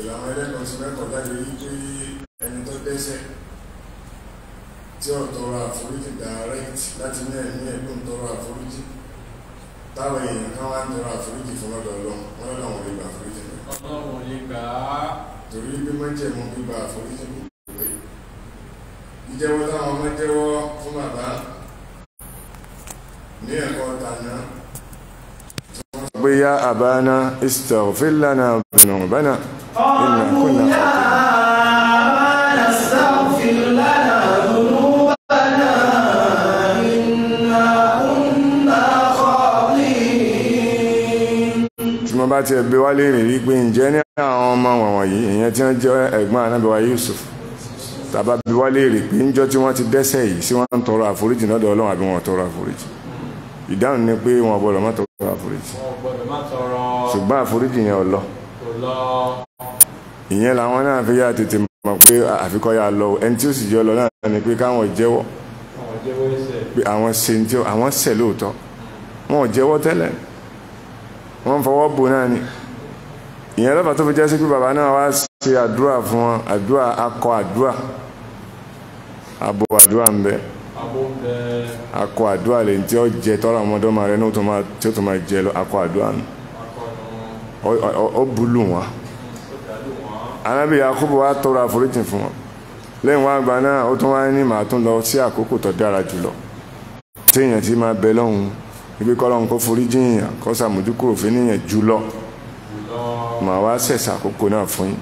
ìlànà ẹlẹ́nu ti mẹ́kọ̀ọ́ jáde wípé ẹni tó dẹ́sẹ̀ tí ó tọrọ àforíjì direct láti ní ẹ̀mí ẹ̀dùn tọrọ àforíjì táwọn èèyàn kan wá ń tọrọ àforíjì fún ọ̀dọ̀ Ọlọ́run wọn lọ́dọ̀ wọn lè gbà àforíjì rẹ̀. Ọlọ́run lè gbà á. torí bí wọ́n jẹ́ mú gbígba àforíjì mú ìwé ìjẹ́wọ́ táwọn ọmọ jẹ́wọ́ fún bàbá ní ẹ̀kọ́ tàná pé àbáná istaghfir lana bẹ̀nà bẹ̀nà إنا كنا mo bá tiẹ̀ bí wálé rìn rí pé ǹjẹ́ ní àwọn ọmọ wọ̀nwọ̀n yìí ìyẹn tí wọ́n jẹ́ ẹ̀gbọ́n anábẹ́wá Yusuf tàbá bí wálé rìn pé ńjọ́ tí wọ́n ti dẹ́sẹ̀ yìí sí wọ́n ń tọrọ àforíjì lọ́dọ̀ Ọlọ́run àbí wọ́n tọrọ àforíjì ìdáhùn ni pé wọn gbọ́dọ̀ má tọrọ àforíjì ṣùgbọ́n àforíjì yẹn ò ìyẹn làwọn náà fi yá tètè mọ̀ pé àfikọ́ yà lọ ẹni tí ó sì jọ lọ náà ni pé káwọn jẹ́wọ́ pé àwọn ṣe ní tí àwọn ṣẹ̀ lóòótọ́ wọn ò jẹ́wọ́ tẹ́lẹ̀ wọ́n ń fọwọ́ bò náà ni ìyẹn lọ́fà tó fi jẹ́ sí pé bàbá náà wá ṣe àdúrà fún wọn àdúrà akọ àdúrà abo àdúrà ń bẹ akọ àdúrà lè tí ó jẹ tọ́lá ọmọdọ́mọ rẹ ní tó máa jẹ lọ akọ àdúrà ó búlù wọn anábì yakubu wa tọrọ àforíjì fún wọn lẹ́yìn wá gba náà ó tún wá ní màá tún lọ sí àkókò tó dára jùlọ téèyàn ti máa bẹ lọ́hùn ibi kọ́lọ́hún kó forí jíyàn kó sàmójúkúrò fún níyàn jùlọ màá wá sẹ̀sà àkókò náà fún yín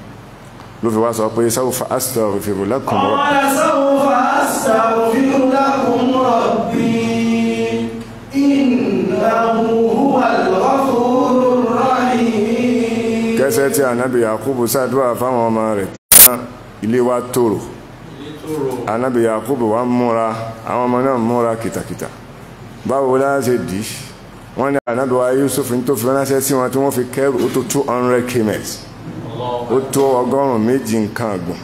ló fi wá sọ pé sáwùfà astaghfiru lakum. ọ̀rọ̀ sáwùfà astaghfiru lakum. jẹ́sẹ́ tí ànábì Yakubu ṣàdúrà fáwọn ọmọ rẹ̀ tán ilé wa tòrò ànábì Yakubu wa múra àwọn ọmọ náà múra kìtàkìtà báwo la dì wọ́n ní ànábì wa Yusuf tó fi ránṣẹ́ sí wọn tí wọ́n fi kẹ́rù ó tó two hundred kms ó tó ọgọ́rùn-ún méjì nǹkan àgbọ̀n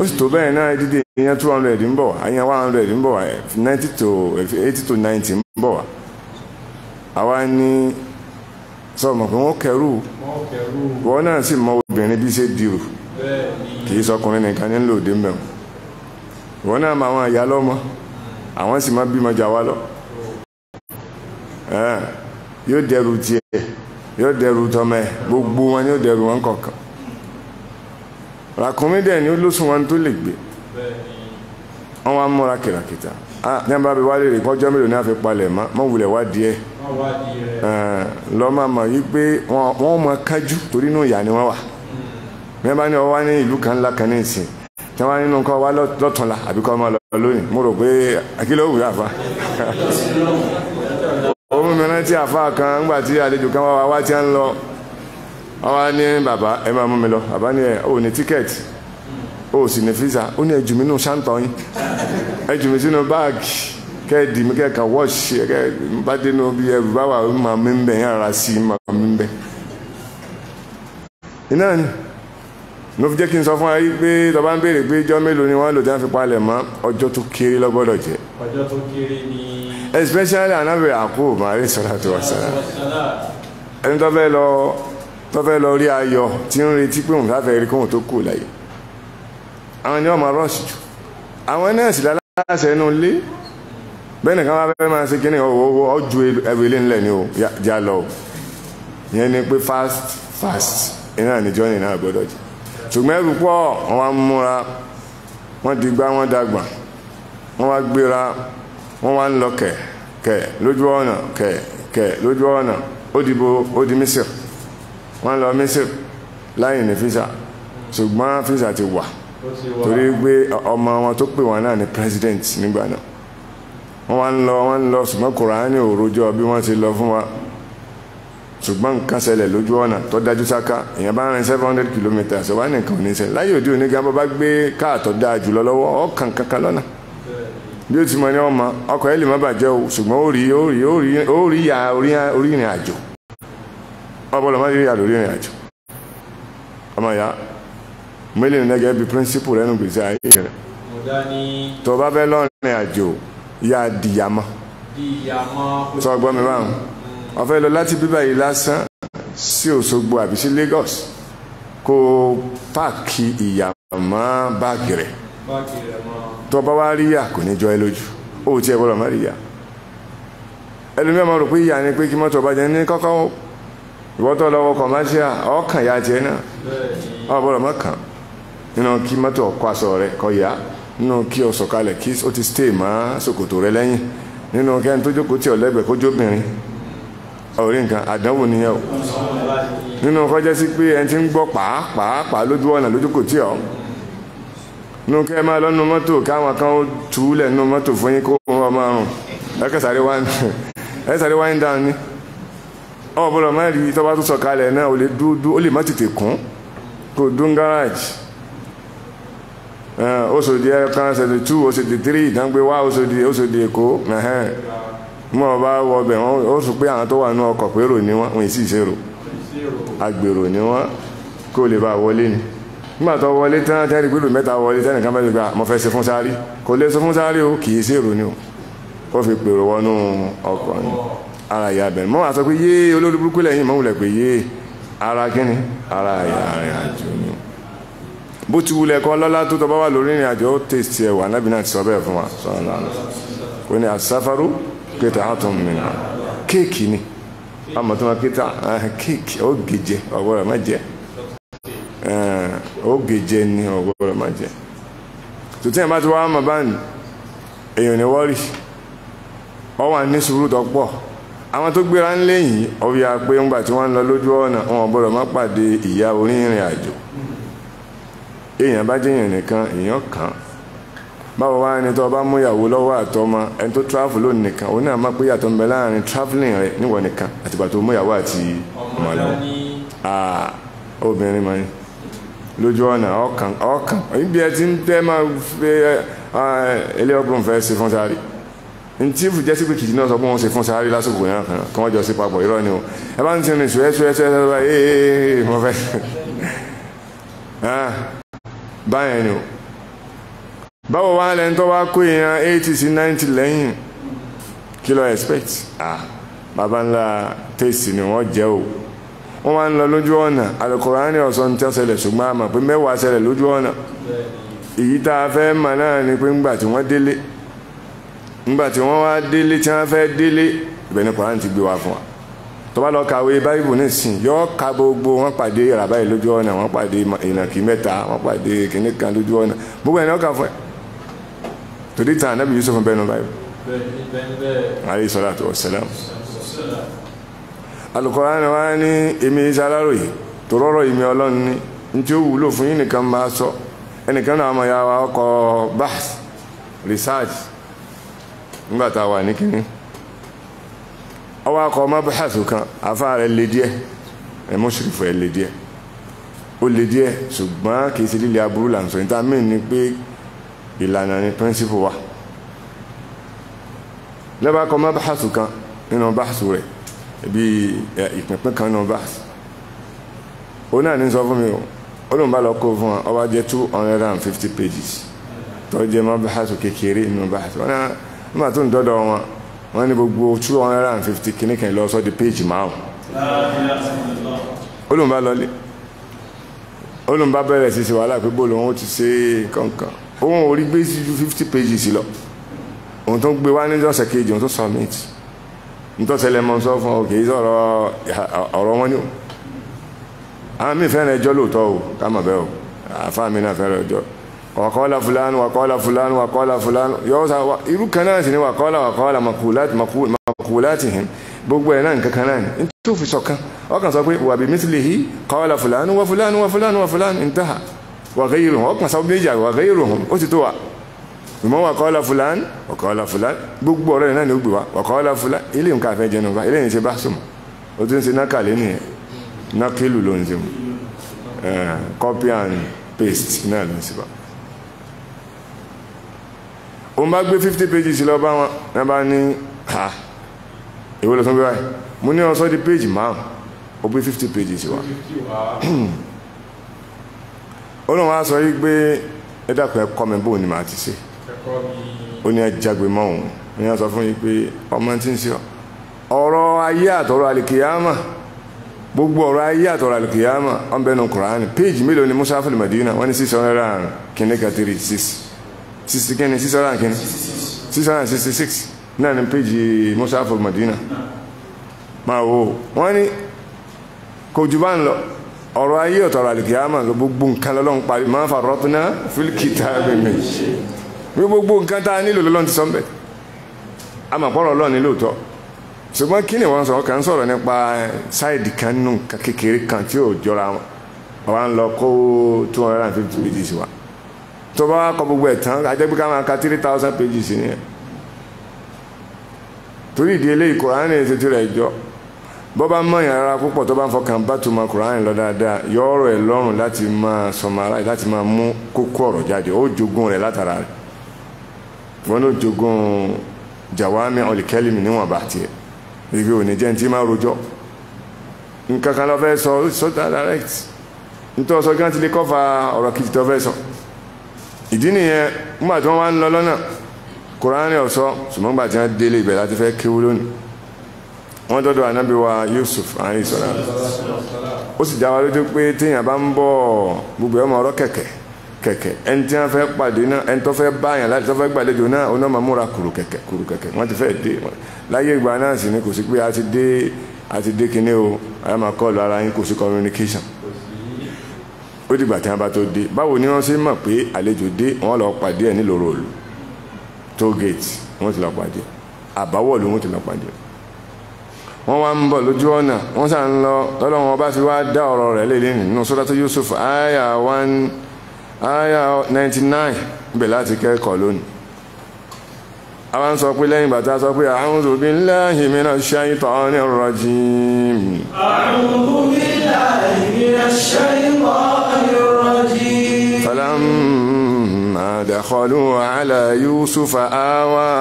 ó sì tó bẹ́ẹ̀ náà dídé ìyẹn two hundred ń bọ̀ wá ìyẹn one hundred ń bọ̀ wá ninety to eighty to ninety ń bọ̀ wá àwa ní sọmọ pé wọ́n kẹrù wọ́n náà sì mọ obìnrin bí ṣe dirù kì í sọkùnrin nìkan ní lòdì mẹ́wọ̀n wọ́n náà mọ àwọn ìyá lọ́mọ àwọn sì máa bímọ jà wá lọ yóò dẹrù tiẹ̀ yóò dẹrù tọmọ ẹ gbogbo wọn yóò dẹrù wọn kọ̀ọ̀kan ràkúnmí dẹ̀ ni ó lóṣù wọn tó lè gbé wọn wá múra kìràkìtà ah, ní abábí wálé rè kọjọ́ mélòó ní àfipalẹ̀ mọ́ wulẹ̀ wá díẹ̀ lọ́mọ mọ̀ yí pé wọ́n mọ kájú torí inú ìyà ni wọ́n wà hmm. mẹ́bàá ni wọ́n wá ní ìlú kan ńlá kan ní ìsìn tí wọ́n nínú kọ́ wá lọ́túnla àbí kọ́ ọmọ lónìí mo rò pé akílẹ̀ òwúrọ̀ àfa òun mi rántí àfa kan ńgbà tí àlejò kan wá wá tí ń lọ wọ́n wá ní bàbá ẹ máa mú mi lọ bàbá ni ẹ ò ní tíkẹ́ẹ̀tì ò sì ní fíìsà ó ní ẹjù mi nù ṣáǹtọ̀ yín ẹjù mi sínú báàgì kẹ́ẹ̀dì mi kẹ́ẹ̀ka wọ́ọ̀ṣì ẹ̀kẹ́ bá dénú bí ẹrù bá wà máa mi ń bẹ̀ yín ara sí máa mi ń bẹ̀. iná ni ló fi jẹ́ kí n sọ fún wa yìí pé tọ́ba ń béèrè pé ijọ́ mélòó ni wọ́n lò tí wọ́n fi palẹ̀ mọ́ ọjọ́ tó kéré ló jẹ́. ọjọ́ tó kéré ni. especially anabi Yakub alayhi salatu wassalam ẹni tó fẹ́ lọ tó fẹ́ lọ rí ayọ̀ tí ń retí pé òun láfẹ́ rí kóhun tó kù láyé àwọn ni wọ́n máa rọ̀ṣì jù àwọn nọ́ọ̀sì lálásẹ̀ inú bẹ́ẹ̀ nìkan bá fẹ́ máa ṣe kíní ọ̀wọ́ ọ̀jú ẹrù ilé ńlẹ̀ ni ó já lọ o yẹn ni pé fast fast iná ni journey náà gbọ́dọ̀ jẹ́ ṣùgbọ́n ẹrù pọ̀ wọ́n wá múra wọ́n ti gbá wọ́n dàgbà wọ́n wá gbéra wọ́n wá ń lọ kẹ̀ kẹ̀ lójú ọ̀nà kẹ̀ kẹ̀ lójú ọ̀nà ó dìbò ó di Mísírì wọ́n lọ Mísírì láyìn ní físà ṣùgbọ́n físà ti wà torí pé ọmọ wọn tó pè wọn náà ni president nígbà náà wọ́n wá ń lọ wọ́n ń lọ ṣùgbọ́n kùránì òrojọ́ bí wọ́n ti lọ fún wa ṣùgbọ́n nǹkan ṣẹlẹ̀ lójú ọ̀nà tó dájú sáká èèyàn bá rìn seven hundred kilometres ọ̀wá nìkan ò ní sẹ́yìn láyé òde òní gan bá gbé káàtọ̀ dáa jùlọ lọ́wọ́ ọ̀kan kankan lọ́nà bí ó ti mọ ní ọmọ ọkọ̀ ẹ̀ lè má bàjẹ́ o ṣùgbọ́n ó rí ó rí ya orí ìrìn àjò ọbọ̀lọ̀ má rí ya lórí ìrìn àjò ọmọ ya mílíọ̀nù gẹ́gẹ́ bí píríncípù rẹ̀ nù gbèsè ayé rẹ̀ tó bá fẹ́ lọ́rin àjò yá dìyàmọ́ sọ gbọ́ mi báwọn ọ̀fẹ́ lọ láti bíbá yìí lásán sí Òṣogbo àbí sí Lagos kó páàkì ìyàmọ́ báàgì rẹ̀ tó bá wá rí yà kò ní jọ ẹ lójú ó tiẹ̀ gbọ́dọ̀ má rí yà ẹlòmíràn máa rò pé ìyà ni pé kí mọ́tò ọba jẹ ní kọ́kọ́ ìwọ́tọ̀ lọ́wọ́ kọ̀máṣíà ọkàn ya tiẹ̀ náà ọ̀bọ̀dọ̀ mọ́kàn nínú kí mọ́tò ọkọ̀ aṣọ rẹ̀ kọ́ yà á nínú kí o sọ̀kalẹ̀ kí o ti stay má ṣòkòtò rẹ lẹ́yìn nínú kẹ́ni tó jókòó tí ọ lẹ́gbẹ̀ẹ́ kó jóbìnrin orí nǹkan àdánwò nìyẹn o nínú kọjá sí pé ẹni tí ń gbọ́ pàápàá lójú ọ̀nà lójókòó tí ọ nínú kẹ́ máa lọ́nu mọ́tò káwọn kan ó túlẹ̀ nínú mọ́tò fún yín kó wọn máa rùn ẹ̀kẹ́sàrí wáyé dáhùn ni ọ̀bọ̀lọ̀ máa rí tọ́ba tó sọ̀kalẹ̀ náà ó lè má tètè kún kó dún gáràjì Òṣòdì eh, ẹ̀kan seventy two òṣòdì three ìdánpẹ́ wá òṣòdì òṣòdì èkó mọ ọba wọ ọbẹ wọn ó sọ pé àwọn tó wà ní ọkọ̀ pérò ni wọn wọn sì ṣèrò agbèrò ni wọn kó lè bá wọlé ni nígbà tó wọlé tán tẹ́rì e gbèrò mẹ́ta wọlé tẹ́nì kan mẹ́ta gba ah, mo fẹ́ ṣe fún sáré kò lè ṣe fún sáré o kì í ṣèrò ni o kó fi pèrò wọnú ọkọ̀ ni ara ìyá bẹ̀rẹ̀ mọ́ wàá sọ pé yéé olórí burúkú lẹ́yìn mọ́ wulẹ̀ pé yéé ara kíni ara ìyá rẹ̀ àjò ni o. bó ti wulẹ̀ kọ́ lọ́lá tó tọ́ba wà lórí ìrìn àjò ó tèsì ẹ̀wà anábì náà ti sọ bẹ́ẹ̀ fún wa sọ́nà ó ní àsáfárú kéta àtún mìíràn kéèkì ni àmọ́ tó eh, kéèkì ó gèjẹ ọ̀gbọ́dọ̀ má jẹ eh, ó gèjẹ ni má jẹ bá ti wá báyìí èèyàn ọ wà ní sùúrù tó pọ̀ àwọn tó gbéra pàdé ìyá àjò èèyàn bá jẹ́yàn nìkan èèyàn kàn báwo wá ẹni tó bá mú ìyàwó lọ́wọ́ àtọmọ ẹni tó travel lónìí nìkan òun náà má pé yàtọ̀ ń bẹ láàrin travelling rẹ níwọ nìkan àtìgbà tó mú ìyàwó àti ọmọ lọ obìnrin mọ lójú ọ̀nà ọkàn ọkàn ibi ẹ ti ń tẹ́ máa fẹ́ ilé ọgbọ̀n fẹ́ ṣe fún sáré ntí fún jẹ́sí pé kìtì náà sọ pé wọ́n ṣe fún sáré lásìkò yẹn kan kí wọ́n jọ ṣe papọ̀ irọ́ ni o báyẹn ni o báwo wá lẹ́ni tó wá kó èèyàn eighty sí ninety lẹ́yìn kí lọ expect ah baba ńlá tèsì ni wọ́n jẹ́ o wọ́n máa ń lọ lójú ọ̀nà Al-Kùránì ọ̀sán ní tẹ́sẹ̀lẹ̀ ṣùgbọ́n àmọ̀ pé mẹ́wàá ṣẹlẹ̀ lójú ọ̀nà èyí tá a fẹ́ mọ̀ náà ni pé ńgbà tí wọ́n délé ńgbà tí wọ́n wá délé tí wọ́n fẹ́ délé ìbẹ̀ ni ti gbé wa fún wa tó bá lọ kàwé báyìbù nísìn yọ ka gbogbo wọn pàdé ìràbá yìí lójú ọ̀nà wọn pàdé ìnàkí mẹ́ta wọn pàdé kìnìún kan lójú ọ̀nà gbogbo ẹ̀ ka fọ fún ẹ torí tàn Yusuf ni wọ́n á ní èmi tó rọ́rọ̀ ọlọ́run ní ó fún yín nìkan sọ ẹnìkan náà ọkọ̀ nígbà tá ọwọ́ akọ mabahasu kan afa rẹ̀ le díẹ̀ ẹ̀ mọ́ṣírífù ẹ̀ le díẹ̀ ó le díẹ̀ ṣùgbọ́n kì í ṣe líle aburú là ń sọ níta mí ni pé ìlànà ni píríncípù wa lọ́ba akọ mabahasu kan nínú bahasu rẹ̀ bí ìpínpín kan nínú bahasu òun náà ní sọ fún mi o ó lóun bá lọ kó fún wa ọba jẹ́ two hundred and fifty pages tó jẹ́ mabahasu kékeré nínú bahasu wọn náà nígbà tó ń dọ́dọ̀ wọn wọ́n ní gbogbo two hundred and fifty kìíní kan lọ sọ di péjì márùn. olùmọba lọlé olùmọba bẹ̀rẹ̀ sí ṣe wàhálà pé bóòlù wọn ti ṣe kankan òun ò rí gbé sí ju fifty pages lọ òun tó ń gbé wá ní ọ̀sẹ̀ kejì òun tó submit ntọ́sẹ̀lẹ̀ mọ́ sọ fún òkè sọ̀rọ̀ ọ̀rọ̀ wọn ni o àwọn míì fẹ́ràn ẹjọ́ lóòótọ́ o ká mọ̀ bẹ́ẹ̀ o àfáà mi náà fẹ́ràn ẹjọ́ o wàkọ́lá fulani wàkọ́lá fulani wàkọ́lá fulani yọ́ sa irú kan náà sì ni wàkọ́lá wàkọ́lá makulati hìn gbogbo ẹ̀ náà nǹkan kan náà ní tó fi sọ̀kan ọkàn sọ pé wà bí mithlihi kọ́lá fulani wà fulani wà fulani wà fulani intaha wà ghayruhum ọkàn sọ méjì wà ghayruhum ó ti tó wa ìmọ̀ wàkọ́lá fulani wàkọ́lá fulani gbogbo ọ̀rọ̀ náà ni ó gbé wa wàkọ́lá fulani ilé nǹkan àfẹ́ jẹnu bá ilé ní ṣe bá sùnmọ́ ti ń ṣe nákàlẹ́ nìyẹn nákìlù ló ń ṣe copy and paste náà ló ń o bá gbé fifty pages lọ bá wọn náà bá ní ha èwo lọ sọ pé báyìí mo ní ọsọ di page márùn ó gbé fifty pages wa ó lóun á sọ yí pé ẹ dàpọ̀ ẹ kọ́ mi bóun ni màá ti ṣe ó ní ẹ jágbe mọ́ òun ó ní ẹ sọ fún yín pé ọmọ tí ń ṣe ọ̀rọ̀ ayé àtọ̀rọ̀ àlìkìyàmà gbogbo ọ̀rọ̀ ayé àtọ̀rọ̀ àlìkìyàmà ọ̀nbẹ́nu kùránì péjì mélòó ni musa fúlùmọ̀dínà wọ́n ní six hundred and kìnnìkan three six sixty kẹ́ni six hundred and kẹ́ni six hundred and sixty six náà ní péjì musa fọlùmọ̀dínà máa wò wọ́n ní kò jù bá ń lọ ọ̀rọ̀ ayé ọ̀tọ̀rọ̀ àlùkìyàmà gbogbo nǹkan lọ́lọ́run parí máa ń fa rọ́túná fílíkìtà gbẹ̀gbẹ̀ bí gbogbo nǹkan tá a nílò lọ́lọ́run ti sọ ń bẹ̀ amọ̀pọ̀rọ̀ nílò tọ́ ṣùgbọ́n kí ni wọ́n sọ̀rọ̀ kàn ń sọ̀rọ̀ nípa sáìdì kan nù kékeré kan tí ò jọra wọn wọ́n lọ kó two hundred and fifty pages wa tó bá wá kọ gbogbo ẹ̀ tán ajẹ́ pé ká máa ka three thousand pages nìyẹn torí ìdí eléyìí kùránì ètò tí rẹ̀ jọ bọ́ bá mọ̀yàn ara púpọ̀ tó bá ń fọkàn bá tuma kùránì lọ dáadáa yọ ọ̀rọ̀ ẹ̀ lọ́rùn láti máa sọmara láti máa mú kókó ọ̀rọ̀ jáde ó jogún rẹ̀ látara rẹ̀ wọn ló jogún jawami ọ̀lìkẹ́lìmì níwọ̀n bá tiẹ̀ ibi òní jẹ́ ti máa rojọ́ nǹkan kan lọ fẹ́ sọ sọ direct nítorí sọ kí wọ́n ti lè kọ́fà ọ̀rọ̀ kìtì tó fẹ́ sọ. So, ìdí nìyẹn nígbà tí wọ́n wá ń lọ lọ́nà kùránì ọ̀sọ́ ṣùgbọ́n gbà tí wọ́n délé ibẹ̀ láti fẹ́ kéwú lónìí wọ́n dọ́dọ̀ ànábì wa Yusuf alayhi salam ó sì dá wa lójú pé téèyàn bá ń bọ̀ gbogbo ọmọ ọ̀rọ̀ kẹ̀kẹ́ kẹ̀kẹ́ ẹni tí wọ́n fẹ́ pàdé náà ẹni tó fẹ́ báyàn láti tó fẹ́ gbàlejò náà ó náà máa múra kùrù kẹ̀kẹ́ kùrù kẹ̀kẹ́ wọ́n ti fẹ́ dé láyé ìgbà náà sì ni kò sí pé a ti dé a ti dé kinní o a máa kọ́ọ̀lù ara yín kò sí communication ó dìgbà tí wọ́n bá tó dé báwo ni wọ́n ṣe mọ̀ pé àlejò dé wọ́n lọ pàdé ẹ̀ nílòrò òlù toll gate wọ́n ti lọ pàdé àbáwọ̀lù wọ́n ti lọ pàdé wọ́n wá ń bọ̀ lójú ọ̀nà wọ́n sà ń lọ lọ́lọ́wọ́n bá fi wá dá ọ̀rọ̀ rẹ̀ lélẹ́ nínú Suratu Yusuf aya one aya ninety nine ibẹ̀ láti kẹ́kọ̀ọ́ lónìí àwa ń sọ pé lẹ́yìn bàtà sọ pé a'udhu billahi minash shaitanir rajim. a'udhu billahi minash shaitanir rajim. دخلوا على يوسف آوى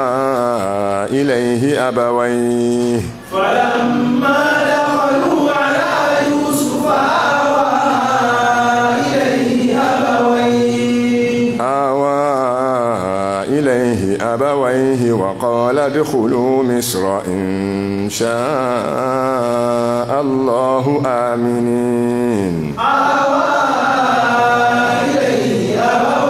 إليه أبويه فلما دخلوا على يوسف آوى إليه أبويه آوى إليه أبويه وقال دخلوا مصر إن شاء الله آمنين آوى إليه أبويه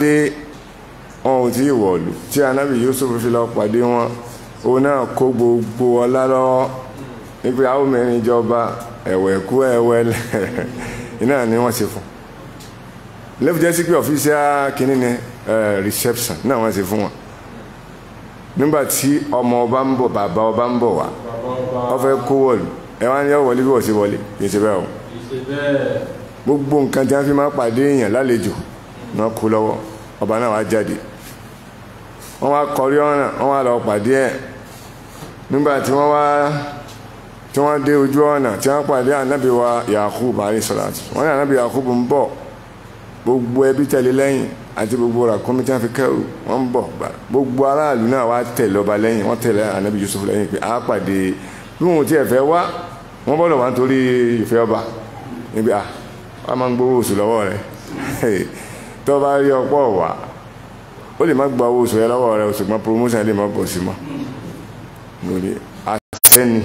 dé ọ̀hún tí ìwọ̀lú tí anábì Yusuf fi lọ pàdé wọn òun náà kó gbogbo ọlá lọ́wọ́ nígbà àwọn mẹ́rin ìjọba ẹ̀wẹ̀ kú ẹ̀wẹ̀ iná ni wọ́n ṣe fún lẹ́fù jẹ́ sí pé ọ̀fíìsì kínní ni reception náà wọ́n ṣe fún wọn nígbà tí ọmọ ọba ń bọ̀ bàbá ọba ń bọ̀ wá wọ́n fẹ́ kó wọ̀lú ẹ wá ń yọ wọlé bí wọ́n ṣe wọlé kì í ṣe bẹ́ẹ̀ o gbogbo nǹkan tí wọ́n fi máa pàdé èèyàn lálejò náà kú lọ́wọ́ ọba náà wá jáde wọ́n wá kọrí ọ̀nà wọ́n wá lọ pàdé ẹ̀ nígbà tí wọ́n wá tí wọ́n dé ojú ọ̀nà tí wọ́n pàdé ànábì wa Yakub alayhi salatu wọ́n ní ànábì Yakub ń bọ̀ gbogbo ẹbí tẹ̀lé lẹ́yìn àti gbogbo ràkúnmí tí wọ́n fi kẹ́rù wọ́n ń bọ̀ gbogbo aráàlú náà wá tẹ̀lé ọba lẹ́yìn wọ́n tẹ̀lé ànábì Yusuf lẹ́yìn pé àá pàdé bí wọn fẹ́ wá wọ́n bọ́dọ̀ wá nítorí ìfẹ́ ọba níbi à ah, wọ́n máa ń gbowó oṣù lọ́wọ́ rẹ̀ tó bá rí ọpọ́ wà ó lè má gba owó oṣù rẹ lọ́wọ́ rẹ ṣùgbọ́n promotion lè má pọ̀ sí mọ́ lórí àṣẹ ni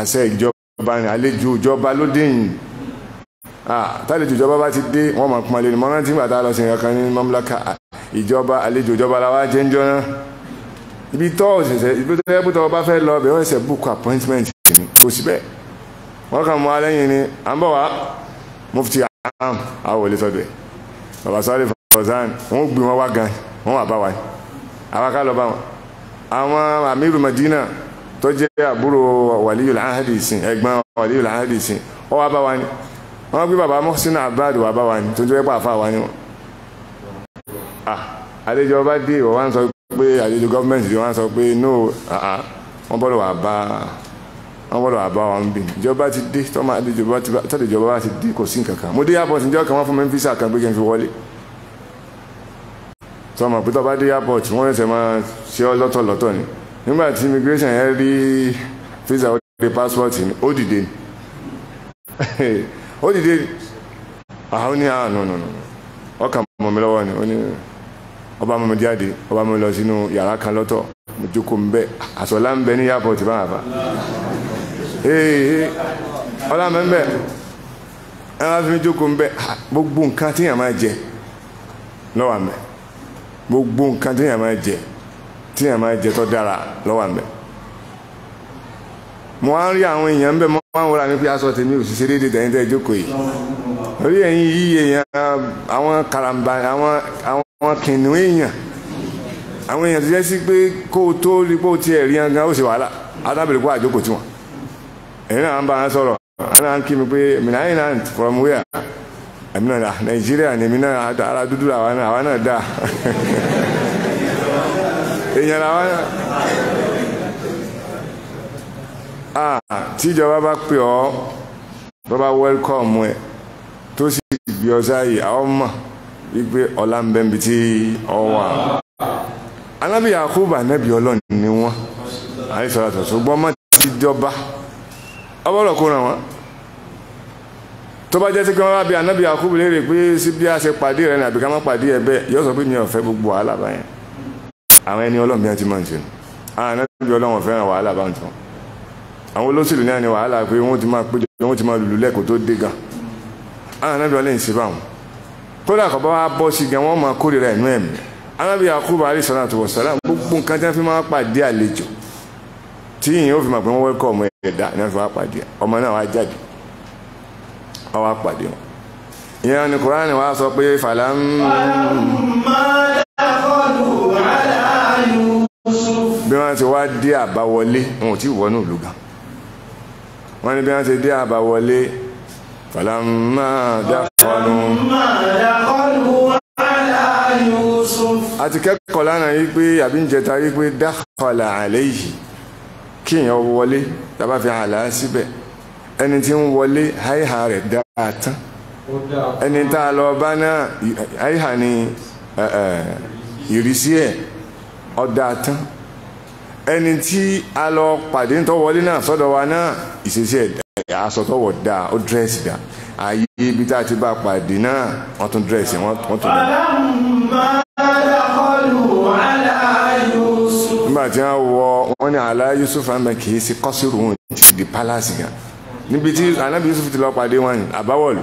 àṣẹ ìjọba ni àlejò ìjọba ló dẹ̀yìn tálejò ìjọba bá ti dé wọ́n máa pọn lẹ́nu mọ́rántí ìgbà tá a lọ sí nǹkan ní mamlaka ìjọba àlejò ìjọba la wá jẹ́ ń jọ́nà ibi tọ́ òṣìṣẹ́ ibi tó yẹ kótó ọba fẹ́ lọ bẹ̀ wọ́n ṣe book appointment ni kò síbẹ̀ wọ́n kàn mọ́ alẹ́yìn ni à ń bọ̀ wá mufti aham àwọn olè sọ́dọ̀ ẹ̀ bàbá sáré fọzán wọn gbé wọn wá gan wọn wà bá wa yìí àwa ká lọ bá wọn àwọn amiru madina tó jẹ àbúrò wàlíyul ahadi sin ẹ̀gbọ́n wàlíyul ahadi sin ọ wá bá wa ni wọn gbé bàbá mọ́sínà abad wà bá wa ni tó jẹ́ pé àfa wa ni wọn. àlejò ọba dé ìwọ wa ń sọ pé àlejò gọ́ọ̀mẹ̀ntì wa ń sọ pé no wọn bọ́dọ̀ wà bá a wọ́n gbọ́dọ̀ àbá wa ń bì ìjọba ti dé tọ́lẹ̀ ìjọba ti dé kò sí nǹkan kan mo dé airport ǹjọ́ kan wọ́n fún mi ń físà kan pé kí n fi wọlé tọmọ pé tọba dé airport wọ́n ṣẹ̀ máa ṣe ọ́ lọ́tọ̀lọ́tọ̀ ni nígbà tí immigration yẹn rí físà ó dé passport ni ó dìde ni ó dìde ni àwọn ah, ní àánú nù nù ọkàn mọ̀ mi lọ́wọ́ ni ó ní ọba mọ̀ mi jáde ọba mọ̀ mi lọ sínú yàrá kan lọ́tọ̀ mo jókòó ń bẹ́ àsọ̀lá ń bẹ ní airport báyà bá. ee ọlámẹ́ ń bẹ̀ ẹ̀rọ afẹ́mi jókòó ń bẹ̀ gbogbo nǹkan jẹ lọ́wọ́ àmẹ́ gbogbo nǹkan téèyàn máa jẹ jẹ tó dára lọ́wọ́ àmẹ́ mo wá ń rí àwọn èèyàn ń bẹ̀ mo wá ń wọra mi pé a tèmi ò a déédéé tẹ̀yìn tẹ̀ jókòó a o rí a ẹni náà ń bá wọn sọ̀rọ̀ wọn náà mina yìí náà from where èmi náà Nigeria. ni èmi náà ara dúdú àwa náà wana náà dà èèyàn wana. náà tíjọba bá pè ọ́ Baba welcome ẹ̀ tó sì gbé ọ sáàyè àwọn ọmọ wípé ọlá ń bẹ́ẹ̀ bí tí ọ wà. anábìyà kúbà nẹ́bí ni wọ́n àìsàn àtọ̀sọ́gbọ́n mọ́ ti ọbọ̀rọ̀ kó ràn wọ́n tó bá jẹ́ sí pé wọ́n bá bí anábì Yakubu léèrè pé sí bí a ṣe pàdé rẹ̀ nàbí ká má pàdé ẹ̀ bẹ́ẹ̀ yóò sọ pé mi ò fẹ́ gbogbo wàhálà báyẹn àwọn ẹni ọlọ́mìí ti máa ń ṣe àwọn anábì ọlọ́wọ̀n fẹ́ràn wàhálà bá ń tán àwọn olóṣèlú náà ni wàhálà pé wọ́n ti máa péjọ wọ́n ti máa lùlù lẹ́kọ̀ọ́ tó dé gan àwọn anábì ọlẹ́yìn ṣe báwọn kódà kọ́ bá wá bọ́ sí gan wọ́n máa kórìíra ẹ̀mí ẹ̀mí anábì Yakubu alayhi tí ìyẹn ó fi mọ̀ pé wọ́n wẹ́kọ̀ ọmọ ẹ̀dá ni wọ́n fi wá pàdé ọmọ náà wá jáde wọ́n wá pàdé wọn. ìyẹn ni kúránì wá sọ pé fàlà ń. bí wọ́n ti wá dé àbáwọlé wọn ò tí ì wọnú ìlú gan wọ́n ní bí wọ́n ti dé àbáwọlé fàlà ń máa dákọlù. àti kẹ́kọ̀ọ́ lánàá yí pé àbí ń jẹta yí pé dákọ̀ọ́lá àlẹ́ yìí kí èèyàn wọlé tàbá fi àlá síbẹ̀ ẹni tí ń wọlé àìhà rẹ̀ dáa tán ẹni tá a lọ bá náà àìhà ni ìrísí ẹ̀ ọ̀dà tán ẹni tí a lọ pàdé tó wọlé náà sọ́dọ̀ wa náà ìṣesí ẹ̀ aṣọ dáa ó dírẹ́sì dáa ààyè ibi tá a ti bá pàdé náà wọ́n tún dírẹ́sì wọ́n tún. ọ̀làmùmá dákọ̀lù àlà nígbà tí wọ́n wọ wọ́n ní àlá Yusuf àmọ́ kìí sí kọ́sìrò wọn ti di palace gan níbi tí anábì Yusuf ti lọ pàdé wọn àbáwọ̀lù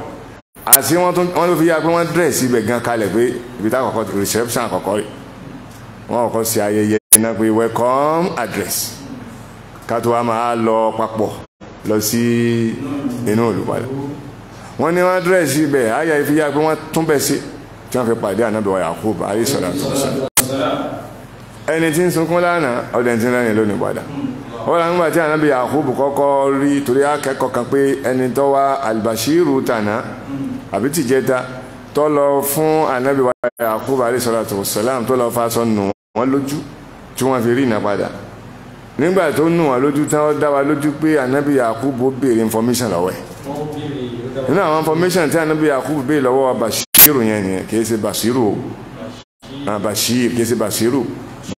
àti wọ́n tó fi yá pé wọ́n dírẹ̀ sí ibẹ̀ gan kalẹ̀ pé ibi tá àkọ́kọ́ reception àkọ́kọ́ rẹ̀ wọ́n kọ́kọ́ ṣe ayẹyẹ iná pé welcome address ká tó wá máa lọ papọ̀ lọ sí inú olùpadà wọ́n ní wọ́n dírẹ̀ sí ibẹ̀ ayẹyẹ fi yá pé wọ́n tún bẹ̀ sí tí wọ́n fi pàdé ànábì wa Yakub àríṣọ́lá tó sọ ẹni tí ń sunkún lánàá ọdẹ tí ń rẹ́rìn lónìí padà wọ́n là ń gbà tí ànábì Yakubu kọ́kọ́ rí torí akẹ́kọ̀ọ́ kan pé ẹni tó wá albashiru tànà àbí tìjẹta tó lọ fún ànábì wa Yakubu alayhi salatu wassalam tó lọ fa aṣọ nù wọ́n lójú tí wọ́n fi rí iná padà nígbà tó nù wọ́n lójú tán ó dá wa lójú pé ànábì Yakubu béèrè information lọ́wọ́ ẹ̀ nínú àwọn information tí ànábì Yakubu béèrè lọ́wọ́ bashiru yẹn nìyẹn kì í ṣe bashiru o bashiru ah, kì í ṣe bashiru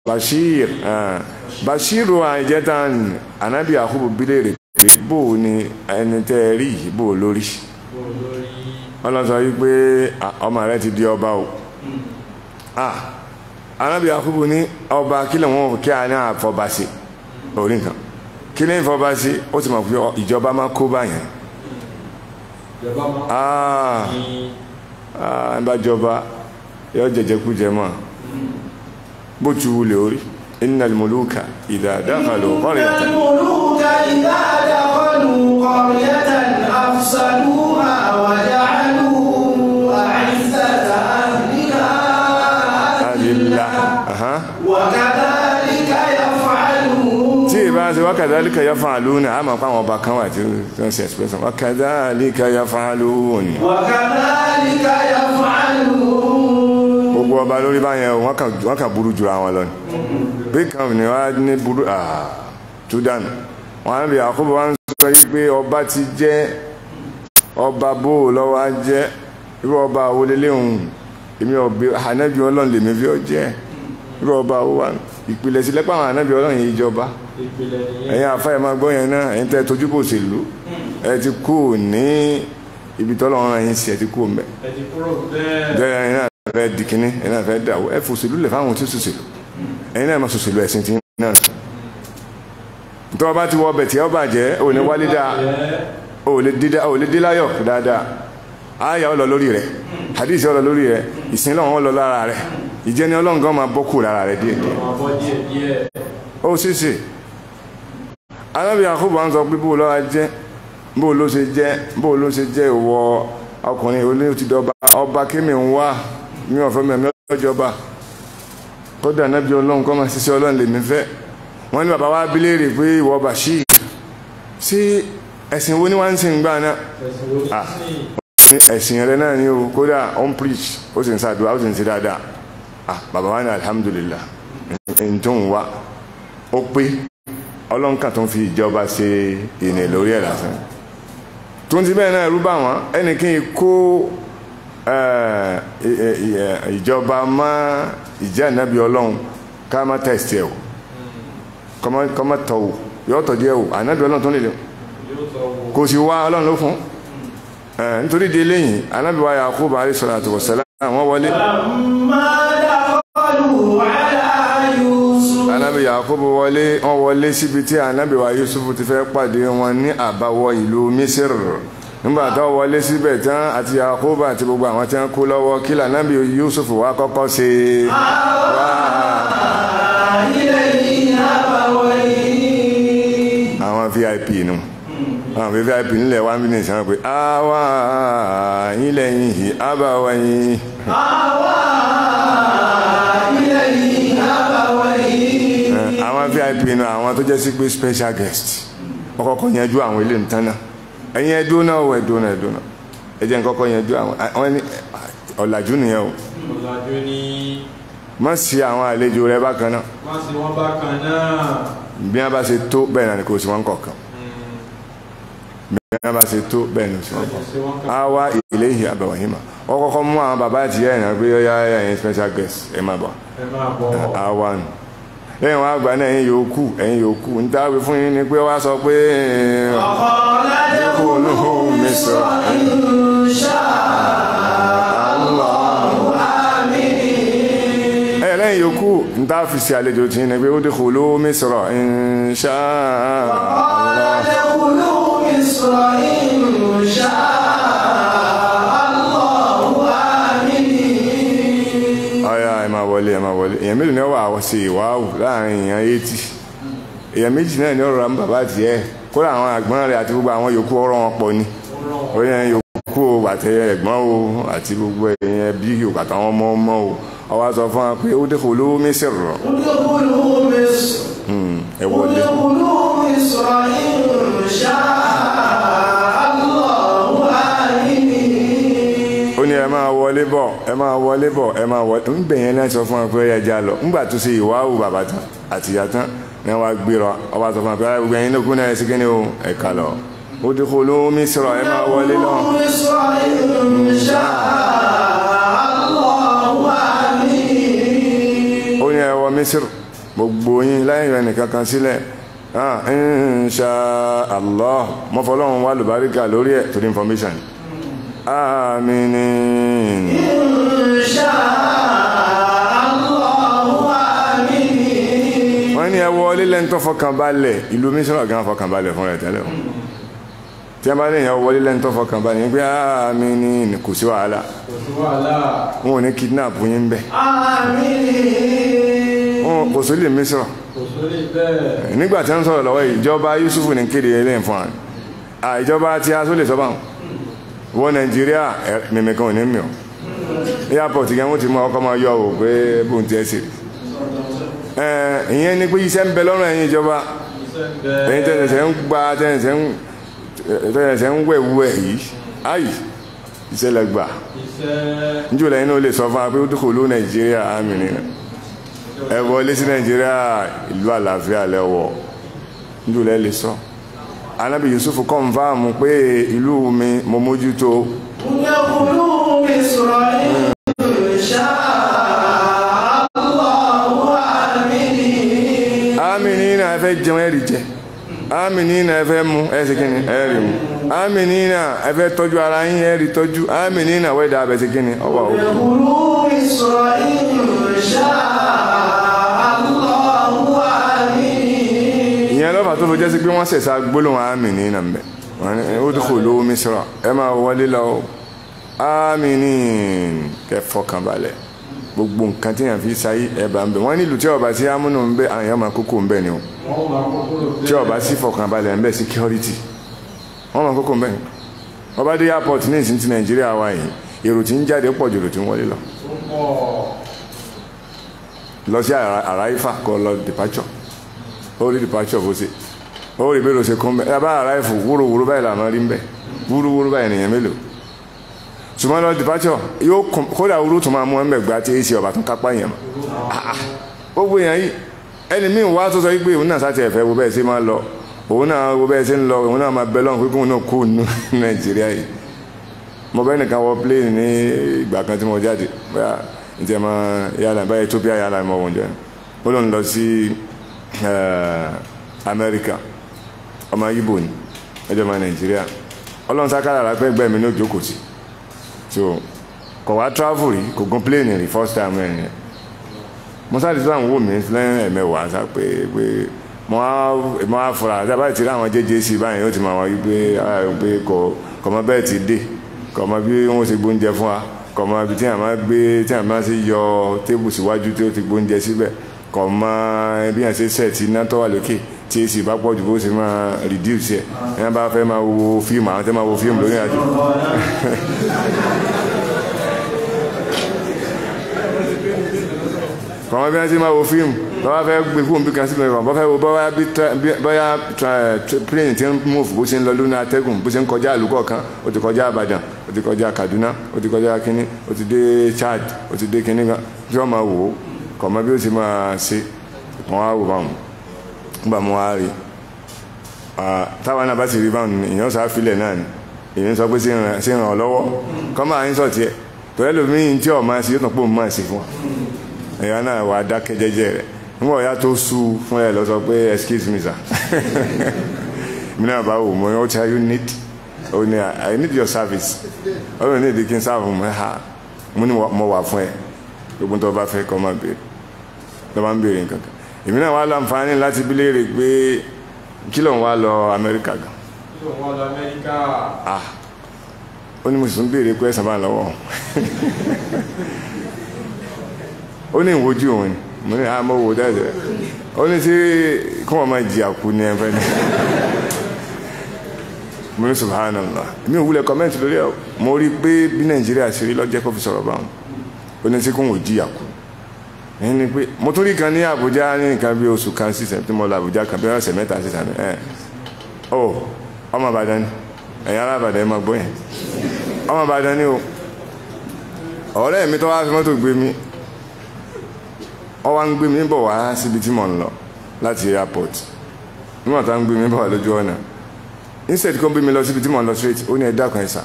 bashir bashir wa ìjẹta anabi akubu bilere pé bó o ni ẹni tẹ́ ẹ rí yìí bó o lórí ọlọ́sọ yìí pé ọmọ rẹ ti di ọba o anabi akubu ní ọba kílẹ̀ wọn kí a ní àfọbàṣe orí nǹkan kílẹ̀ ìfọbàṣe ó sì mọ̀ pé ìjọba máa kó báyìí ẹ̀ ń bá jọba yọ jẹjẹkú jẹ mọ́ bó ti wulẹ̀ orí innal muluka idha dakhalu qaryatan. innal muluka idha dakhalu qaryatan afsaduha wa ja'alu a'izzata ahliha adilla wa kadhalika yaf'alun. tí ì bá ṣe wa kadhalika yaf'aluna àmọ́ pàwọn ọba kan wà tí wọ́n ṣe expression wa kadhalika yaf'alun. wa kadhalika yaf'alun gbogbo ọba lórí báyẹn o wọ́n kàn burú jura wọn lọ ni bí kan ní wá ní burú tó dànù wọn á rí àkóbọ wọn sọ yìí pé ọba ti jẹ́ ọba bó lọ́wọ́ á jẹ́ irú ọba awolélé òun èmi ọ̀bẹ ànábì ọlọ́run lèmi fi ọ jẹ́ irú ọba owó wa ìpìlẹ̀ sílẹ̀ pàwọn ànábì ọlọ́run yìí jọba ẹ̀yin àfáyà máa gbọ́ yẹn náà ẹ̀yin tẹ́ tójú kò sí ìlú ẹ ti kú ní ibi tọ́lọ́run ẹ̀yin sí ẹ ti kú mẹ́. ẹ ti kúrò bẹ́ẹ̀ fẹ́ di kínní ẹ̀yin náà fẹ́ dàwó ẹ̀ fòṣèlú lẹ̀ fáwọn tí ó ṣòṣèlú ẹ̀yin náà máa ṣòṣèlú ẹ̀sìn tí náà tọ́ ọba ti wọ ọbẹ̀ tí ọba jẹ́ ò ní wálé dáa ò lè dé láyọ̀ dáadáa àyà ọlọ lórí rẹ̀ hadith ọlọ lórí rẹ̀ ìsìn lọ́wọ́ ọlọ lára rẹ̀ ìjẹni ọlọ́ngàn máa bọ́ kù lára rẹ̀ díẹ̀ díẹ̀ ó sì sì alábìyà àkóbọ̀ ń sọ pé bó lọ́ra jẹ́ bó ló ṣe jẹ́ bó ló ṣe jẹ́ ìwọ ọkùnrin olóòtú ọba kémi ń wá mi ò fẹ́ mi àmì ọjọba kódà nábì ọlọ́run kọ́ máa ṣiṣẹ́ ọlọ́run lèmi fẹ́ wọ́n ní bàbá wa bíléèrè pé ìwọ Bashir ṣé ẹ̀sìn wo ni wọ́n ń sìn gbà náà ah, ẹ̀sìn rẹ náà ni o kódà on preach ó sì ń ṣàdúrà ó sì ń ṣe dáadáa ah, bàbá wa ní alhamdulillah ń tó ń wá ó pé ọlọ́run kan tó ń fi ìjọba ṣe ìnì lórí ẹ̀ lásán tó ń ti bẹ́ẹ̀ náà rú bá ẹnì kí n kó Eh, eh, eh, ìjọba mọ́ ìjẹ́ ànábì ọlọ́run ká má tẹ̀sí ẹ̀ o kọ́ má tọ̀ o yọ tọ̀ díẹ̀ o ànábì ọlọ́run tó lè lè kò sì wá ọlọ́run ló fún nítorí di eléyìí ànábì wa Yakubu alayhi salatu wa salam àwọn wọlé. ànábì Yakubu wọlé wọ́n wọlé síbi tí ànábì wa Yusufu ti fẹ́ pàdé wọn ní àbáwọ̀ ìlú Mísírì nígbà tó wọlé síbẹ̀ tán àti àkóbà àti gbogbo àwọn tí wọ́n kú lọ́wọ́ kí lànàbí Yusuf wá kọ́kọ́ ṣe àwọn VIP nù àwọn VIP nílẹ̀ wá ń bí ní ìsàn pé àwa ilẹ̀ yìí àbáwá yìí. àwa ilẹ̀ yìí àbáwá yìí. àwọn VIP nù àwọn tó jẹ́ sí pé special guest ọkọ̀ọ̀kan yanjú àwọn ilé nìtánná ẹ̀yin ẹ̀dúró náà ọ̀ ẹ̀dúró náà ẹ̀dúró náà ẹ jẹ́ nǹkan kọ́ yẹn dúró àwọn ẹni ọ̀làjú nìyẹn o. ọ̀làjú ni. má ṣì àwọn àlejò rẹ bákan náà. má ṣì wọ́n bákan náà. bí wọ́n bá ṣe tó bẹ́ẹ̀ náà ni kò sí wọn kọ̀ọ̀kan hmm. bẹ́ẹ̀ bá ṣe tó bẹ́ẹ̀ ni sọ́n á wá ilé ìhì àbẹ̀wòyìnmá wọ́n kọ́kọ́ mú àwọn bàbá àti ìyá ẹ̀ náà pé yọ́yá ẹ̀yìn special guest ẹ̀ máa bọ̀ á wá nù lẹ́yìn wọn àgbà náà ẹ̀yin yòókù ẹ̀yin yòókù ń táwé fún yín ni pé wá sọ pé. ọkọ ládẹ́kùn olóhùn mi sọ. ẹlẹ́yìn fi ṣe àlejò tí ní pé ó dé kò mi sọ̀rọ̀ insha Allah. ọkọ ládẹ́kùn olóhùn mi sọ̀rọ̀ insha èèyàn mélòó ni wà ṣe ìwáwù láàrin èèyàn eighty èèyàn méjì náà ni ọ̀rọ̀ ra ń bàbá tiẹ̀ kódà àwọn àgbọ̀n rẹ̀ àti gbogbo àwọn yòókù ọ̀rọ̀ wọn pọ̀ ni orí yòókù o àti ẹ̀gbọ́n o àti gbogbo ẹ̀yìn ẹbí o àtàwọn ọmọ ọmọ o ọwọ́ sọ fún wa pé ó dẹ́kun olówó mẹ́sẹ̀ rọ̀ hmm, ẹ wọlé. olówó mẹ́sọ̀rọ̀ ìrìnsà. ẹ máa wọlé bọ̀ ẹ máa wọlé bọ̀ ẹ máa wọlé ń gbẹ̀yẹn náà sọ fún ọ pé ẹ jà lọ ńgbà tó ṣe ìwáwù bàbá tán àti ìyá tán náà wàá gbéra ọba sọ fún ọ pé ẹ gbẹ̀yìn ló kún náà ẹ sì kí ni o ẹ kà lọ. ó ti kó ló mi sọ̀rọ̀ ẹ máa wọlé lọ. ó ní ẹ wọ mísírù gbogbo yín láyé rẹ nìkan kan sílẹ̀ ah, insha Allah mọ́fọ́lọ́run wà lùbáríkà lórí ẹ̀ torí information آمنين إن شاء الله آمنين wọ́n ní ẹ wọlé lẹ́ni tó fọkàn balẹ̀ ìlú mísírà gan fọkàn balẹ̀ fún rẹ̀ tẹ́lẹ̀ tí a bá lè yàn wọlé lẹ́ni tó fọkàn balẹ̀ ní pé àmín kò sí wàhálà wọn ò ní kidnap yín bẹ́ẹ̀ àmín kò sí lè mísírà nígbà tí wọ́n sọ̀rọ̀ lọ́wọ́ ìjọba Yusuf ní kéde ẹlẹ́yìn fún wa ìjọba tí a sọ lè sọ báwọn wọ nàìjíríà mímìkan ò ní mìíràn airport yẹn wọ́n ti mú ọkọ̀ máa yọ ọ́ pé bóun ti ẹ̀ sì rí ìyẹn ni pé iṣẹ́ ń bẹ lọ́rùn ẹ̀yin ìjọba ẹ̀yin tẹ̀sẹ̀ ń gba tẹ̀sẹ̀ ń wẹ̀wú ẹ̀ yìí ayi iṣẹ́ lẹ gbà níjò lẹ́yìn náà lè sọ fún wa pé ó dúkò ló nàìjíríà àmì nìyẹn ẹ wọlé sí nàìjíríà ìlú àlàáfíà lẹ́wọ̀ níjò lẹ́ lè sọ. So. anábì Yusuf kọ́nfàmù pé ìlú mi mo mójútó amìnínà ẹfẹ́ jẹun ẹ̀rì jẹ amìnínà ẹfẹ́ mú ẹ̀sìnkíní ẹ̀rì mú na-efe tọ́jú ara yín ẹ̀rì tọ́jú amìnínà wẹ́dà abẹ́sìnkíní ọwọ́ òkú lọ́fà tó fi jẹ́sí pé wọ́n sẹ̀sà gbólóhùn àmì ní nàmbẹ̀ ó dúkò ló mísírà ẹ máa wọlé lọ àmì ní kẹfọkànbalẹ̀ gbogbo nǹkan tí yàn fi sáyé ẹ̀bà ń bẹ̀ wọ́n nílùú tí ọba sí amúnú ń bẹ̀ àyàn máa kókó ń bẹ̀ ni o tí ọba sí fọkànbalẹ̀ ń bẹ̀ security wọ́n máa kókó ń bẹ̀ ni ọba dé airport ní ìsìn ti nàìjíríà wa yìí èrò tí ń jáde pọ̀ jù èrò tí ń wọlé lọ lọ sí àráífà kọ lọ departure ó rí departure bó ṣe ó rí mélòó ṣe kún bẹ́ẹ̀ yàrá aráìfù wúrowúro báyìí làwọn rí ń bẹ́ẹ̀ wúrowúro báyìí nìyẹn mélòó ṣùgbọ́n lọ departure yóò kódà wúrú tó máa mú ẹ̀mẹ́ gba tí èsì ọ̀bà tó kápá yẹn mọ́ ah, ah. gbogbo yẹn yìí ẹni míì wá tó sọ pé òun náà sáti ẹ̀fẹ́ wo bẹ́ẹ̀ ṣe máa lọ òun náà wo bẹ́ẹ̀ ṣe ń lọ òun náà máa bẹ lọ́hùn pípọ́n náà kú nù Nàìjíríà yìí mo bẹ́ẹ̀ nìkan wọ plane ní ìgbà kan tí mo jáde bóyá ǹjẹ́ Eh, amẹ́ríkà ọmọ yíbò ni ẹjọ́ ọmọ nàìjíríà ọlọ́run sákàrà rápẹ́ gbẹ̀mí ló jókòó sí so kò wá travel rí kò gun plane rí first time ẹ̀ nìyẹn mo sáré tí wọ́n wò mí lẹ́yìn ẹ̀mẹ́wàá sá pé pé mo á fura àti àbáyé ti rí àwọn jẹ́jẹ́ sí báyìí ó ti mọ àwọn wípé ah, pé kò mọ bẹ́ẹ̀ ti dé kò mọ bí wọ́n ṣe gbóúnjẹ fún wa kò mọ ibi tí àwọn gbé tí àwọn máa ṣe yọ tébù síwájú tí ó ti gbóúnjẹ síbẹ̀. Si kọ̀ mọ bí wọ́n ṣe set iná tó wà lókè tí èsì bá pọ̀ jù bó ṣe máa reduce ẹ̀ ẹ̀ bá fẹ́ máa wo fíìmù àwọn tẹ́ máa wo fíìmù lórí àjò. kọ̀mọ́ bí wọ́n ti máa wo fíìmù bá wá fẹ́ gbé fóònù bí kan síbi kan bá fẹ́ wo bóyá bóyá plane ti ń move bó ṣe ń lọ lónà atẹ́gùn bó ṣe ń kọjá àlùkò kan ó ti kọjá àbàdàn o ti kọjá kaduna ó ti kọjá kínní ó ti dé chad ó ti dé kínní kan tí wọ́n máa wò ó kọ̀mọ́ bí si ma máa ṣe wọ́n á wò báwọn nígbà mọ́ á rí táwọn náà bá ti rí báwọn èèyàn sá filẹ̀ náà ni èèyàn sọ pé sí ràn ọ́ lọ́wọ́ kọ́ si ń sọ̀tì ẹ̀ tó ẹ́ lómiì tí ọ̀ máa ṣe yóò tàn pé òun wa ẹ̀yà náà wà á dákẹ́ jẹ́jẹ́ rẹ̀ nígbà ọ̀yá tó sú fún ẹ excuse me sir mi náà bá wò mọ́ ọ́ tí you need oh, I need your service ọ̀rọ̀ ní ìdí ha gbogbo tó bá fẹ́ kọ́ máa béèrè tó bá ń béèrè nǹkan kan èmi náà wá láǹfààní láti bí pé kí ló ń wá lọ amẹ́ríkà gan. kí ló ń wá lọ amẹ́ríkà. ah ó ní mo sì tún béèrè pé ẹ̀sán bá ń lọ́wọ́ ó ní ìwojú òun ni mo ní àmọ́ wo dáadáa ó ní sí kí wọ́n máa jìyà kú ní ẹ̀fẹ́ ni mo ní subhanallah mi ò wulẹ̀ kọ́mẹ́ǹtì lórí ẹ̀ mo rí i pé bí nàìjíríà ṣe rí lọ́jẹ́ kó fi sọ̀rọ̀ báwọn ó ní sí kóun ò jìyà kú ní ni pé mo tún rí kan ní Àbújá ní nǹkan bí oṣù kan sí sẹpítẹ́mọ́ lọ kan bí ọ̀sẹ̀ mẹ́ta sí sàmì ẹ̀ ọ ọmọ Ìbàdàn ni ẹ̀yin ará ẹ̀ máa gbọ́ yẹn ọmọ Ìbàdàn ni o ọ̀rẹ́ mi tó wá fi mọ́tò gbé mi ọ wá ń gbé mi bọ̀ wá síbi tí mò ń lọ láti airport níwọ̀n tá ń gbé mi bọ̀ wá lójú ọ̀nà instead kó ń gbé mi lọ síbi tí mò ń lọ straight ó ní ẹ dákun ẹ sáà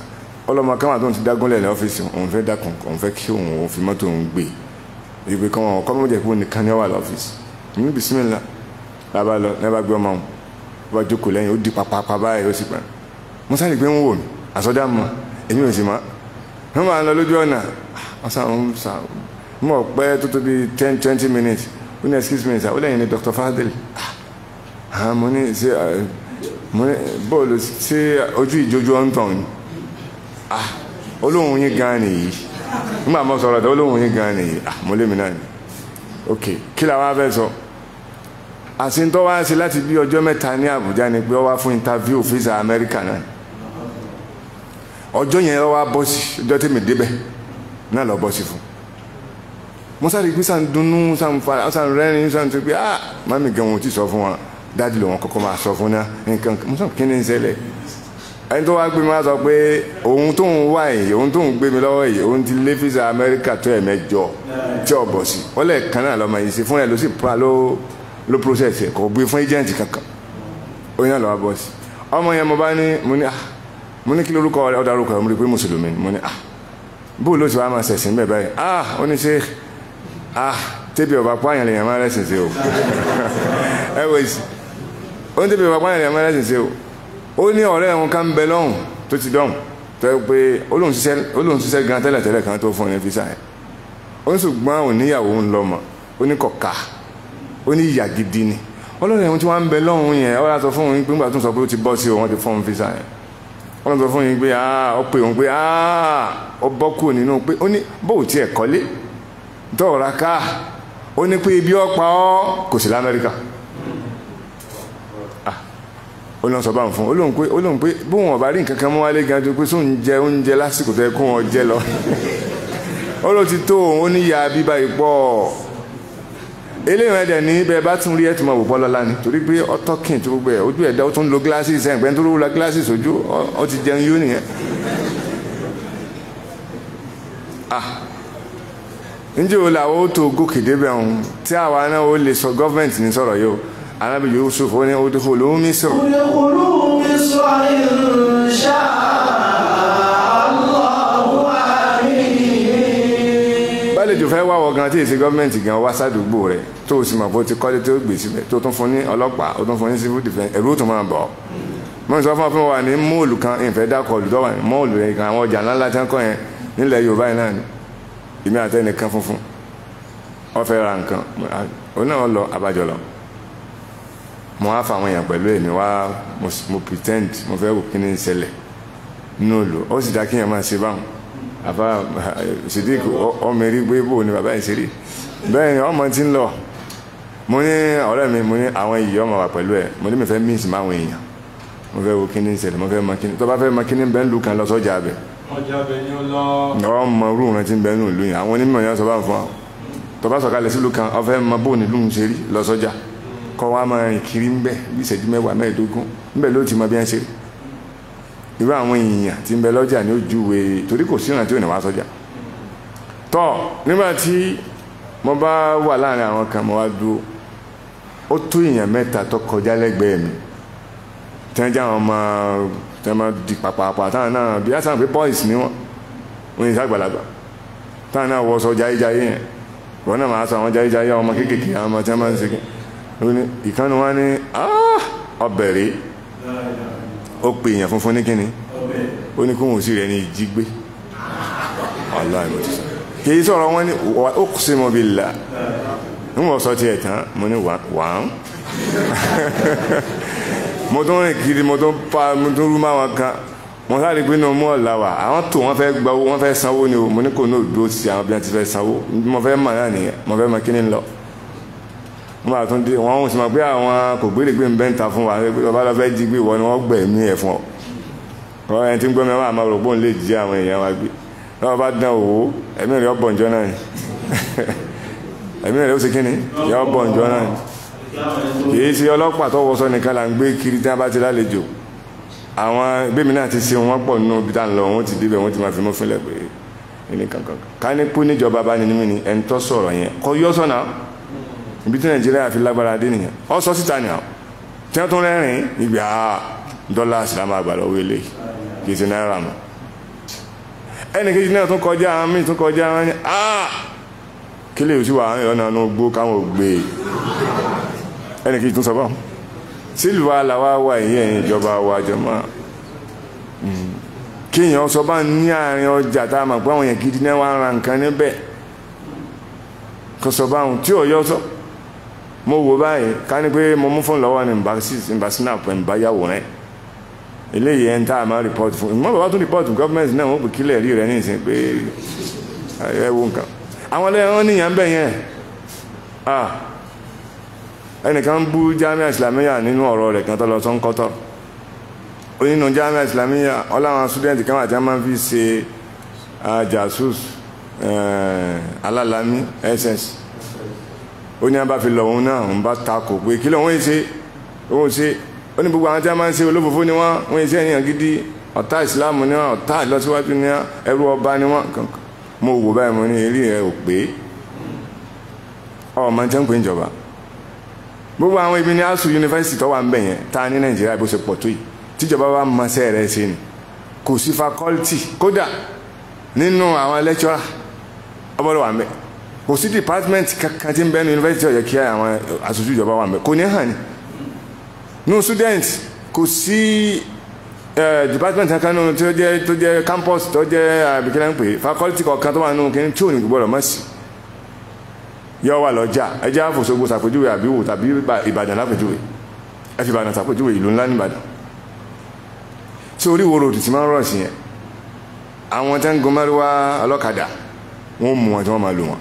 ọlọ́mọ kan wà tó ń ti dágúnlẹ̀ ní ọ́fíìsì òun fẹ́ dákun òun fẹ́ kí òun òun fi mọ́tò òun gbé ìgbé kan wọn kọ́ mọ́jẹ̀ pé òun nìkan ni ó wà lọ́fíìsì nínú bisimilá lábá lọ lábá gbé ọmọ òun bá jókòó lẹ́yìn ó di papapa báyìí ó sì pa mo sáré gbé ń wò mí àsọdá mọ èmi ò sì mọ wọn máa ń lọ lójú ọ̀nà wọn sá wọn sá mọ pẹ́ tó tó bíi ten twenty minutes ó excuse me sir ó lẹ́yìn ní Dr. Fadil ah, mo ní ṣe ah, mo ní bọ́ọ̀lù ṣe ojú ìjójú Ah, olóhùn yín gan nìyí nígbà mọ́ sọ̀rọ̀ tó olóhùn yín gan nìyí ah, mo lé mi náà ni ok kí la wá fẹ́ sọ àsìntọ́ wá sí láti bí ọjọ́ mẹ́ta ní Àbújá ni pé ó wá fún interview visa Amẹ́ríkà náà ọjọ́ yẹn ó wá bọ́ sí ọjọ́ tèmi débẹ̀ náà lọ bọ́ sí fún mo sáré pé sàn dunnú sàn fara sàn rẹ́rìn sàn tó pé ah mami gan wọn ò tí sọ fún wa dáàdi lòun kọ́kọ́ máa sọ fún náà nǹkan mo sàn kí ni ń ṣẹlẹ̀ ẹni tó wá gbé mi wá sọ pé òun tó ń wá yìí òun tó ń gbé mi lọ́wọ́ yìí òun ti lé fisa amẹ́ríkà tó ẹ̀ mẹ́jọ tí ọ̀ bọ̀ sí wọ́n lẹ̀ kan náà lọ́mọ yìí ṣe fúnra ẹ̀ ló sì pra ló ló process ẹ̀ kò gbé fún agent kankan ó yàn lọ́wọ́ bọ̀ sí ọmọ yẹn mo bá ní mo ní ah mo ní kí lórúkọ ọ̀dà orúkọ ẹ̀ mo rí pé mùsùlùmí mo ní ah bó ló ti wá máa ṣẹ̀sìn bẹ́ẹ̀ báyìí ah ó ní ṣe ah tẹ́bi ọ̀bà pààyàn lèèyàn máa rẹ̀ ṣẹ̀ṣẹ̀ o ẹ wò ó tẹ́bi ọ̀bà pààyàn lèèyàn máa rẹ̀ ṣẹ̀ṣẹ̀ o ó ní ọ̀rẹ́ ẹ̀hún kan bẹ lọ́hùn tó ti dọ́hùn tó yẹ pé olóhùn ṣiṣẹ́ gan tẹ́lẹ̀ tẹ́lẹ̀ kan tó fún ẹ ní fisa yẹn ó ní ṣùgbọ́n òun níyàwó ń lọ́mọ ó ní kọ̀ka ó ní ìyà gidi ni ọlọ́run ẹ̀hún tí wọ́n ń bẹ lọ́hùn yẹn ó yàtọ̀ fún òun pé nígbà tó ń sọ pé ó ti bọ́ sí òun ti fún òun fisa yẹn wọ́n sọ fún yín pé ó pe òun pé ó bọ́ kúrò nínú pé ó ní bóò tiẹ̀ kọ́lé tọ́ọ̀ra ká ó ní pé ibi ọ̀pá ọ kò sí lamẹ́ríkà olóhùn sọ bá ń fún olóhùn pé olóhùn pé bóun ọba rí nǹkan kan mú wálé gan tó pé sóun jẹ oúnjẹ lásìkò tó yẹ kó wọn jẹ lọ olóhùn ti tó òun ó níyà bíbá ìpọ eléyìí rẹ dẹ ní bẹ bá tún rí ẹ tó máa wò bọ́lá lánìí torí pé ọtọ́ kì í tó gbẹ ojú ẹ̀dá ó tún lo gíláàsì ẹ̀ pẹ́ńtó ló la gíláàsì sójú ọ ti jẹun yóò nìyẹn. Ah. ǹjẹ́ o làwọn ó tó gòkè débẹ̀ ọ̀hún tí àwa náà ó lè sọ gọ́ọ̀mẹ̀ntì ní sọ̀rọ̀ yìí o arábì Yusuf ó ní udkhulu Misr. udkhulu Misr insha Allahu amin. bẹ́ẹ̀ lè jù fẹ́ wá wọ gan tí èsì gọ́ọ̀mẹ̀ntì gan wá sádùúgbò rẹ̀ tó o sì mọ̀ bó ti kọ́lé tó gbè síbẹ̀ tó tún fún ní ọlọ́pàá ó tún fún ní civil defence ẹ̀rú tó máa bọ̀ mo sọ fún ọ pé wà ní móòlù kan ìfẹ́ dákọ̀ ọ̀lù tó ní móòlù yẹn kan àwọn ọjà ńlá tí wọ́n kọ́ yẹn nílẹ̀ Yorùbá yẹn náà ni èmi àtẹnìkan funfun ó ra nǹkan òun náà lọ abájọ lọ mo wá fa àwọn èèyàn pẹ̀lú èmi wá mo pretend mo fẹ́ wò kí ni ìṣẹ̀lẹ̀ nínú òlò ó sì dá kéèyàn máa ṣe báwọn àbá sìdíkù ọmọ eré gbé bò ní bàbá ìṣeré bẹ́ẹ̀ ni ọmọ ti ń lọ mo ní ọ̀rẹ́ mi mo ní àwọn iyì ọmọ wà pẹ̀lú ẹ̀ mo ní mi fẹ́ mix mọ́ àwọn èèyàn mo fẹ́ wo kí ni ìṣẹ̀lẹ̀ mo fẹ́ mọ kí ni tó bá fẹ́ mọ kí ni bẹ́ẹ̀ lù kan lọ sọ́jà abẹ. ọjà abẹ ni ó lọ. ọmọ rú ti ń bẹ́ẹ̀ nù lóyìn àwọn onímọ̀ kọ́ wa máa rìn kiri ńbẹ̀ bí ìṣẹ́jú mẹ́wàá mẹ́ẹ̀ẹ́dógún ńbẹ̀ ló ti mọ bí wọ́n ṣe rí irú àwọn èèyàn tí ń bẹ lọ́jà ní ojúwe torí kò sí ìrántí òní wá sọ́jà tọ́ nígbà tí mo bá wà láàrin àwọn kan mo wá dúró ó tó èèyàn mẹ́ta tó kọjá lẹ́gbẹ̀ẹ́ mi tí wọ́n já wọn máa tí di pàpàpà táwọn náà bí wọ́n pé boys ni wọ́n wọ́n yìí sàgbàlagbà táwọn náà wọ sọ jayéjayé yẹn wọ́n náà máa sọ àwọn jayéjayé àwọn ọmọ kéékèèké àwọn ọmọ tí wọ́n máa ń segin ìkánu wá ní ah, ọbẹ̀ rí ó pè èèyàn funfun ní kíni ó ní kóhùn sí rẹ̀ ní ìjígbé aláìmọ̀tísà kìí sọ̀rọ̀ wọ́n ní ó kù sí mọ́bílà ní wọ́n sọ ti ẹ̀ tán mo ní wàán mo tún rìn kiri mo tún pa mo tún rú máwọn kan mo sáré pé mú ọ̀la wà àwọn tó wọ́n fẹ́ gba owó fẹ́ sanwó ni o mo ní kò ní òdó sí àwọn bí wọ́n ti fẹ́ sanwó mo fẹ́ mọ̀ náà nìyẹn mo fẹ́ mọ̀ kí ni lọ wọ́n bá tún dé wọ́n sì mọ̀ pé àwọn kò gbére gbé nbẹ́ fún wa pé ọba lọ jí gbé wọ́n ni wọ́n gbẹ̀mí ẹ̀ fún ọ ẹni tí ń gbọ́ mẹ́wàá àmọ́ òrògbò ń lè jí àwọn èèyàn wa gbé lọ́wọ́ bá dán òwò ẹ̀mí rẹ̀ ọ̀bọ̀ ǹjọ́ náà ẹ̀mí rẹ̀ ó sì kí ni yọ ọ̀bọ̀ ǹjọ́ náà kìí ṣe ọlọ́pàá tó wọṣọ nìkan là ń gbé kiri tí wọ́n bá ti lálejò àwọn ìgbémi náà ti ṣe wọ́n pọ̀ nínú ibi tá à ń lọ wọ́n ti débẹ̀ wọ́n ti máa fi mú fúnlẹ̀ pé ẹnì kankan ká ní kú níjọba bá ní mímí ni ẹni tó sọ̀rọ̀ yẹn kọ́ yọ́sọ̀nà ibi tí nàìjíríà fi lágbára dé nìyẹn ọ sọ síta ni àwọn tí wọ́n tún rẹ́rìn ìgbà ah, dọ́là sílámà àgbàdo owó ilé kì í ṣe náírà mọ́ ẹnì kejì náà tún kọjá àwọn míì tún kọjá àwọn ní à ah, kí lè sí wàá ọ̀nà ọ̀nà gbó káwọn ò gbé ẹnì kejì tún sọ báwọn sílùú wa làwa wà ìyẹn ìjọba wa jọmọ́ hmm. kéèyàn sọ bá ní àárín ọjà tá a mọ̀ pé àwọn yẹn gidi náà wà ń ra nǹkan níbẹ̀ kò sọ báwọn tí ò yọ sọ. So mo wò báyìí ká ní pé mo mú fóònù lọ́wọ́ ni nbà snap nbà yàwòrán ẹ̀ eléyìí ẹ̀ ń tá a máa report fún ìmọ̀ bàbá tún report gọ́ọ̀mẹ̀ntì náà wọ́n pè kílẹ̀ rí rẹ̀ nísìn pé ẹ wo nǹkan àwọn ẹlẹ́yìn wọn níyàn bẹ̀ yẹn ẹnìkan ń bú Jamia Islamiyya nínú ọ̀rọ̀ rẹ̀ kan tó lọ sọ́ńkọ́tọ̀ onínú Jamia Islamiyya ọláwọn student kan àti àmà fi ṣe jasus alálàmí ss ó ní abá fi lọ́wọ́ náà ń bá takò pé kí lọ́wọ́ ṣe òun ṣe ó ní gbogbo àwọn tí a máa ń ṣe olófòfó ni wọ́n wọ́n ṣe ènìyàn gidi ọ̀tá ìsìláàmù ni wọ́n ọ̀tá ìlọsíwájú ni wọ́n ẹrú ọba ni wọ́n kankan mo wò báyìí mo ní eré rẹ ò pé ọmọ jẹ́ ń pè ń jọba gbogbo àwọn ibi ní asu yunifásitì tó wà ń bẹ̀ yẹn ta ní nàìjíríà bó ṣe pọ̀ tó yìí tíjọba bá mọ sẹ́ rẹ ṣe ni kò sí fakọ́lítì kódà nínú àwọn lẹ́kítọ́rà ọbọ̀lọ́wà mẹ́ẹ̀ kò sí department kankan tí ń bẹ́nu university ọ̀yẹ́ kí àwọn aṣojú ìjọba wà mẹ́ kò ní hàn ní nínú student kò sí department kankan nínú tó jẹ́ tó jẹ́ campus tó jẹ́ abikina ń pè faculty kankan tó wà nínú kí ni tí ò ní gbọ́dọ̀ mọ̀ sí yọ wà lọ́jà ẹjẹ́ àfòsogbo ṣàpèjúwe àbíwò tàbí ìbàdàn lápèjúwe ẹ fi ìbàdàn ṣàpèjúwe ìlú ńlá nìbàdàn tí orí wo ròdì tí máa ń rọ̀ sí yẹn àwọn tẹ́ ń gun mẹ́rìnwá ọlọ́kadà wọ́n mú wọn tí wọ́n máa lò wọ́n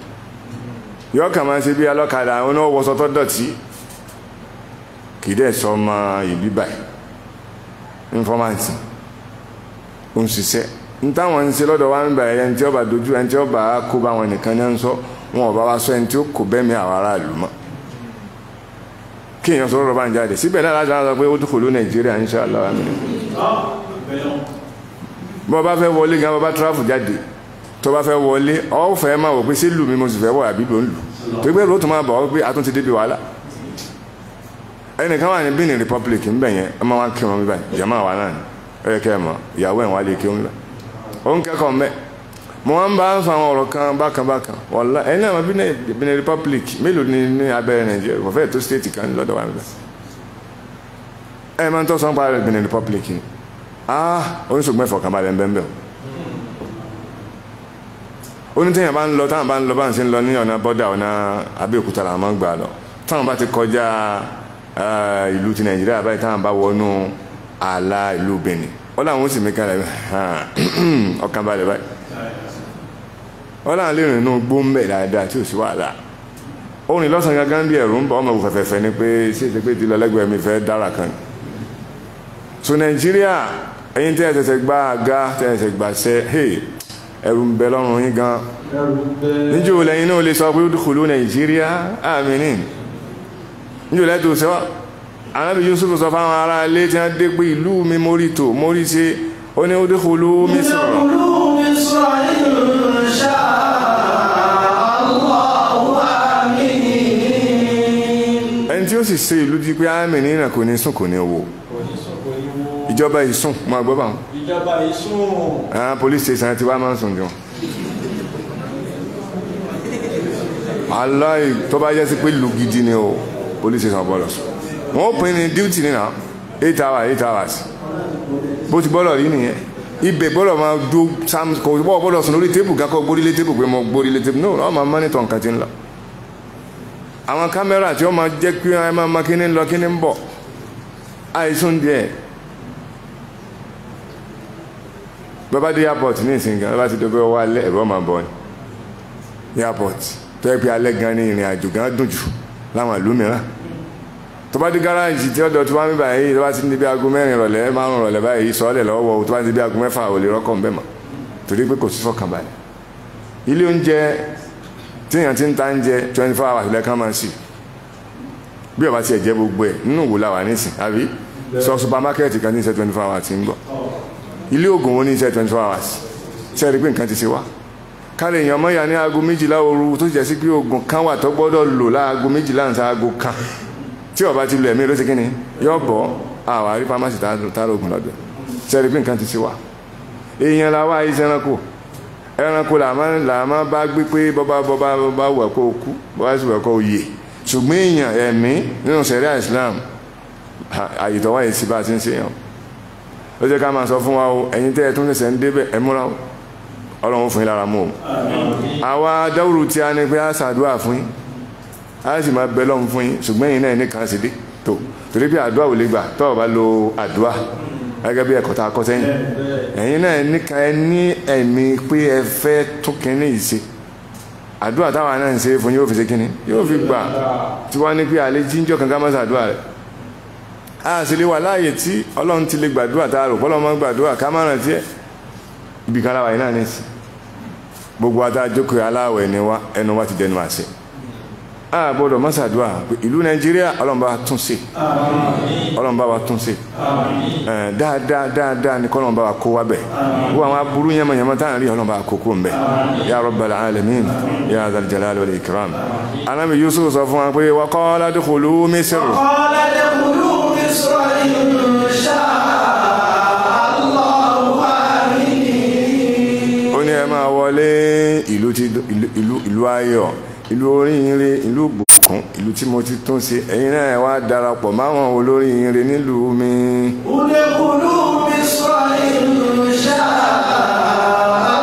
yọ kàn máa ṣe bí alọ́kadà àwọn náà wọ́sọ tó dọ̀tí kì í dẹ̀ sọ ọmọ ìbí báyìí ínfọ́mántì ń ṣiṣẹ́ ń táwọn ń ṣe lọ́dọ̀ wá ń bàyẹ̀ ẹni tí ó bá dojú ẹni tí ó bá kó bá wọn nìkan ní ń sọ wọn ò bá wá sọ ẹni tí ó kò bẹ́mi àwọn aráàlú mọ́ kí èèyàn sọ̀rọ̀ bá ń jáde síbẹ̀ náà láti sọ pé ó dúkòó ló nàìjíríà ń ṣe àlọ́ àmì bọ́ bá fẹ́ wọlé gan bọ́ bá tíráfù jáde tó bá fẹ́ wọlé ọ fẹ́ máa wò pé sí lù mí mo sì fẹ́ wọ̀ àbí ló ń lù tó gbé rótò máa bọ̀ ọ́ pé atún ti débi wàhálà ẹnìkan wà ní Benin Republic ń bẹ̀ yẹn ẹ máa wá kí wọn bíbá jama wà náà ni ẹ yẹ kẹ́ ẹ mọ̀ ìyàwó ẹ̀ wá lè kí wọn bíbá ó ń kẹ́kọ̀ọ́ mbẹ́ mo máa ń bá fa àwọn ọ̀rọ̀ kan bákan bákan wàlá ẹni àwọn Benin Republic mélòó ni ní abẹ́rẹ́ Nàìjíríà kò fẹ́ tó stéètì kan lọ́dọ̀ wa níbẹ̀ ẹ máa ń tọ́ sọ́n Republic ah oníṣògbọ́n ìfọ̀kànbalẹ̀ ń onítẹ̀yìn bá ń lọ táwọn bá ń lọ bá ń ṣe ń lọ ní ọ̀nà bọ́dà ọ̀nà Abẹ́òkúta làwọn máa ń gbà lọ táwọn bá ti kọjá eh, ìlú ti Nàìjíríà báyìí táwọn bá wọnú ààlà ìlú Benin ó láwọn ó sì mí kalẹ̀ ọkàn balẹ̀ báyìí ó láwọn lè rìn inú gbóńbẹ̀ dáadáa tí ò sí wàhálà orin lọ́sàn gangan bí ẹ̀rù ń bọ̀ ọmọ òfẹ̀fẹ̀fẹ̀ ni pé ṣé ti pé ti lẹ́gbẹ̀ẹ́ mi fẹ́ dára kan so Nàìjíríà ẹ̀yin tẹ́ ẹ̀ tẹ̀sẹ̀ gbá àga tẹ́ ẹ̀ tẹ̀sẹ̀ gbàṣẹ́ hey ẹ̀rù ń bẹ lọ́rùn yín gan níjò lẹ́yìn náà lè sọ pé udkhulu nàìjíríà àmìnì níjò lẹ́tò sọ anábì Yusuf sọ fáwọn ará ilé tí wọ́n dé pé ìlú mi mórí tò mórí ṣe ó ní udkhulu Misra ẹni tí ó sì ṣe ìlú di pé àmìnì náà kò ní sùn kò ní wò ìjọba ìsùn máa gbọ́ báwọn ìjọba yìí sùn. àwọn police station ti wá máa ń sùn jù. aláì tó bá yẹ sí pé lu gidi ni o police station bọ́lọ̀ sùn. wọ́n pín ní duty nínà eight hours eight hours bó ti bọ́lọ̀ rí nìyẹn ibẹ̀ bọ́lọ̀ máa do sam kò bọ́ bọ́lọ̀ sùn lórí tébù kakọ́ gbórílé tébù pé mo gbórílé tébù náà wọ́n máa mọ́nítọ̀ nǹkan ti ń lọ. àwọn kámẹ́rà tí wọ́n máa jẹ́ pé ẹ máa ma kíní lọ kíní ń bọ̀ àìsùn díẹ̀ bàbá dé airport ní ìsìn gan bàbá ti dọ́gbẹ́ ọwọ́ alẹ́ ẹ̀rọ máa bọ̀ ní airport tó yẹ pé alẹ́ gan ni ìrìn àjò gan dùn jù láwọn ìlú mìíràn tó bá dé gáràjì tí ọ̀dọ̀ tó bá ń bíbà yìí tó bá ti ní bí aago mẹ́rin rọ̀lẹ́ márùn rọ̀lẹ́ báyìí sọ́ọ́lẹ̀ lọ́wọ́ tó bá ti bí aago mẹ́fà ò lè rọ́kọ̀ ń bẹ̀ mọ́ torí pé kò sí fọkànbalẹ̀ ilé oúnjẹ téèyàn ti ń ta oúnjẹ twenty four hours lẹ́ẹ̀kan máa ń sì bí ọba ti ẹ̀ jẹ́ gbogbo ẹ̀ nínú ìwò làwà nísìn àbí sọ supermarket kan ní sẹ́ twenty four hours ti ń gbọ́ ilé oògùn wọn ní iṣẹ́ twenty four hours ṣe é rí pé nǹkan ti ṣe wá kálẹ̀ èèyàn mọ́yà ní aago méjìlá òru tó jẹ́ sí pé oògùn kan wà tó gbọ́dọ̀ lò láago méjìlá ń sa aago kan tí ọba ti lo ẹ̀mí ló ṣe kí ni yọ bọ́ àwa rí pharmacy tààrà oògùn lọ́dọ̀ ṣe é rí pé nǹkan ti ṣe wá èèyàn làwa iṣẹ́ ẹranko ẹranko làmá bá gbé pé bọ́bá bọ́bá bọ́bá wẹ̀kọ́ okú bọ́bá sì wẹ̀kọ́ òye ṣùgbọ́n èèyàn ẹ̀mí nínú sẹ̀ríà Islam àyètọ́wáyé sí bá a ti ń ṣe yàn ló jẹ́ ká máa sọ fún wa o ẹ̀yin tẹ́ ẹ tún ṣẹ̀ṣẹ̀ ń débẹ̀ ẹ múra o ọlọ́run fún yín lára mú o. àwa dáwùrù tí a ní pé a ṣàdúrà fún yín a sì máa bẹ lọ́run fún yín ṣùgbọ́n ẹ̀yin náà nìkan sì dé tó torí pé àdúrà ò lè gbà tó o bá lo àdúrà gẹ́gẹ́ bí ẹ̀kọ́ tá a kọ́ sẹ́yìn ẹ̀yin náà nìkan ẹ ní ẹ̀mí pé ẹ fẹ́ tún kínní yìí ṣe àdúrà táwa náà ń ṣe fún yóò fi ṣe kínní yóò fi gbà tí ní pé àlejò kankan má ṣàdúrà rẹ̀ a sì lè wà láàyè tí ọlọ́run ti lè gbàdúrà tá a rò pọ́lọ́ máa ń gbàdúrà ká má rántí ẹ̀ ibi kan láwàá yìí náà nìsí gbogbo ata jókòó aláwẹ̀ ni wá ẹnu wá ti dẹnu àṣẹ a gbọ́dọ̀ mọ́sàdúrà ìlú nàìjíríà ọlọ́run bá wa tún ṣe ọlọ́run bá wa tún ṣe dáadáa dáadáa ní kọ́lọ́run bá wa kó wa bẹ̀ wọ́n àwọn aburú yẹmọ̀yẹmọ̀ táwọn rí ọlọ́run bá wa kó kó ń bẹ̀ ya rabbal alamin ya zal jalali wal ikram anábì yusuf sọ fún wa pé wa qala dukhulu misr. wa ìlú ayọ̀ ìlú oríire ìlú ìbùkún ìlú tí mo ti tún ṣe ẹ̀yin náà wá darapọ̀ máwọn olóríire nílùú mi. ọ̀dẹ̀kùnú mi sọ ìlú ṣáà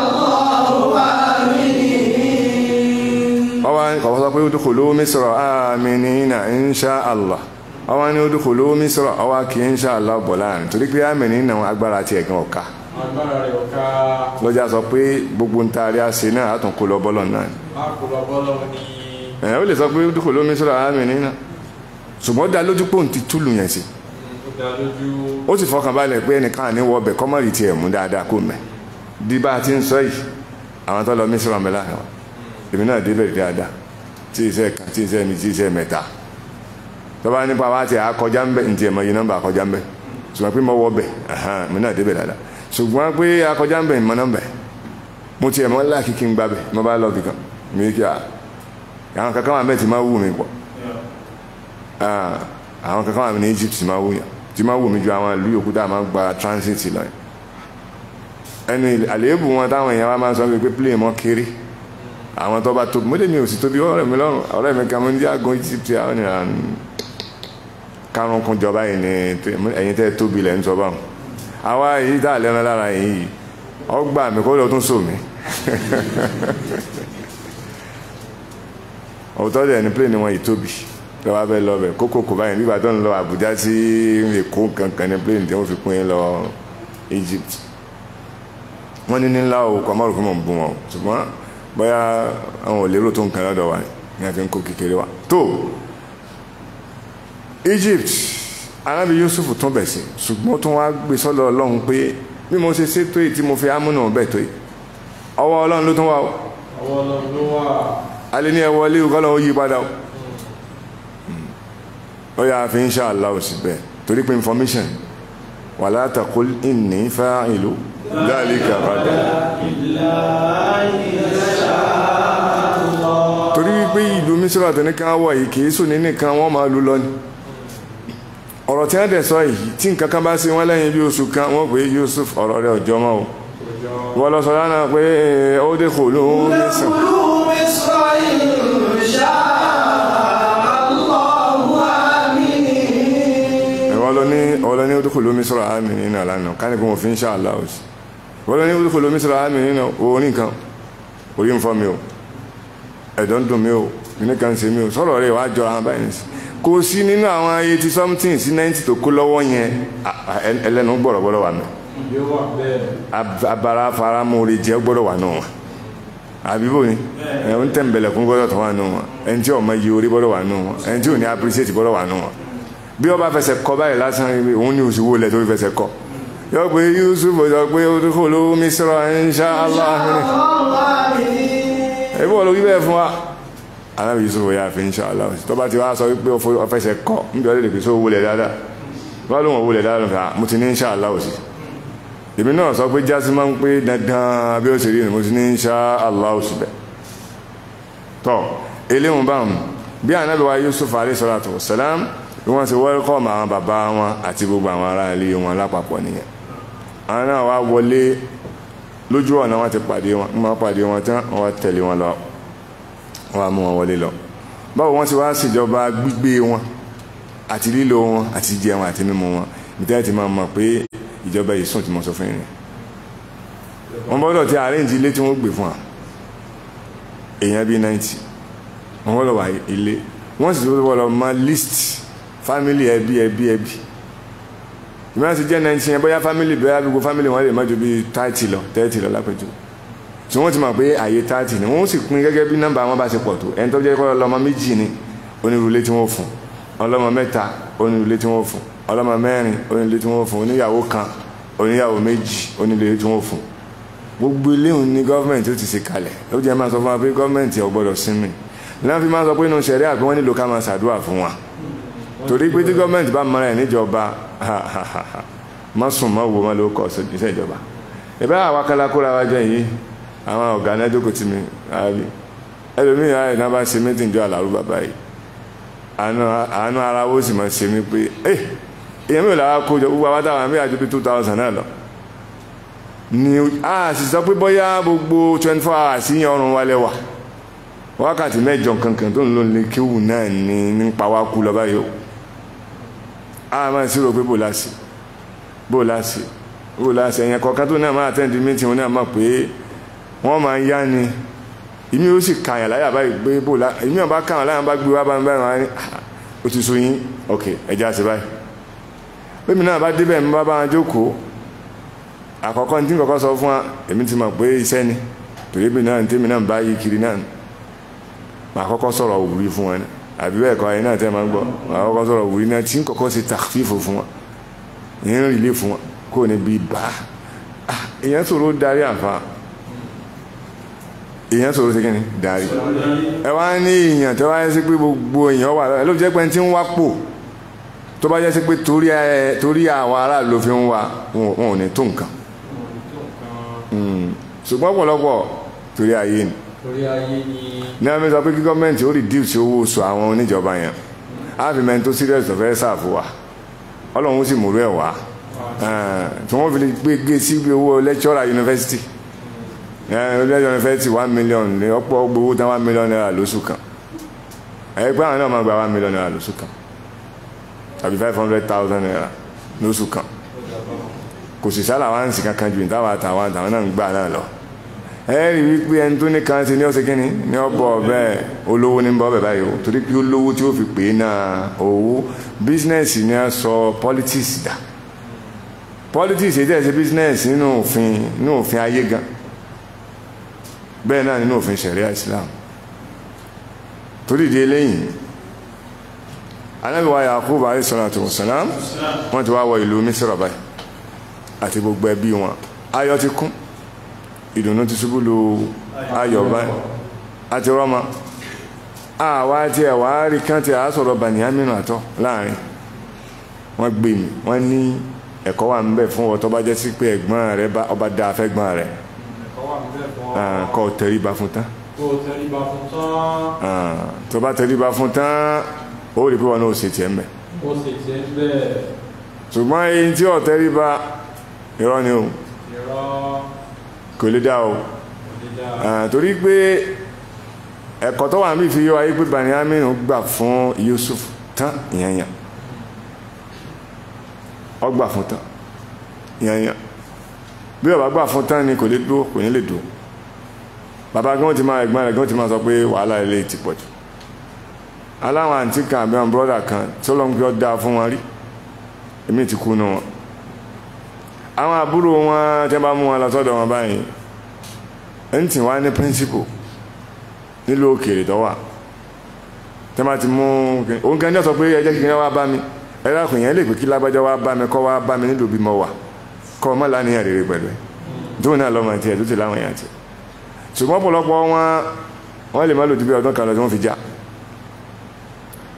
lọ́wọ́ àmìnì. ọwọ́ àwọn sọ pé ó dúkùú ló mi sọ̀rọ̀ àmìnì náà insha Allah ọwọ́ ní odò kò lówó mi sọ̀rọ̀ ọwọ́ kì í ṣe aláàbọ̀ láàrin torí pé àmì nínú agbára ti ẹ̀gán ọ̀ka lọ́jà sọ pé gbogbo ń taari àṣẹ náà àtún kó lọ bọ́lọ̀ náà ni ó lè sọ pé odò kò lówó mi sọ̀rọ̀ àmì nínú ṣùgbọ́n dá lójú pòun ti túlù yẹn sí ó sì fọkàn balẹ̀ pé ẹnìkan àní wọ ọbẹ̀ kọ́mọ̀rì tiẹ̀ mú dáadáa kó mẹ́ di bá a ti ń sọ yìí àwọn tó lọ mí sọ̀rọ̀ mi láàrin náà débẹ̀ dáadáa tí iṣẹ́ tọ́ba nípa wa ti àkọjá ń bẹ̀ ntì ẹ̀mọ yìí nọ́mbà àkọjá ń bẹ̀ ṣùgbọ́n pé mo wọ bẹ̀ mi náà débẹ̀ dáadáa ṣùgbọ́n pé àkọjá ń bẹ̀ mọ nọ́mbà mo ti ẹ̀mọ ńlá kíkí ń gbà bẹ̀ mo bá lọ kíkan mi kí a àwọn kankan wà mẹ́ẹ̀ máa wù mí pọ̀ àwọn kankan wà mí ní Egypt máa wù yàn tí máa wù mí ju àwọn ìlú yòókù tá a máa gba transit lọ yẹn ẹni àléébù wọn táwọn èèyàn wa máa sọ pé plane mọ́ kéré àwọn tó bá tóbi mo lè mi ò sì tóbi ọ̀rẹ́ mi lọ́rùn ọ̀rẹ́ mi kan mo ní àgọ́ Egypt àwọn ènìyàn kárùn kún jọba yìí ni ẹ̀yin tẹ́ tóbi lẹ́ ń sọ báwọn àwa yìí tá àlẹ́ran lára yìí ọgbà mi kó lọ tún sò mí òótọ́ dẹ̀ ní plane wọn ìtóbi lọ́wọ́ abẹ́ lọ́bẹ̀ kókò kò báyìí nígbà tó ń lọ Àbújá sí Èkó kankan ní plane tí wọ́n fi pín in lọ Egypt wọ́n ní nílá o kò amárùkú mọ̀ ń bú wọn ṣùgbọ́n bóyá àwọn òlérò tó ń kan lọ́dọ̀ wa ni a fi ń kó kékeré wa tó. Egypt arábí Yusuf tún bẹ̀ sí ṣùgbọ́n tún wá gbé sọ́dọ̀ ọlọ́run pé bí mo ṣe ṣètò èyí tí mo fi ámúnà bẹ̀ tó yìí ọwọ́ ọlọ́run ló tún wà ó ọwọ́ ọlọ́run ló wà á ní ẹwọ́ ilé ìkọ́lọ́ ó yí padà hmm. ó ó yà fi ń ṣàlá òsì bẹ́ẹ̀ torí pé information wà látàkó ìní fẹ́ ìlú dhalika bàdà torí wípé ìlú mísírà tó ní káwọ̀ yìí kìí sùn ní nìkan wọ́n máa lù lọ ọ̀rọ̀ tí wọ́n dẹ̀ sọ yìí tí nǹkan kan bá sí wọn lẹ́yìn bí oṣù kan wọ́n pè é Yusuf ọ̀rọ̀ rẹ̀ ọ̀jọ́ mọ́ o wọ́n lọ sọ lánàá pé eh, ó dé kò ló ń mẹ́sàn. ẹ̀wọ́n lọ ní ọ̀rọ̀ ní ó dé kò ló mísọ̀rọ̀ àmì nínú àlànà káníkù wọn fi ń ṣe àlá òsì wọ́n lọ ní ó dé kò ló mísọ̀rọ̀ àmì nínú orí nǹkan orí ń fọ́ mi o ẹ̀dọ̀ ń dùn mi o nìkan ṣe mi o sọ̀rọ̀ rẹ̀ wá jọ àwọn báyìí nìsín kò sí nínú àwọn eighty something sí ninety tó kó lọ́wọ́ yẹn ẹlẹ́nu gbọ́dọ̀ gbọ́dọ̀ wà nù. abara faramu rè jẹ́ gbọ́dọ̀ wà nù wọn àbí bò ní ẹ̀ ń tẹ̀m̀bẹ̀lẹ̀ fún gbọ́dọ̀ tó wà nù wọn ẹni tí ọmọ yìí orí gbọ́dọ̀ wà nù wọn ẹni tí ò ní appreciate gbọ́dọ̀ wà nù wọn bí ọba fẹsẹ̀ kọ báyìí lásán òun ní oṣù wo lẹ̀ tó fẹsẹ̀ kọ yọ pé Yusuf sọ pé olówó mi sọ̀rọ̀ insha Allah ẹ̀bùn ọ̀lọ́wí bẹ́ẹ̀ fún wa alábi yusufu yà fi insha Allah tó bá ti wá sọ wípé ọfẹsẹ̀ kọ́ níbi ọdẹ lèpè só wọlé dáadáa wọ́n lóun wọlé dáadáa fà mo ti ní insha Allah sí èmi náà sọ pé jásí máa ń pé dandan bí ó ṣe rí ni mo ti ní insha Allah sí bẹ́ẹ̀ tọ́ eléhùn báwọn bí anábi wa yusuf alayhi salatu wa salam bí wọ́n ti wẹ́lkọ́mù àwọn bàbá wọn àti gbogbo àwọn ará ilé wọn lápapọ̀ nìyẹn àwọn náà wá wọlé lójú ọ̀nà wọn ti pàdé wọn wọ́n á mú wọn wọlé lọ báwo wọ́n ti wá ṣèjọba gbígbé wọn àti lílo wọn àti jíjẹ wọn àti mímu wọn ìtẹ́ ti máa mọ̀ pé ìjọba yìí sùn tí mo sọ fún yín wọ́n bọ́dọ̀ ti ilé tí wọ́n gbé fún wa èèyàn bíi ninety wọ́n bọ́dọ̀ wà ilé wọ́n sì tó bọ́dọ̀ máa list family ẹbí ẹbí ẹbí ìmọ̀ àti jẹ́ ninety yẹn bóyá family bẹ́ẹ̀ àbí family wọn lè má ju bíi thirty lọ thirty lọ lápẹjù tí wọ́n ti mọ̀ pé àyè tààtì ni wọ́n sì pín gẹ́gẹ́ bí nọ́mbà wọn bá ṣe pọ̀ tó ẹni tó jẹ́ kọ́ ọlọ́mọ méjì ni onírúurú tí wọ́n fún ọlọ́mọ mẹ́ta onírúurú tí wọ́n fún ọlọ́mọ mẹ́rin onírúurú tí wọ́n fún oníyàwó kan oníyàwó méjì onírúurú tí wọ́n fún gbogbo iléhùn ní gọ́ọ̀mẹ̀ntì ó ti ṣe kalẹ̀ ó jẹ́ máa sọ fún wa pé gọ́ọ̀mẹ̀ntì ò gbọ́dọ̀ sinmi láwọn fi máa sọ pé inú ṣẹ̀ríà pé wọ́n nílò ká máa ṣàdúrà fún wa torí pé tí gọ́ọ̀mẹ̀ntì bá mara ẹ̀ níjọba má sùn má wo má ló kọ́ ìṣèjọba ìbára àwa kálákóra wa jẹ́ yìí àwọn ọ̀gá nẹ́dọ́kọ̀ tí mi àbí ẹlòmíì ara ìtàn bá ṣe mẹ́tì ìjọ àlàrú bàbá yìí àánú ara ó sì máa ṣe mí pé ẹ eh, èèyàn mi ò lára kójọ gbogbo àwọn táwọn àmì àjọ bíi two thousand náà lọ ni a sì sọ pé bóyá gbogbo twenty four hours yíyan ọrùn wa lẹ́wà wákàtí mẹ́jọ kankan tó ń lò ní kíwù náà ní nípa wá kú lọ báyìí o a máa ṣírò pé bò láṣì bò láṣì bò láṣì ẹ̀yẹn kọ̀ọ̀kan tó náà máa tẹ́ǹdì mítì òun wọ́n máa yá ni ìmí ó sì kàyàn láyà báyìí gbé bò lá ìmí ọba kàyàn láyà bá gbé wá bá ń bá wọn ní ah, ó ti so yín ok ẹja sí báyìí bẹ́ẹ̀ mi náà bá débẹ̀ ń bá bá wọn jókòó àkọ́kọ́ ní tí kọ́kọ́ sọ fún wa èmi ti mọ̀ pé iṣẹ́ ni torí bí náà tèmi náà bá yí kiri náà mà kọ́kọ́ sọ̀rọ̀ òwúrí fún wọn àbí bẹ́ẹ̀ kọ́ ayé náà tẹ́ máa ń gbọ́ mà kọ́kọ́ sọ̀rọ̀ òwúrí náà tí kọ́kọ́ ṣe tàfífò fún wọn ìyẹn rìlé fún wọn kò ní bí bá ah, èèyàn sọ̀rọ̀ darí àǹfààní èèyàn sọ̀rọ̀ sí kíni darí ẹ wá ní èèyàn tó wáyé sí pé gbogbo èèyàn wà lọ́wọ́ ló jẹ́ pé tí ń wá pò tó bá jẹ́ sí pé torí àwọn aráàlú ló fi ń wa wọn ò ní tó nǹkan hmm. ṣùgbọ́n ọ̀pọ̀lọpọ̀ torí ayé ni ní àmì sọ pé kí gọ́ọ̀mẹ̀ntì ó reduce owó oṣù àwọn oníjọba yẹn àfi mẹ́ni tó serious tó fẹ́ ṣàfù wa ọlọ́run sì múrú ẹ̀ wá tí wọ́n fi gbé sí owó lecturer university ẹ̀ẹ́dẹ́gbẹ̀rún fẹ́ ti one million ní ọ̀pọ̀ gbowó tán one million naira lóṣù kan ẹ̀yẹ́ pé àwọn náà máa gba one million naira lóṣù kan tàbí five hundred thousand naira lóṣù kan kò sì sálà wá ń sì kankan ju ìtawà àtàwọn àtàwọn náà ń gbà náà lọ ẹ rí wípé ẹni tó ní kan ṣe ní ọ̀sẹ̀ kínní ní ọ̀bọ̀ ọ̀bẹ olówó ní bọ́ bẹ̀bá yìí o torí pé olówó tí ó fi pè é náà owó bísínẹ́sì ni a sọ politics dà politics èyí tẹ̀ ṣe bísínẹ́sì nínú òfin nínú òfin ayé gan bẹ́ẹ̀ náà nínú òfin ṣẹ̀ríà Islam torí di eléyìn anábìwá Yakub alayhi salatu wassalam wọ́n ti wá wọ ìlú Misra báyìí àti gbogbo ẹbí wọn ayọ̀ ti kún ìdùnnú ti ṣubú lu ayọ̀ báyìí àti rọ́mọ àwa tí ẹ̀ rí kán tí a sọ̀rọ̀ Bàníyámínù àtọ́ láàrin wọ́n gbé wọ́n ní ẹ̀kọ́ wà ń bẹ fún ọ tó bá jẹ́ sí pé ẹ̀gbọ́n rẹ ọba dáa fẹ́gbọ́n rẹ̀ Ah, kó o tẹríba fún tán kó o tẹríba fún tán ah, tó bá tẹríba fún tán ó rí pé wọn náà ó ṣe tiẹ̀ mbẹ̀ ó ṣe tiẹ̀ mbẹ̀ ṣùgbọ́n eyín tí ò tẹríba irọ́ ni o kò lè dá o ah, torí pé ẹ̀kọ́ tó wà níbi fi ayé pé Bani Aminu gbà fún Yusuf tán yẹnyẹn ọgbà fún tán yẹnyẹn bí bàbá gbà fún tán ni kò lè dúró kò ní lè dúró bàbá gan ti máa ẹ̀gbọ́n rẹ̀ gan ti máa sọ pé wàhálà ilé ti pọ̀ jù aláwọn àǹtí kan àbí àwọn bọ́dà kan tó lọ́n gbé ọdá fún wọn rí èmi ti kú nù wọn àwọn àbúrò wọn tẹ́ bá mú wọn lọ sọ́dọ̀ wọn báyìí ń tì wá ní píríncípù nílùú òkèèrè tó wà tẹ́ bá ti mú òun kan ní ọ̀sọ̀ pé ẹ jẹ́ kí n wá bá mi ẹ lákùnrin yẹn lè pè kí lágbájá wá bá mi kọ́ wá bá mi nílùú bí mo wà kọ́ ọmọ lánìyàn rere pẹ̀lú ẹ̀ tó náà lọ́mọ tiẹ̀ tó ti láwọn èèyàn tiẹ̀ ṣùgbọ́n ọ̀pọ̀lọpọ̀ wọn wọn lè má lò ju bí ọdún kan lọ tí wọ́n fi já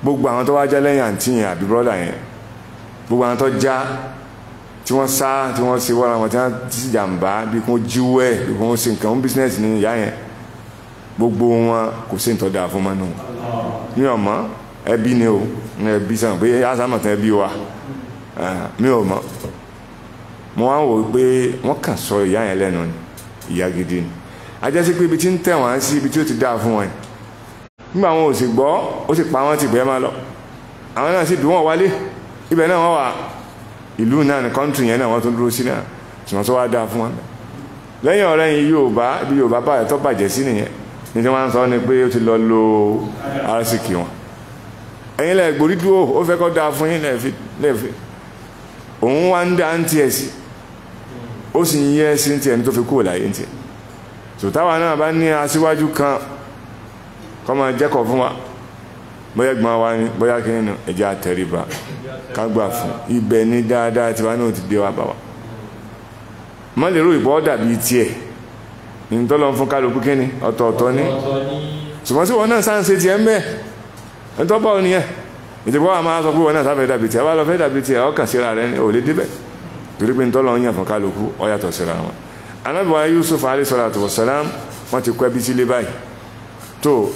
gbogbo àwọn tó wá já lẹ́yìn àǹtí yẹn àbí brọ́dà yẹn gbogbo àwọn tó já tí wọ́n sá tí wọ́n ṣe wọ́ra wọn tí wọ́n ti jàǹbá bí kò jíwẹ́ bí kò ṣe nǹkan ń bísínẹ́sì ní ìyá yẹn gbogbo wọn kò sí nǹkan dáa fún mọ́nú mi ò mọ̀ ẹbí ni o ẹbí sàn pé àṣà mọ̀tàn ẹbí wa mi ò mọ̀ mo wá ń wò pé wọ́n kàn sọ ìyá yẹn lẹ́nu ìyá gidi ni ajẹ́sí pé ibi tí ń tẹ̀ wọ́n sí ibi tí ó ti dáa fún wọn nígbà wọn ò sì gbọ́ ó sì pa wọ́n ti bẹ́ẹ̀ máa lọ àwọn náà sì dùn wọ́n wálé ibẹ̀ náà wọ́n wà ìlú náà ní kọ́ńtù yẹn náà wọ́n tún dúró sí náà ṣùgbọ́n tó wá dáa fún wọn lẹ́yìn ọ̀rẹ́ yìí Yorùbá bí Yorùbá bá ẹ̀tọ́ bàjẹ́ sí nìyẹn ní tí wọ́n ń sọ ni pé ó ti lọ ó sì nye si sí ti tó fi kúrò láyé ti sòtáwà náà kan kọ́ máa jẹ́kọ̀ọ́ fún wa bóyá gbọ́n wa ni bóyá kíni nù ẹ̀jẹ̀ àtẹríba ká gbà fún ibẹ̀ ní dáadáa tiwa wa bá wa má lè rò ìbọ́ dàbí tiẹ̀ ìtọ́lọ́ fún kálukú kíni ọ̀tọ̀ọ̀tọ̀ ni ṣùgbọ́n tí wọn náà sáà ń ṣe tiẹ̀ ń bẹ́ẹ̀ ń tọ́ ìdìbò máa sọ pé wọn náà sáfẹ́ dàbí tiẹ̀ lọ dàbí tiẹ̀ ọkàn síra rẹ ni ò lè débẹ̀ torí pé ntọ́lọ́ ń yàn fún kálukú ó yàtọ̀ síra wọn ànábì wa Yusuf alayhi salatu wassalam wọ́n ti kọ́ ẹbí sílé báyìí tó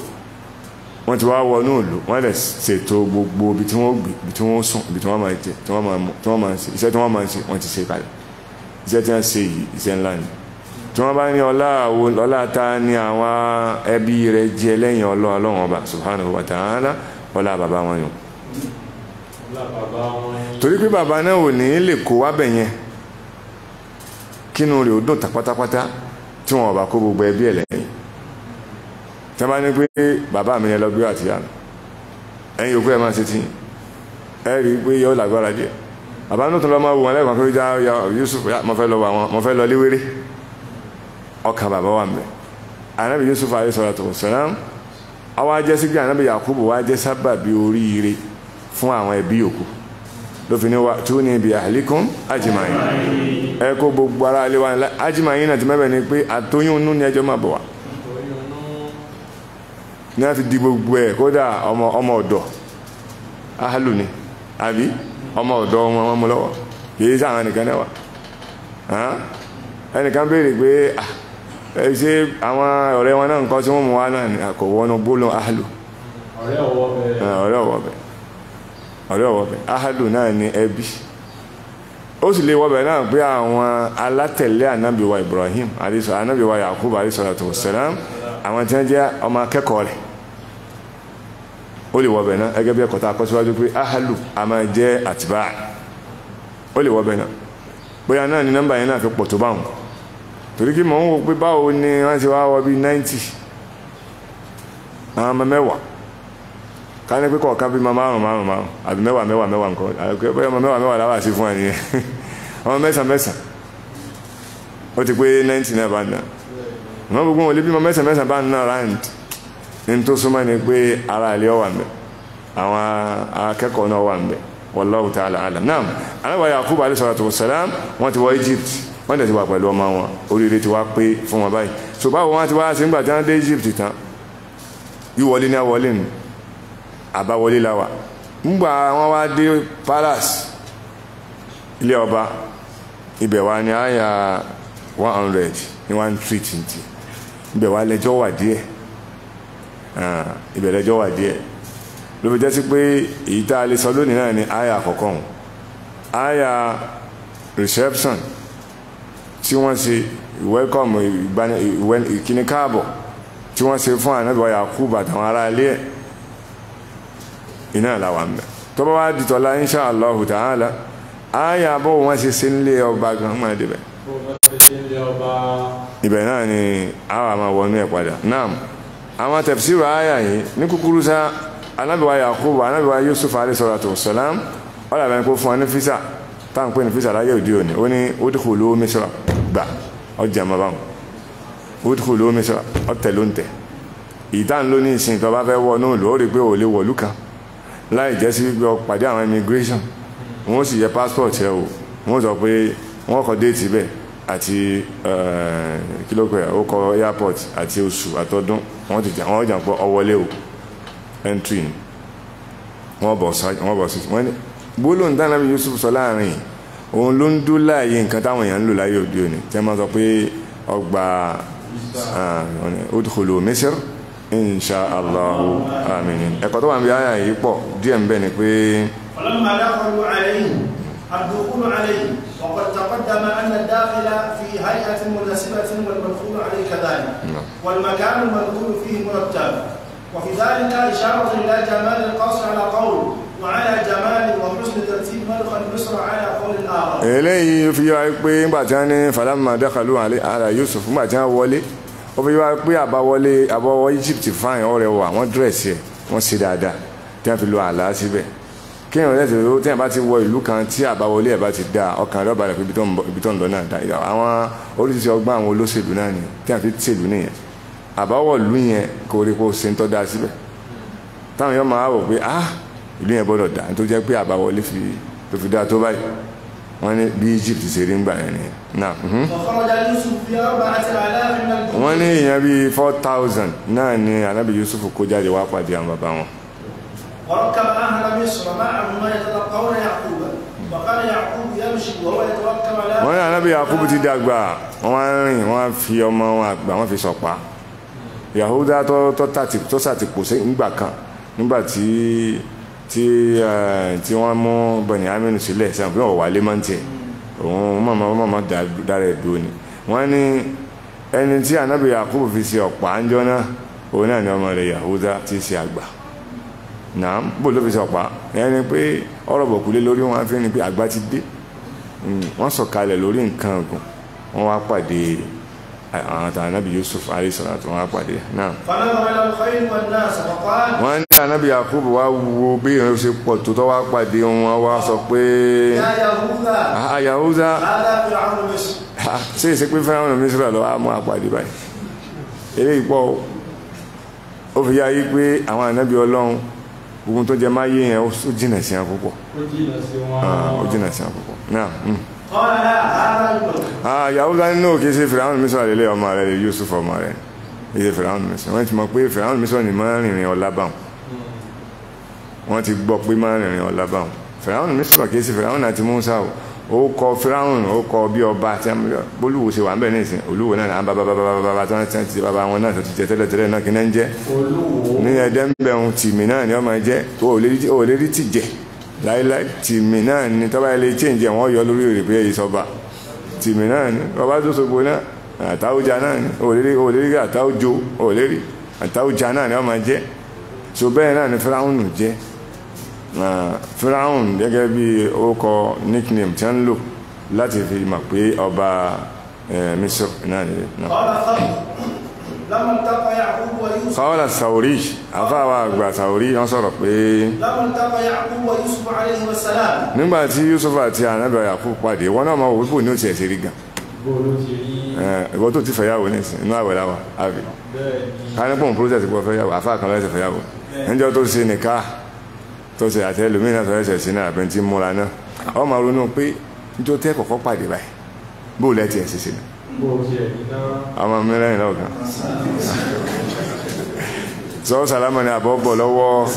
wọ́n ti wá wọnú ìlú wọ́n lè ṣètò gbogbo ibi tí wọ́n gbé ibi tí wọ́n sùn ibi tí wọ́n máa jẹ tí wọ́n máa mu tí wọ́n máa ṣe iṣẹ́ tí wọ́n máa ṣe wọ́n ti ṣe kalẹ̀ iṣẹ́ tí wọ́n ṣe yìí iṣẹ́ ńlá ni tí wọ́n bá ní ọlá àwọn ọlá ta ni àwọn ẹbí rẹ̀ jẹ lẹ́yìn ọlọ́ ọlọ́run ọba subhanahu wa ta'ala ọlá bàbá wọn yòó torí pé bàbá náà ò ní lè kó wábẹ̀ yẹn kínú rẹ̀ ó dùn tán pátápátá tí wọn bá kó gbogbo ẹbí ẹ̀ lẹ́yìn tí wọ́n bá ní pé bàbá mi yẹn lọ gbé àtìyá mi ẹ̀yin òkú ẹ̀ máa ṣe tiyín ẹ̀ rí i pé yọ lágbára díẹ̀ bàbá náà tó lọ́ máa wò wọn lẹ́ẹ̀kan pé já ya Yusuf mo fẹ́ lọ wà wọn mo fẹ́ lọ léwéré ọkàn bàbá wà mẹ́ Ànábì Yusuf alayhi salatu wassalam àwa jẹ́ sí pé Ànábì Yakubu wa jẹ́ sábàbí oríire fún àwọn ẹbí yòókù ló wa tó ní ibi àhìlíkún ajimayin gbogbo ara ilé wa ajimayin náà ti mẹ́bẹ̀ ni pé àtọyún nú ni ẹjọ́ máa bọ̀ wá ní a di gbogbo ẹ̀ kódà ọmọ ọ̀dọ̀ ahálù ni àbí ọmọ ọ̀dọ̀ ọmọ ọmọ lọ́wọ́ kìí sáà nìkan náà wà ẹnìkan béèrè pé ah, ẹ ṣe àwọn ọ̀rẹ́ wọn náà mú náà ọ̀rẹ́ ọ̀wọ́ bẹ̀ ahadu náà ni ẹbí ó sì lè wọbẹ̀ náà pé àwọn alátẹ̀lé Ibrahim anábìwa Yakubu alayhisalatu wasalam àwọn tí wọ́n jẹ́ ọmọ akẹ́kọ̀ọ́ rẹ̀ ó lè wọbẹ̀ náà ẹgẹ́ bí ẹ̀kọ́ tá a kọ́ síwájú pé ahadu a máa jẹ́ ó lè náà ni nọ́mbà yẹn náà fi pọ̀ tó torí kí mò ń ká ní pé kọ̀ọ̀kan bí máa márùn márùn márùn àbí mẹ́wàá mẹ́wàá mẹ́wàá nǹkan àlùkò ẹgbẹ́ ọmọ mẹ́wàá mẹ́wàá láwà sí fún ẹni ọmọ mẹ́sàn mẹ́sàn o ti pé ninety náà bá ń náà ìmọ̀ gbogbo wọn lè bímọ mẹ́sàn mẹ́sàn bá ń náà round ní tó súnmọ́ ni pé ara ilé ọ̀wà ń bẹ̀ àwọn akẹ́kọ̀ọ́ náà wà ń bẹ̀ wallahu ta'ala alam náà aláwọ̀ Yakubu alayhi salatu wassalam wọ́n ti wọ Egypt wọ́n dẹ̀ ti wà pẹ̀lú ọmọ wọn oríire ti wá pé fún wọn báyìí ṣùgbọ́n àwọn wọn ti wá sí ń gbà tí wọ́n dé Egypt tán wíwọlé ní àwọlé nù àbáwọlé láwà ńgbà wọn wá dé palace ilé ọba ibẹ̀ wa ní àyà one hundred ní one street ntì ibẹ̀ wá lẹ́jọ́ wà díẹ̀ ah, ibẹ̀ lẹ́jọ́ wà díẹ̀ ló fi jẹ́ sí pé èyí tá a lè sọ lónìí náà ni àyà àkọ́kọ́ hùn àyà reception tí wọ́n ṣe welcome ìkíni káàbọ̀ tí wọ́n ṣe fún ànábìwá Yakubu àtàwọn ará ilé ẹ̀ iná làwà ń bẹ̀ tó bá wá di tọ́lá insha Allah ta'ala àyà bó wọ́n ṣe ṣe nílé ọba gan máa débẹ̀ ibẹ̀ náà ni àwa máa wọnú ẹ̀ padà naam àwọn tafsiru àyà yìí ní kúkúrú sá anábìwá Yakubu anábìwá Yusuf alayhi salatu wassalam ọ̀làbẹ̀ kó fún ọ ní fisa táwọn pè ní fisa láyé òde òní ó ní ó dìkù lówó Misra gbà ọjà máa báwọn wúdùkú ló mẹ́sàn ọ̀tẹ̀ ló ń tẹ̀ ìtàn ló ìsìn tó bá fẹ́ wọ náà lórí pé ò wọ̀lú kan láì jẹ́ sí wípé o pàdé àwọn immigration wọ́n sì yẹ passport ẹ o wọ́n sọ pé wọ́n kọ déètì bẹ́ẹ̀ àti eh, kílókè ọkọ̀ airport àti oṣù àtọ́dún wọ́n ti jà wọ́n jà pọ̀ ọwọ́lé o entry ni wọ́n bọ̀ sí wọ́n ní gbólóhùn dáná bí Yusuf sọ láàrin yìí òun ló ń dún láàyè nǹkan táwọn èèyàn ń lò láyé òde òní tí wọ́n máa sọ pé ọgbà odhulu eh, Misr insha allah aminin ẹ̀kọ́ tó wà níbi àyà yìí pọ̀ díẹ̀ ń bẹ ni pé. ọlọ́mọ adáfọ́lù àlẹ́yìn àdókòlù àlẹ́yìn ọ̀pọ̀ tàbátàmà ẹ̀nà dáfẹ́lá fi hayà tí mo lọ síbẹ̀ tí mo lọ fún àlẹ́ kàdáyì wàlùmọ̀kánù mọ̀lùkúrù fi mọ̀tà وفي ذلك إشارة إلى جمال القصر على قول وعلى جمال وحسن ترتيب ملخ النصر على قول الآخر. eléyìí fi yọ pé ńgbà tí wọ́n ní falamma dakhalu ala Yusuf ńgbà tí wọ́n ó fi wá pé àbáwọlé àbáwọ Egypt fine ọ̀rẹ́ wà wọ́n dírẹ̀sì ẹ̀ wọ́n ṣe dáadáa tí wọ́n fi lo àlá síbẹ̀ kéèyàn lẹ́sẹ̀ tó tẹ́yìn bá ti wọ ìlú kan tí àbáwọlé ẹ̀ bá ti dáa ọkàn rẹ̀ ọ̀bàdàn pé ibi tó ń lọ náà dáa àwọn oríṣiríṣi ọgbọ́n àwọn olóṣèlú náà nìyẹn tí wọ́n fi tèlú nìyẹn àbáwọ̀lú yẹn kò rí kó ṣe ń tọ́ da síbẹ̀ táwọn yóò máa wò pé ah ìlú yẹn gbọ́dọ̀ dáa nítorí jẹ́ pé àbáwọlé fi tó fi dáa tó báyìí wọ́n ní bí Egypt ṣe rí ngbà yẹn ni náà. Mhm. wọ́n ní èèyàn bíi four thousand náà ni anábì Yusuf kó jáde wá pàdé àwọn bàbá wọn. وركب أهل مصر معهم يتلقون يعقوبا وقال يعقوب يمشي وهو يتوكل على wọ́n ní anábì Yakubu ti dàgbà wọ́n rìn wọ́n fi ọmọ wọn àgbà wọ́n fi sọ̀pá Yahuda tó tó sàtìpò sí ngbà kan nígbà tí tí eh, tí wọ́n mú bọ̀nì amínú sílẹ̀ sẹ́wọ̀n pé wọ́n wà máa ń tiẹ̀ òun mọ̀mọ́ mọ̀mọ́ dára ẹ̀ dúró ni ní ẹni tí anábì Yakubu fi ṣe ọ̀pá ńjọ́ náà òun náà ni ọmọ rẹ̀ Yahuda ti ṣe àgbà náà bó fi ṣe ọ̀pá ẹni pé ọ̀rọ̀ bọ̀kúlé lórí wọn fi ni pé àgbà ti dé hmm, wọ́n sọ̀kalẹ̀ lórí nǹkan ọ̀gùn wọ́n wá pàdé àwọn àtàwọn anábì Yusuf alayhisalatu wọn pàdé náà. wọ́n ní anábì Yakubu wá wo bí ìrìn ṣe pọ̀ tó tọ́ wá pàdé wọn wá sọ pé. Yahuda ṣe é ṣe pé fẹ́ràn ọ̀nà mísírà lọ́wọ́ á mú báyìí. eré ìpọ̀ ó fi yá yí pé àwọn anábì Ọlọ́run ogun tó jẹ máyé yẹn ó jìnà sí wọn ó jìnà sí wọn púpọ̀. náà yàwó dání náà kìí ṣe fìràhùn mísọ̀ àlélẹ́ ọmọ rẹ̀ lè Yusuf ọmọ rẹ̀ kìí ṣe fìràhùn mísọ̀ wọ́n ti mọ̀ pé fìràhùn mísọ̀ ni máa rìnrìn ọ̀la báwọn wọ́n ti gbọ́ pé máa rìnrìn ọ̀la báwọn fìràhùn mísọ̀ kìí ṣe fìràhùn àti Musa o ó kọ fìràhùn ó kọ bí ọba tí olúwo ṣe wà ń bẹ̀ nísìn olúwo náà bá bá bá bá bá bá tán ti bá wọn náà ti jẹ tẹ́lẹ̀ tẹ́lẹ̀ náà kí náà ń jẹ́ ní ẹ̀dẹ́ ń bẹ̀rùn láíláí tìmì náà ni tọ́ba ilé change ẹ̀ wọ́n yọ lórí èrè pé èyí sọba tìmì náà ni ọba tó sọgbó náà àtàwùjá náà ni òlérí òlérí àtàwùjó òlérí àtàwùjá náà ni wọ́n máa jẹ́ so bẹ́ẹ̀ náà ni fíráhùnù jẹ́ fíráhùn gẹ́gẹ́ bí orúkọ nickname tí wọ́n ń lò láti fi mọ̀ pé ọba Misr náà ni. ọ̀rọ̀ sọ́ọ̀tù kọ́ọ̀lá sàórì àfáàwà àgbà sàórì wọ́n sọ̀rọ̀ pé nígbàtí Yusuf àti ànábì Yakub pàdé wọ́n náà ma wò wípò ní ó ti ẹ̀ sí rí gan ìwọ́n tó ti fẹ̀yàwó nísìn inú àwẹ̀ láwà àbí kánípọ̀n protest pọ̀ fẹ́yàwó àfáà kan lẹ́sẹ̀ fẹ̀yàwó níjọ́ tó ṣe nìka tó ṣe àti ẹlòmínà tó lẹ́sẹ̀ sí náà àbẹ́ntí múra náà ọmọ ronú pé níjọ́ tẹ́ kọ̀kọ́ pàdé báyìí bóòlù ẹ̀ ẹ̀ sí sí náà ọmọ mìíràn lọ́kàn sọ́wọ́ sàlámà ni àbọ̀ bọ̀ lọ́wọ́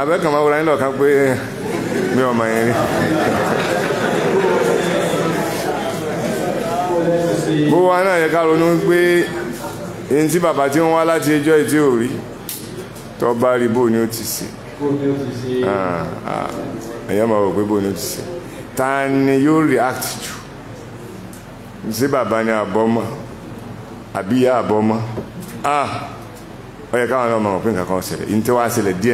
abẹ́kàn máa wúra yín lọ́kàn pé mi ò mọ̀ yẹn rí. gbogbo wa náà yẹ ká ronú pé ẹni tí bàbá tí ń wá láti ẹjọ́ ìtí ò rí tó bá rí bò ní ó ti sè ẹ̀yẹ́ máa wọ̀ pé bò ní ó ti sè ah, ah, ta ni yóò react jù ṣé bàbá ah! ni àbọ́mọ́ àbí ìyá káwọn náà mọ̀ pé nǹkan kan ṣẹlẹ̀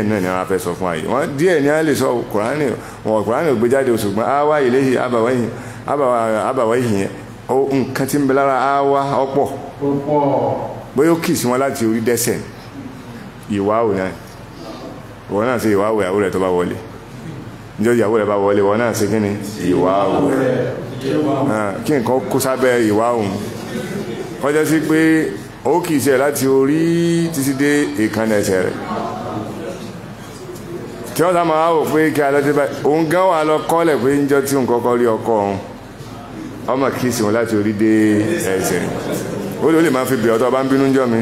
ní náà ni wọ́n fẹ́ sọ fún ayé wọ́n ni a lè sọ kùránì wọn kùránì ò gbé jáde ṣùgbọ́n àwa ìléyìí àbàwẹ́yìn nǹkan ń bẹ lára àwa bóyá ó kì í sí wọn láti orí náà wọn náà ṣe ìyàwó tó bá wọlé ìyàwó bá wọlé wọn náà ṣe kí Ah, kí nǹkan kó sábẹ́ ìwà òun kọjá sí pé ó kì í ṣe láti orí títí dé ìkànnì ẹsẹ̀ rẹ̀ tí wọ́n sábà wá wò pé kí alọ́tí bá òun gan wà lọ kọ́lẹ̀ pé ń jọ tí òun kọ́kọ́ rí ọkọ òun ọmọ kì í sìn láti orí dé ẹsẹ̀ ó lè máa fi bẹ̀rẹ̀ ọ̀tọ̀ bá ń bínú jọ mi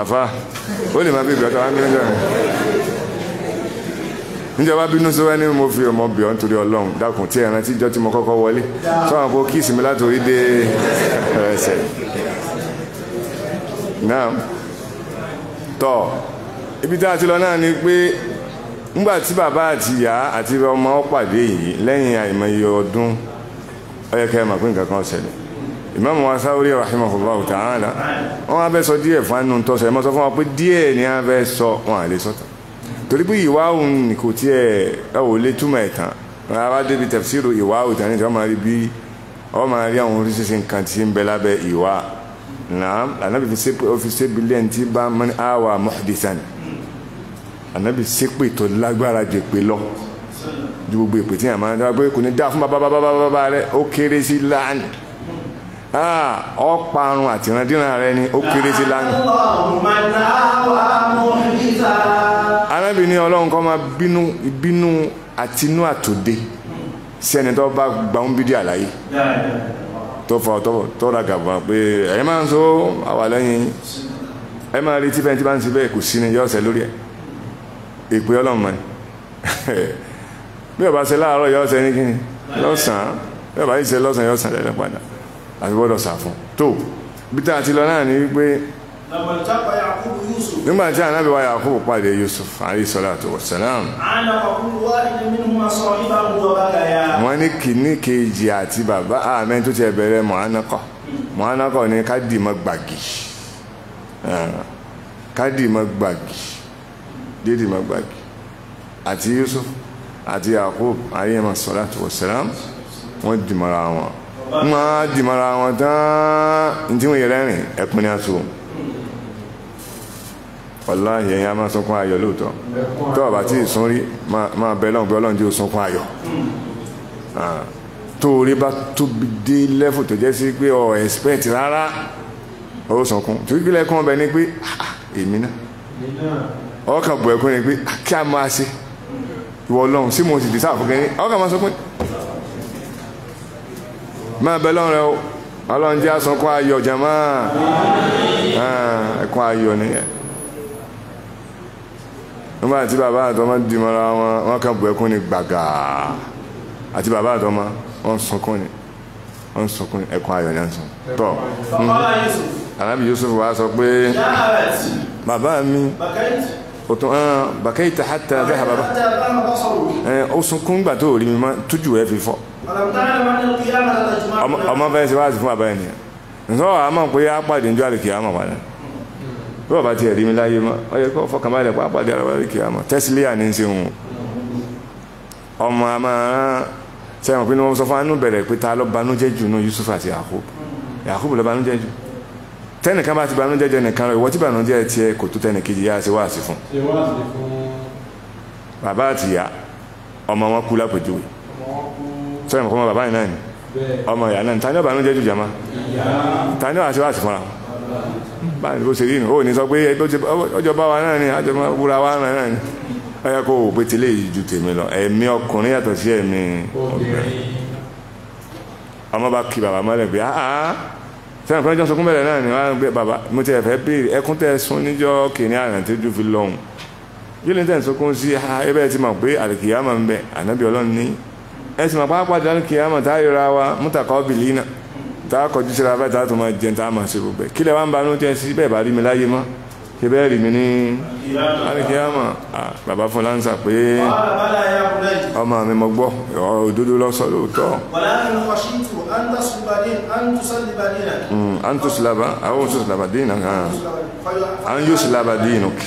àfa ó lè máa fi bẹ̀rẹ̀ ọ̀tọ̀ bá ń bínú jọ mi níjọba bínú sí wẹ́n ní mo fi ọmọ bìọ́ nítorí ọlọ́run dákun tí ẹran tíjọ́ tí mo kọ́kọ́ wọlé sọ́wọ́n kó kíìsì mi látòrí dé ẹsẹ̀ náà tọ́ ibi tá a ti lọ náà ni pé ńgbà tí bàbá àti ìyá àti ọmọ pàdé yìí lẹ́yìn àìmọye ọdún ó yẹ kẹ́ ẹ mọ̀ pé nǹkan kan ṣẹlẹ̀ Imam wa Sáwórí rahimahullahu ta'ala wọ́n á fẹ́ sọ díẹ̀ fún anú tọ́sọ̀ ẹ̀ mọ́ sọ fún wa pé díẹ̀ ni a fẹ́ sọ wọn à lè sọ́tàn torí pé ìwà òun kò tiẹ̀ ẹ ò lè túmọ̀ ẹ̀ tán rárá débi tẹ̀síìrò ìwà òtàn ní ti wọ́n máa rí bí wọ́n máa rí àwọn oríṣiríṣi nǹkan tí ń bẹ lábẹ́ ìwà náà ànábì fi ṣépè ó fi ṣépè lẹ́yìn tí bá mọ́ ní àwà muhdisan ànábì ṣépè tó lágbára jù pé lọ ju gbogbo èpè tí yàrá máa ń dá pé kò ní dá fún bàbá bàbá bàbá rẹ ó kéré sí láàánú. Ah, ọ̀parun àtìrandíran rẹ ni ó kéré sí lánàá. arábìnrin ọlọ́run kọ́ máa bínú bínú àtinú àtòde sí ẹni tó bá gbàún bídí àlàyé tó fọ tó ra gàbà pé ẹ máa ń so àwà lẹ́yìn ẹ máa retí fẹ́ni tí bá ń ṣe bẹ́ẹ̀ kò sí ni yọ̀ọ̀sẹ̀ lórí ẹ̀ ìpè ọlọ́run mọ́ ẹ bí ọba ṣe láàárọ̀ yọ̀ọ̀sẹ̀ ní kíni lọ́sàn-án bí ọba yìí ṣe lọ́sàn-án yọ̀ọ̀sẹ̀ lẹ́lẹ́ padà àfi gbọ́dọ̀ sà fún tó bí tá a ti lọ náà ni wípé nígbà tí ànábì wa Yakubu pàdé Yusuf alayhi salatu wa salam wọ́n ní kìíní kejì àti bàbá àmẹ́ tó ti ẹ̀bẹ̀rẹ̀ mọ̀hánákọ̀ mọ̀hánákọ̀ ni kádì mọ́ gbàgì kádì mọ́ gbàgì dédì mọ́ gbàgì àti Yusuf àti Yakubu alayhi salatu wa wọ́n dì wọn máa dìmọ̀ra wọn tán tí wọ́n yẹ lẹ́rìn ẹkùn ní aṣọ wàláhì ẹ̀yìn a máa sunkún ayọ̀ lóòótọ́ tó o bá tí ì sún rí máa bẹ lọ́hùn bí ọlọ́run tí ó sunkún ayọ̀ tó o rí bá tóbi dé lẹ́fù tó jẹ́ sí pé ọ̀ ẹ̀spẹ̀tì rárá o sunkún tó kíkílẹ̀ kún ọbẹ̀ ni pé ah, èmi náà ọkàn bọ̀ ẹ̀kún ni pé ah, kí a máa ṣe ìwọ ọlọ́run sí mo sì dì sáà fún kẹ́ni ọkàn máa sunkún máa bẹ lọ́rùn o ọlọ́run jẹ́ àsunkún ayọ̀ jàmá ah, ẹ̀kún ayọ̀ nìyẹn nígbà tí bàbá àtọmọ di mọ́ra wọn wọn kàn bù ẹkún ní gbàgà àti bàbá àtọmọ wọn sunkún ni wọn sunkún ni ẹkún ayọ̀ ni wọn sùn tọ alábi Yusuf wa sọ pé bàbá mi òtún bàkẹ́yìí tàhátà bẹ́ẹ̀ bàbá ó sunkún gbà tó rí mọ́ tójú ẹ fi fọ́ ọmọ fẹ́ ṣe wá sí fún bàbá ẹ̀ nìyà nsọ́ àmọ́ pé á pàdé njọ́ àlèkè àmọ́ padà bí bàbá tiẹ̀ rí mi láyé mọ́ ọ yẹ kó fọkànbalẹ̀ pé á pàdé ara wa àlèkè àmọ́ tẹ́sílẹ̀ àní ń ṣe wọn ọmọ àmọ́ sẹ́wọ̀n pé ni wọ́n sọ fún anú bẹ̀rẹ̀ pé ta ló banújẹ́ jù nù Yusuf àti Yakub Yakub ló banújẹ́ jù tẹ́nìkan bá ti banújẹ́ jẹ nìkan lọ ìwọ tí banújẹ́ tiẹ̀ kò tó tẹ́nìkejì yá ṣe sọ ìmọ̀kọ́ ọmọ bàbá yìí náà ni ọmọ ìyá náà ni tani ọba ló jẹ́ jù jàmá tani ọba àṣewàṣì fúnra báyìí bó ṣe rí nù ó ní sọ pé ọjọ́ bá wa náà ni àjọ wúra wa náà ni ó yẹ kó o pé tilé yìí ju tèmi lọ ẹ̀mí ọkùnrin yàtọ̀ sí ẹ̀mí obìnrin ọmọ bá kí bàbá mọ́lẹ̀ pé áá sẹ́yìn fún ẹjọ́ sunkún bẹ̀rẹ̀ náà ni wọ́n á gbé bàbá mo ti ẹ̀fẹ́ béèrè ẹkún tẹ́ sún níjọ́ kìnìún àná tí ju fi lọ́hùn yìí ní tẹ̀ ń sunkún sí ẹbẹ̀ ti mọ̀ pé àlìkìyà máa ń bẹ ànábì ọlọ́run ní ẹsìn mọ̀ pápá dánú kí á mọ̀ tá a yọra wa mútàkọ́ bìlì náà tá a kọjú síra bá tá a tó máa jẹun tá a máa ṣe gbogbo ẹ̀ kílẹ̀ wá ń banú tí ẹ sí bẹ́ẹ̀ bá rí mi láyé mọ́ ṣe bẹ́ẹ̀ rí mi ní alikiyama bàbá fún lánsà pé ọmọ mi mo gbọ́ òdodo lọ́sọ̀ lóòótọ́. antusilaba awo antusilaba diinu kan antusilaba diinu kì.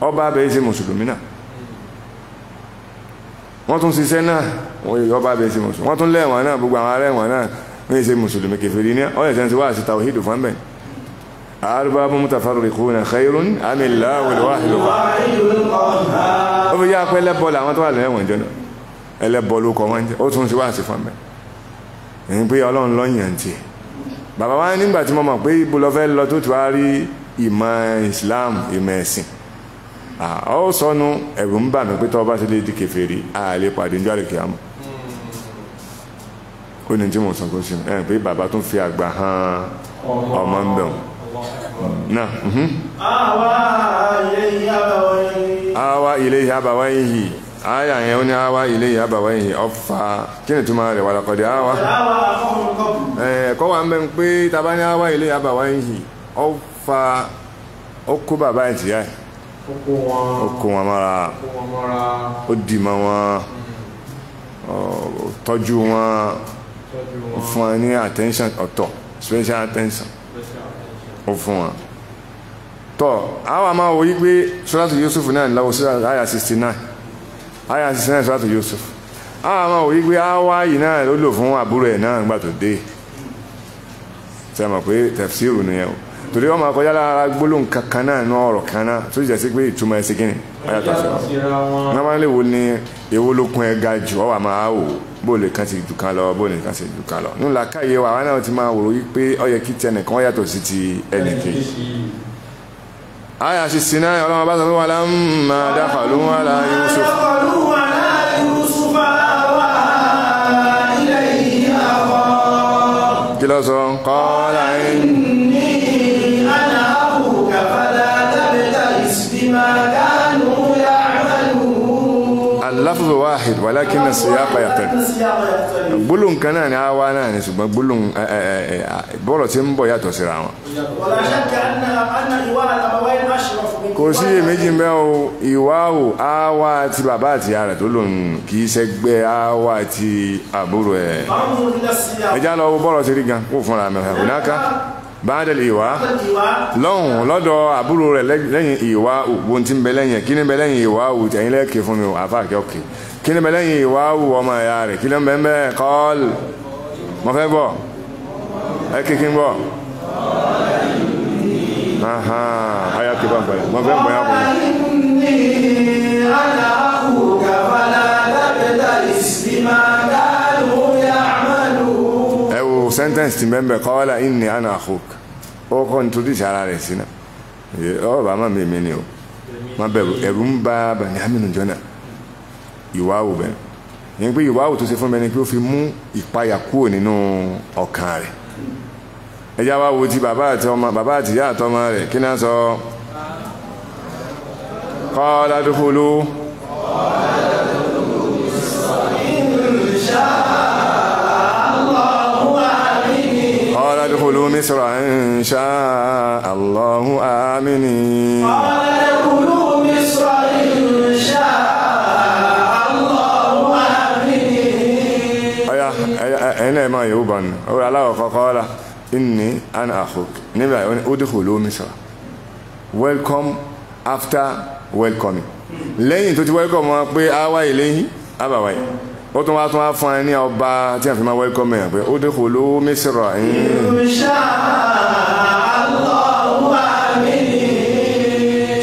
ọba abẹ́ ṣe mùsùlùmí náà wọ́n tún ṣiṣẹ́ náà ọba abẹ́ ṣe mùsùlùmí wọ́n tún lẹ́wọ̀n náà gbogbo àwọn arẹ́wọ̀n náà wọ́n ṣe mùsùlùmí kẹfìrí ní ọ̀yẹ̀ tẹ́ ń ṣe wá àṣìta òhìdù fún bẹ́ẹ̀ arbaabu mutafarriquna khayrun am Allahu al-wahid ó fi yá pé ẹlẹ́bọ làwọn tó wà lẹ́wọ̀n jọ náà ẹlẹ́bọ ló kọ wọ́n jẹ́ ó tún ṣe wá àṣì bàbá wa nígbà tí mo mọ̀ pé ibo fẹ́ lọ tó tu á rí ìmọ̀ Islam ìmọ̀ ẹ̀sìn ọ sọnù ẹ̀rù ń bà mí pé lè di àlè pàdé ní àlè kìámù ó ní tí mo sọ kó sí pé bàbá tún fi àgbà hàn ọmọ ń bẹ̀rù náà. awa mhm. ilé ìhà bàbá aya yẹn ó ní àwa ilé ìhà bàbá ọfà kí ni túmọ̀ rẹ̀ ẹ̀kọ́ wa ń awa ọfà ó bàbá ẹ̀ o kó wọn mọ́ra ó dì mọ́ hmm. wọn tọ́jú wọn ó fún wọn ní attention ọ̀tọ̀ special attention ó fún wọn tọ́ àwọn àmà wòye pé suratu Yusuf náà lọ́wọ́ suratu àyà 69 àyà 69 suratu Yusuf àwọn àmà wòye pé àwa yìí náà ló lò fún àbúrò ẹ̀ náà nígbà tó dé tẹ́ mọ̀ pé tafsiru nìyẹn o torí wọn máa kọjá lára gbólóhùn kankan náà ní ọ̀rọ̀ kan náà tó jẹ sí pé ìtumọ̀ ẹsẹ kínní ayàtọ̀ sí wọn náà wo ni èwo ló ẹ ga jù ọwà máa wò bóòlù kan ti jù kan lọ bóòlù kan ti jù kan lọ nínú làákàyè wa àwọn náà ti máa wòrò wípé ó yẹ kí tiẹ̀ nìkan yàtọ̀ sí ti ẹnìkejì àyà ṣìṣì náà ọlọ́run bá sọ fún wa lámà dáfàlú wà lá Yusuf. kí ló sọ kọ́lá. walakin na siyaqa yàtọ̀ gbólóhùn kan náà ni a wá náà ni ṣùgbọ́n gbólóhùn bọ́ọ̀lọ̀ tí ń bọ̀ yàtọ̀ síra wọn. kò sí iyèméjì mẹ́ o ìwáhù àwa ti bàbá àti ara tó lòun kì í ṣẹgbẹ́ àwa ti àbúrò ẹ̀. ẹja lọ wo bọ́ọ̀lọ̀ ti rí gan kó fúnra mi ọ̀hún náà ká báadẹ̀lì ìwá lọ́hùn lọ́dọ̀ àbúrò rẹ̀ lẹ́yìn ìwá ògbóntí ń bẹ lẹ́yìn kí ní bẹ lẹ́yìn ìwá òtẹ̀yìn lẹ́ẹ̀kẹ́ fún mi àfáàkẹ́ ọ̀kẹ́ kí ni bẹ̀lẹ́ yìí wá wù ọmọ ẹ̀yà rẹ̀ kí ló ń bẹ̀ ń bẹ̀ kọ́ọ̀lù mo fẹ́ bọ̀ ẹ kí kí n bọ̀ ayé kí bá bẹ̀rẹ̀ mo fẹ́ bọ̀ yà bọ̀. ẹ wo sentence ti bẹ́ẹ̀ bẹ̀ kọ́ọ̀lù inni ana akhuk ó kọ́ introduce rẹ̀ sí náà ọ̀ bàmá ni o má bẹ̀rù ẹ̀rù ń bá bàní àmì nìjọ náà ìwáwò bẹ́ẹ̀ yẹn pé ìwáwò tó ṣe fún mi ni pé ó fi mú ìpayà kúrò nínú ọkàn rẹ̀ ẹjá wa wo ti bàbá àti ọmọ bàbá àti ìyá àtọmọ rẹ̀ kí náà sọ qala dukhulu qala dukhulu Misra Allahu aminin. qala dukhulu. yẹn náà máa yòówù bọ̀ nù ó rà aláwọ̀ kọ́kọ́ la inni ana ó dìkò ló mi welcome after welcoming lẹ́yìn tó ti welcome wọn pé awa yìí lẹ́yìn abàwá yìí ó tún wá tún wá fún ẹ ní ọba tí a fi máa welcome yẹn pé ó dìkò ló mi sọ̀rọ̀ yìí.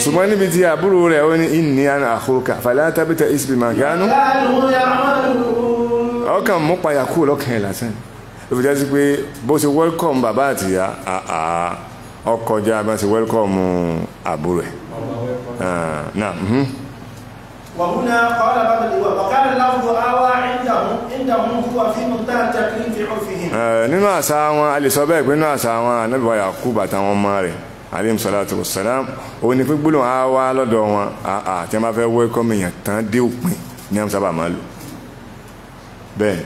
ṣùgbọ́n níbi tí àbúrò rẹ̀ ó ní inni ana akhuka fala tabta'is bima kanu ọkàn mú payà kúrò lọ́kàn ẹ̀ lásán ló fi jẹ́ sí pé bó ṣe welcome bàbá àtìyá ọkọjá bá ṣe welcome àbúrò ẹ̀ náà. وهنا قال بعض الإمام وكان اللفظ آوى عندهم عندهم هو في منتهى التكليم في عرفهم. nínú àṣà wọn a lè sọ bẹ́ẹ̀ pé nínú àṣà wọn anábìwá Yakub àtàwọn ọmọ rẹ̀ aleyhi salatu wasalam ó ní pé gbólóhùn àwa lọ́dọ̀ wọn àti ẹ máa fẹ́ wẹ́kọ́ mi yàn tán dé òpin ní àmì sábà máa lò bẹ́ẹ̀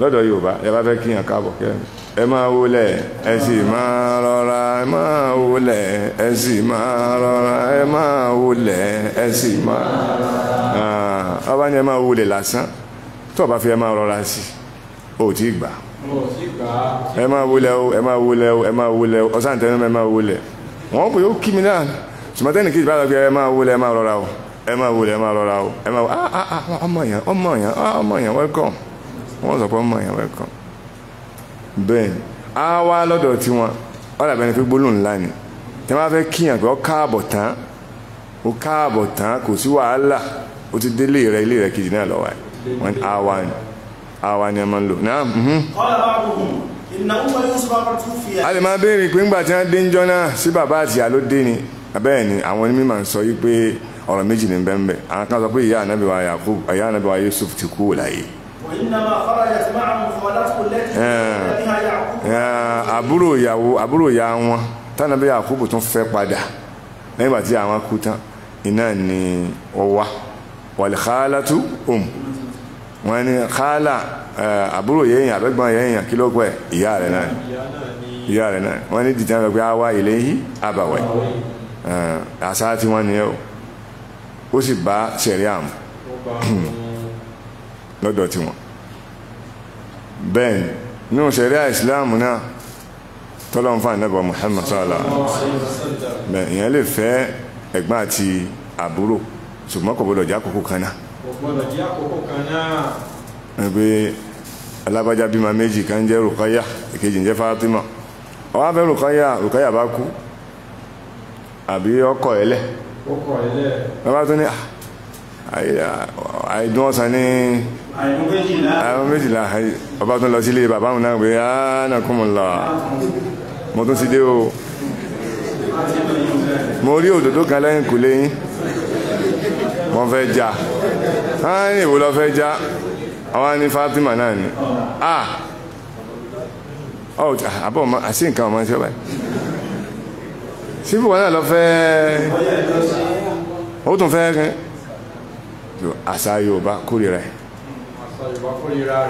lọ́dọ̀ yorùbá ẹ bá fẹ́ kí yàn káàbọ̀ kẹ́ ẹ máa wọlẹ̀ ẹ sì máa rọra ẹ máa wọlẹ̀ ẹ sì máa rọra ẹ máa wọlẹ̀ ẹ sì máa ọba ni ẹ máa wọlẹ̀ lásán tó o bá fi ẹ máa rọra sí o ò tí ì gbà ẹ máa wọlẹ̀ o ẹ máa wọlẹ̀ o ẹ máa wọlẹ̀ o ọ̀sán tẹnu ẹ máa wọlẹ̀ wọ́n pè ó kí mi náà sùmọ́tẹ́nì kejì bá lọ pé ẹ máa wọlé ẹ máa rọra o ẹ máa wọlé ẹ máa rọra o ẹ máa wọlé ọmọ yẹn ọmọ yẹn ọmọ yẹn welcome wọ́n sọ pé ọmọ yẹn welcome bẹ́ẹ̀ ni á wá lọ́dọ̀ tiwọn ọ̀dà bẹ́ẹ̀ ni pé gbólóhùn ńlá ni tí wọ́n bá fẹ́ kíyàn pé ó káàbọ̀ tán ó káàbọ̀ tán kò sí wàhálà ó ti délé rẹ ilé rẹ kejì náà lọ́wọ́ wọn á wá ni á wá ni ẹ máa ń lò náà. Mhm. a máa béèrè pé ńgbà tí wọ́n dé ń jọ náà sí bàbá àtìyá ló dé ni bẹ́ẹ̀ ni àwọn onímọ̀ ń sọ yí pé ọ̀rọ̀ méjì ní bẹ́ẹ̀ bẹ́ẹ̀ àwọn kan sọ pé ìyá ànábìwá Yusuf ti kú láyé Eh, eh, àbúrò ìyàwó àbúrò ìyá wọn tánàbí Yakubu tún fẹ́ padà lẹ́yìn bàtí àwọn kú tán iná ni ọwá wàlìkálátú òm um. wọ́n ni kálà eh, àbúrò yẹ́yìn àbẹ́gbọ́n yẹ́yìn kílógún ẹ̀ ìyá rẹ̀ náà ìyá rẹ̀ náà wọ́n ní dìtẹ́ ẹgbẹ́ àwa ilé yìí àbàwẹ̀ àṣà tí wọ́n ni ẹ̀ ó sì bá ṣẹ̀rí àmù. lọ́dọ̀ tí wọn bẹ́ẹ̀ nínú ṣẹ̀ríà ìsìláàmù náà tọ́lọ́n fún ànábì Muhammad sọ́ọ̀lá ìyẹn lè fẹ́ ẹ̀gbọ́n àti àbúrò ṣùgbọ́n kò gbọdọ̀ jẹ́ àkókò kan náà jẹ́ àbí ẹlẹ́ ẹlẹ́ tó ní ah, ní àwọn méjìlá ọba tó lọ sílé bàbá òun náà pé ánàkùnmùlà mo tún ti dé o mo rí òdòdó kan lẹ́yìn kù léyìn mo fẹ́ já á ní ìwò lọ fẹ́ já àwa ní Fatima náà ni a ọ àbọ̀ àṣì nǹkan ọmọ ṣe báyìí síbí wọn náà lọ fẹ́ ó tún fẹ́ àṣà Yorùbá kórìíra ẹ̀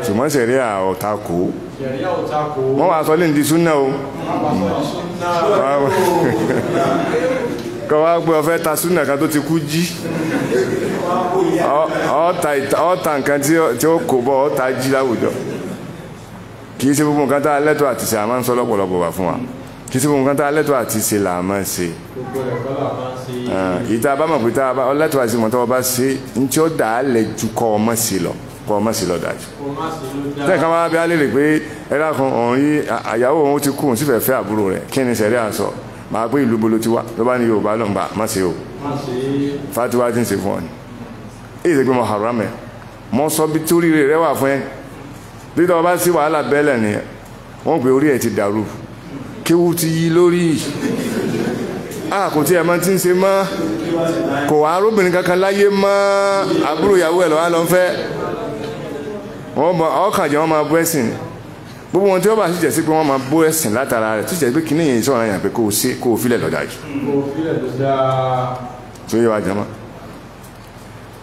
ṣùgbọ́n sẹ̀ríà ọ̀ta kò wọ́n wá sọ lẹ́yìn di súnà o kọ́ wá pé ọ fẹ́ ta súnà kan tó ti kú jí ọ̀ta nǹkan tí ó kò bọ̀ ọ̀ta jí láwùjọ kì í ṣe gbogbo nǹkan tá a lẹ́tọ̀ àti ṣe àmọ́ ń sọ lọ́pọ̀lọpọ̀ wà fún wa kì í ṣe gbogbo nǹkan tá a lẹ́tọ̀ àti ṣe là máa ṣe ìta bá mọ̀ pé tá a lẹ́tọ̀ àti ṣe mọ̀ tó o bá ṣe ń tí ó dà á lẹ̀ ju kọ́ ọmọ sí lọ kọ́ ọmọ sí lọ́dájú tẹ́ẹ̀kan wá bí a lè rè pé ẹ̀rá kan òun yí àyàwó òun ti kú òun sì fẹ́ fẹ́ àbúrò rẹ̀ kí ni sẹ̀rí àsọ màá pé ìlú bolo ti wá ló bá ní Yorùbá lọ́n gbà má ṣe o fatiwa ti ń ṣe fún ọ ni èyí ṣe pé mo haram ẹ mo sọ bí torí rẹ wà fún ẹ bí tọ́ bá sí wàhálà bẹ́lẹ̀ ni wọ́n pè orí ẹ̀ ti dàrú kéwu ti yí lórí a kò tí ẹ̀ máa ti ń ṣe mọ́ kò wá arúbìnrin kankan láyé mọ́ àbúrò ìyàwó ẹ̀ lọ́wọ́ lọ́n fẹ́ ọkàn jẹ́ wọ́n máa bú ẹ̀sìn ni gbogbo wọn tí wọ́n bá sì jẹ́ sí pé wọ́n máa bú ẹ̀sìn látara rẹ̀ tí jẹ́ pé kìíní yìí sọ̀rọ̀ yàn pé kò sí kò filẹ̀ lọ́dà jù. tó yẹ wa jẹ́ mọ́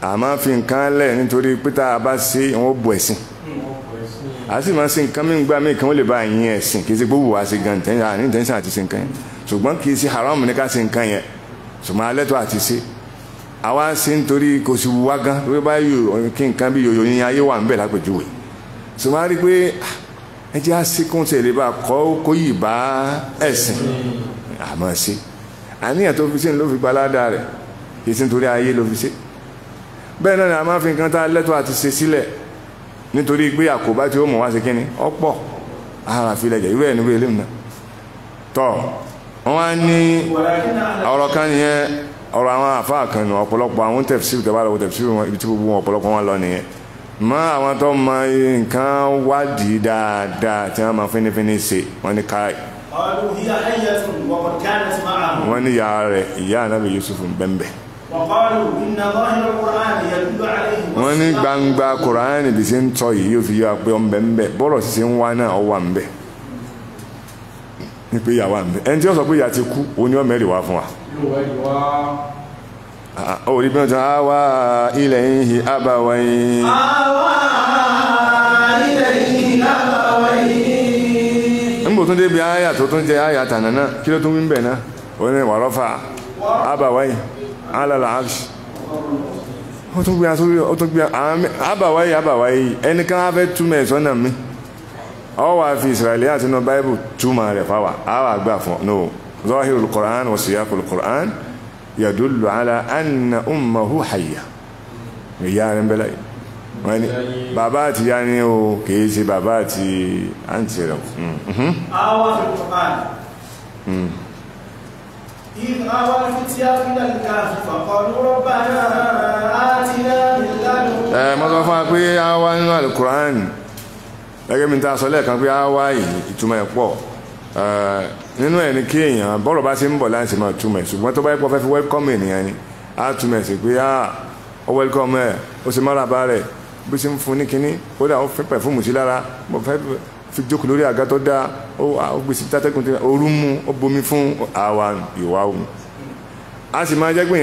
a máa fi nǹkan lẹ̀ nítorí pé tá a bá sí wọn bú ẹ̀sìn a sì máa ṣe nǹkan mí gbá mí kan ó lè bá yín ẹ̀sìn kì í ṣe gbogbo wa ṣe gan ní tẹ́ńsán àti ṣe nǹkan yẹn ṣùgbọ́n kì í ṣe haram ní ká ṣe nǹkan yẹn ṣùgbọ́n alẹ́ tó àti ṣe àwa ṣe ń torí kò sì wá gan wípé báyìí kí nǹkan bí yòyò yín ayé wà ń bẹ̀ lápèjúwe sùnmọ́ a rí i pé ah, ẹ jẹ́ àṣekún tẹ̀ lè bá kọ́ kó yìí bá ẹ̀sìn àmọ́ ṣe àníyàn tó fi ṣe ló fi gbalada rẹ̀ kì í ṣe nítorí ayé ló fi ṣe bẹ́ẹ̀ náà ni a máa fi nǹkan tá a lẹ́tọ̀ọ́ àti ṣe sílẹ̀ nítorí pé àkóbá tí ó mọ̀ wá ṣe kínní ọ̀pọ̀ ara àfilẹ̀ jẹ̀ irú ẹ̀ níbi eléyìí náà tọ́ wọ́n á ní ọ̀rọ̀ kan nìyẹn ọ̀rọ̀ àwọn àfa kan nù ọ̀pọ̀lọpọ̀ àwọn tẹ̀fsíìrì tẹ̀ bá lọ́wọ́ tẹ̀fsíìrì wọn ibi tí gbogbo wọn ọ̀pọ̀lọpọ̀ wọn lọ nìyẹn mọ àwọn tó mọ nǹkan wádìí dáadáa tí wọ́n máa fínífíní ṣe wọ́n ní káyì. wọ́n ní ìyá rẹ̀ ìyá anábì Yusuf bẹ́ńbẹ́. wọ́n ní gbangba kuraani bí ṣe ń tọ́ yìí yóò fi yọ àpé ọ̀nbẹ̀ńbẹ̀ bọ́rọ̀ ṣe ń wá náà ọ̀wà ńbẹ̀ ní pé ìyá wa ńbẹ̀ ẹni tí wọ́n sọ pé ìyá ti kú òun mẹ́rin wá fún wa. Ah, orí bí wọ́n ti àwà ilẹ̀ ìhì àbàwàyìn nígbò tún débi àyà tó tún jẹ àyà tànà náà kí ló tún wí ń bẹ̀ náà ó ní wàrọ́fà àbàwàyìn alàlà àṣì ó tún gbé asórí ó tún gbé àbàwàyìn àbàwàyìn ẹnìkan á fẹ́ túmọ̀ ẹ̀sọ́ náà mi ọ wà fi ìsìràlẹ́ àtinú báíbù túmọ̀ rẹ̀ fáwà á gbà fún ọ ظاهر القرآن وسياق القرآن يدل على أن أمه حية ìyá rẹ̀ bẹ́lá wọ́n ni bàbá àti ìyá ni o kìí ṣe bàbá àti àǹtí rẹ̀ àwọn Al-Qur'an إذ أوى الفتية إلى الكهف فقالوا ربنا آتنا من لدنك ẹ mọ́ sọ fún wa pé àwa nínú Al-Qur'an gẹ́gẹ́ bí n ta sọ lẹ́ẹ̀kan pé àwa yìí ìtumọ̀ ẹ̀ pọ̀ Eh, nínú ẹ̀ ni kí èèyàn bọ́rọ̀ bá ṣe ń bọ̀ láti máa túmọ̀ ẹ̀ ṣùgbọ́n tó bá yẹ fẹ́ fi wẹ́lkọ́mù ènìyàn ni á túmọ̀ ẹ̀ sí pé á ah, ó wẹ́lkọ́mù ẹ̀ ó ṣe mọ́ra bá rẹ̀ bí ṣe ń fún ní kinní ó dà ó fi pẹ̀fúmù sí lára mo fẹ́ fi jókòó lórí àga tó dáa ó gbèsè tátẹ́kùn tó orú mú ó bomi fún àwa ìwà òun a sì máa jẹ́ pé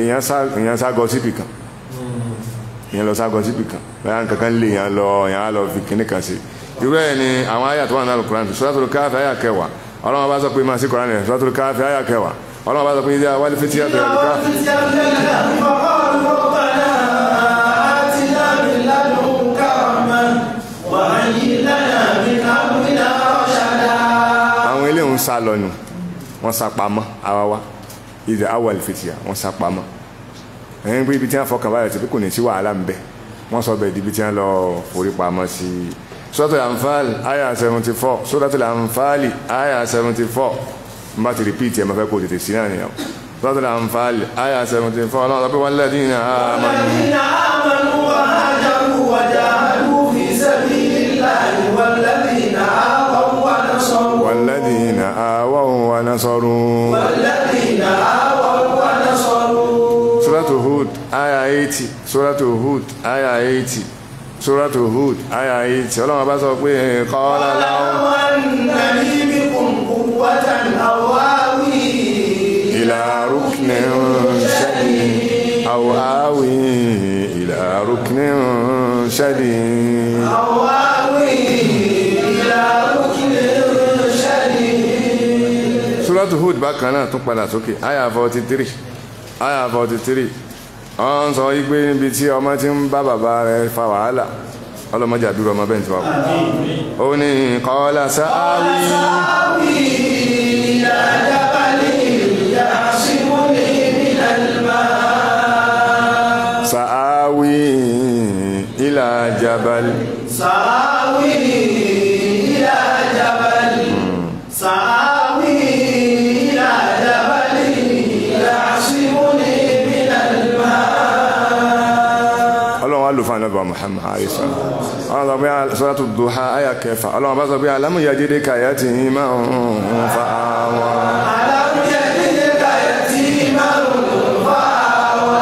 èèyàn ságọ síbì kan èèyàn lọ ságọ síbì kan irú ẹ̀ ni àwọn àyà tó wà nínú Al-Qur'an Suratul Kahfi àyà kẹwàá ọlọ́run bá sọ pé máa sí Qur'an rẹ̀ Suratul Kahfi àyà kẹwàá ọlọ́run bá sọ pé ìdí àwọn fìtí àti àdúgbò. àwọn ilé ń sá lọ́nu wọ́n sá pamọ́ àwa wa ìdí àwọn fìtí wọ́n sá pamọ́ ẹ̀yìn pé ibi tí wọ́n fọkàn báyọ̀ tí kò ní sí wàhálà ń bẹ wọ́n sọ bẹ̀ di ibi tí wọ́n lọ forí pamọ́ sí i suratul anfal aya seventy four suratul anfal aya seventy four n bá ti repeat ẹ̀ máa fẹ́ kó tètè sí náà nìyàwó suratul anfal aya seventy four ọlọ́run sọ pé walladhina amanu wa hajaru wa jahadu fi sabilillahi walladhina awaw wa nasaru walladhina awaw wa nasaru eighty suratul hud aya eighty suratu Hud àyà yìí tí ọlọ́run bá sọ pé kọ́lá láwọn. ìlà rúkìnì ṣẹ́yìn àwọn àwì ìlà rúkìnì ṣẹ́yìn. àwọn àwì ìlà rúkìnì ṣẹ́yìn. suratu Hud bákan náà tún padà sókè àyà forty three àyà forty three wọ́n sọ wípé níbi tí ọmọ ti ń bá bàbá rẹ̀ fa wàhálà ọlọ́mọdé àdúrà ọmọ bẹ́ẹ̀ tí wà ó ní kọ́lá sááwí sááwí ilà jabal sááwí ilà jabal hmm. sááwí Muhammad àríṣà ọlọ́run sọ pé sọ́dọ̀tù dùhà àyà kẹfà ọlọ́run bá sọ pé alámúyẹ dídé kàyà tì í máa ń fa àwọn. alámúyẹ dídé kàyà tì í máa ń fa àwọn.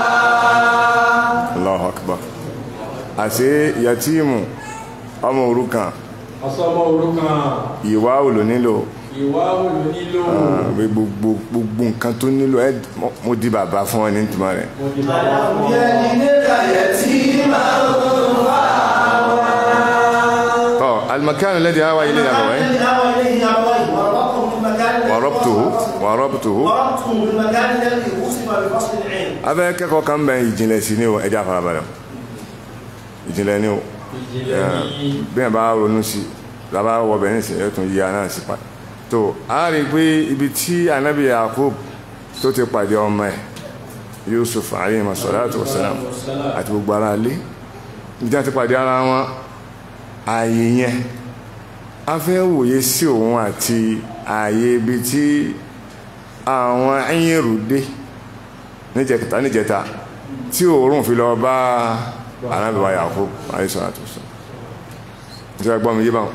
Allahu akbar àti yatimu ọmọ òrukàn. ọsọmọ òrukàn. ìwà òlò nílò ìwà òlò nílò. Ah, gbogbo gbogbo nǹkan tó nílò ẹ mo di bàbá fún ọ ní tìmọ rẹ. mo di bàbá fún ọ. àlàyé máa ń. المكان الذي آوى إليه أبويه وربطه وربطه بالمكان الذي وصف بفصل العين أبا كاكو كان بين ìjìnlẹ̀ sí ni o ẹja farabalẹ̀ ìjìnlẹ̀ ni o bẹ́ẹ̀ bá ronú sí lábá wọbẹ̀ ní ìsìn ẹ̀tún yíya náà sí pa tó a rí i pé ibi tí anabi Yakub tó ti pàdé ọmọ ẹ̀ Yusuf alayhi masalatu wasalam àti gbogbo ara lé ìjà ti pàdé ara wọn ààyè yẹn a fẹ́ wòye sí òun àti ààyè ibi tí àwọn ẹ̀yìnrù dé níjẹta níjẹta tí òórùn fi lọ bá arábìwá Yakub àìsàn àtúnṣe tí a gbọ́ mi yé bá wọn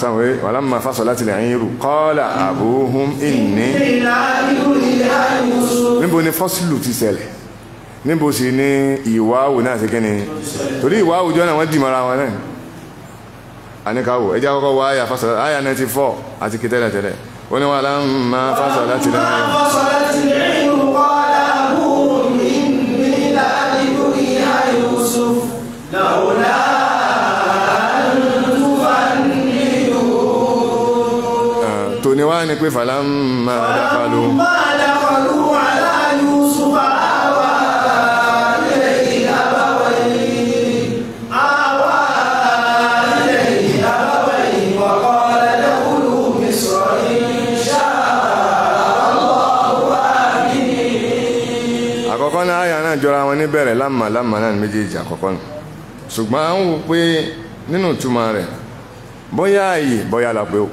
sáwọn èyí wà lámà fásọ láti lè ẹ̀yìnrù kọ́ọ̀lá àbúhùn ìní níbo ni fọ́sílù ti ṣẹlẹ̀ níbo sì ni ìwà àwò náà ṣe kí torí ìwà àwùjọ náà wọ́n dì mọ́ra wọn náà àníkàwò ẹjẹ́ àkọ́kọ́ wọ àyà fásọlá àyà 94 àti kí tẹ́lẹ̀ tẹ́lẹ̀ ó ní wà láàmà fásọlá ti lẹ́yìn tòní wá ní pé fàlámà dáfà lóhun jọra wọn níbẹ̀rẹ̀ lámà lámà náà méjèèjì àkọ́kọ́ nù ṣùgbọ́n à ń wò pé nínú ìtumọ̀ rẹ̀ bóyá ààyè bóyá la pé o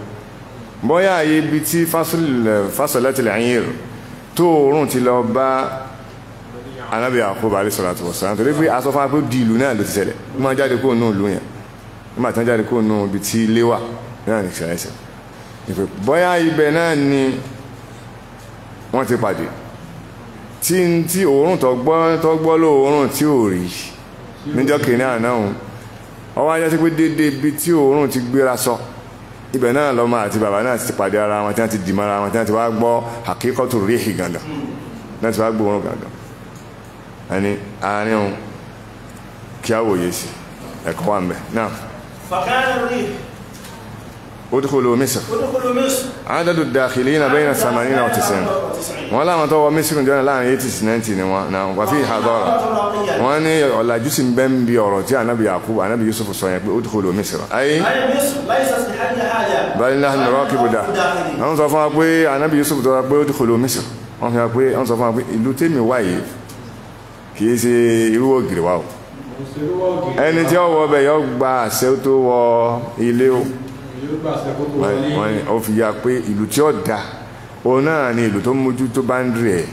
bóyá ààyè ibi tí fásọlẹ́tìlẹ̀ ayé rò tó oòrùn ti lọ bá anábì àkóbá alẹ́ sọ̀rọ̀ àtọ̀wọ̀ sọ̀rọ̀ nítorí pé aṣọ fún apẹ́ di ìlú náà ló ti ṣẹlẹ̀ ó máa jáde kó nù ìlú yẹn ó máa tán jáde kó nù ibi tí ilé wà náà ní ìṣẹ̀lẹ̀ ìṣẹ̀lẹ̀ bóyá ibẹ̀ náà ni wọ́n ti pàdé tí n tí òórùn tó gbọ́ tó gbọ́ lóòórùn tí ò rí níjọ́ kìíní àná òun wọ́n wá jẹ́ sí pé déédéé ibi tí òórùn ti gbéra sọ ibẹ̀ náà lọ́mọ àti bàbá náà ti pàdé ara wọn tí wọ́n ti dì mọ́ra wọn tí wọ́n ti wá gbọ́ àkíkọ́tù ríhì gàngàn náà ti wá gbọ́ òórùn gàngàn ẹni àárín òun kí á wòye sí ẹ̀kọ́ wà ń náà. fàkàrà rí udkhulu misr adadu dakhilina bayna samanina wa tisin wọ́n láwọn tọ́wọ́ misr jọ́nà láàrin 80 sí 90 ni wọ́n na wà fi hadara wọ́n ní ọ̀làjú sí bẹ́ ń bi ọ̀rọ̀ tí anabi yakub anabi yusuf sọ yẹn pé udkhulu misr ayé bal nahnu raqibu dá wọ́n sọ fún wa pé anabi yusuf tọ́ra pé udkhulu misr wọ́n fi wa pé wọ́n sọ fún wa pé ìlú tèmi wáyé kì í ṣe irú ògiri wa o ẹni tí ó wọ ọbẹ̀ yọ gba àṣẹ tó wọ ilé o wọ́n ní ó fi ya pé ìlú tí ó da òun náà ni ìlú tó ń mójú tó báńdìrì ẹ̀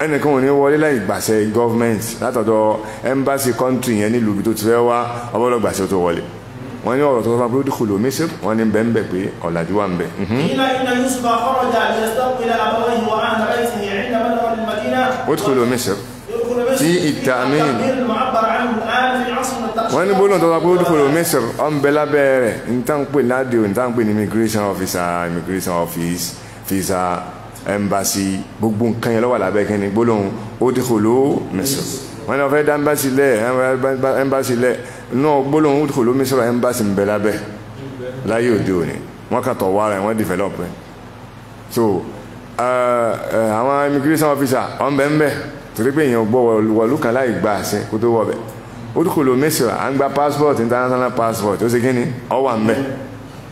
ẹnìkan ò ní wọlé láì gbàṣẹ government látọ̀dọ̀ embassy country yẹn nílùú ibi tó ti fẹ́ wá ọbọ̀lọ́ gbàṣẹ tó wọlé wọ́n ní ọ̀rọ̀ tó fọ́n abúlé dìkùlù mísírì wọ́n ní bẹ́ẹ̀ bẹ́ẹ̀ pé ọ̀làjú wà ń bẹ̀. Mhm. ó dìkùlù mísírì tí ìtàmín wọ́n ní bólú tọ́ta pé ó dúkòrò Misr ọ̀nbẹ lábẹ́ rẹ̀ ntànpé ládìo ntànpé ní immigration officer immigration office visa embassy gbogbo nǹkan yẹn lọ́wọ́ lábẹ́ kẹ́ni bólú ó dúkòrò Misr wọ́n ní wọ́n fẹ́ dá embassy lẹ̀ embassy lẹ̀ náà bólú ó dúkòrò Misr embassy ń bẹ lábẹ́ láyé òde òní wọ́n kà tọ̀ wá rẹ̀ wọ́n develop rẹ̀ so eh, eh, àwọn immigration officer ọ̀nbẹ̀ ń bẹ̀ torí pé èèyàn gbọ́ wọ̀lú kan láì gba àṣẹ kó tó wọ̀ bẹ́ẹ̀ orúkòlò mẹ́sàn à ń gba passport international passport ó ṣe kí ni ọ wà ń bẹ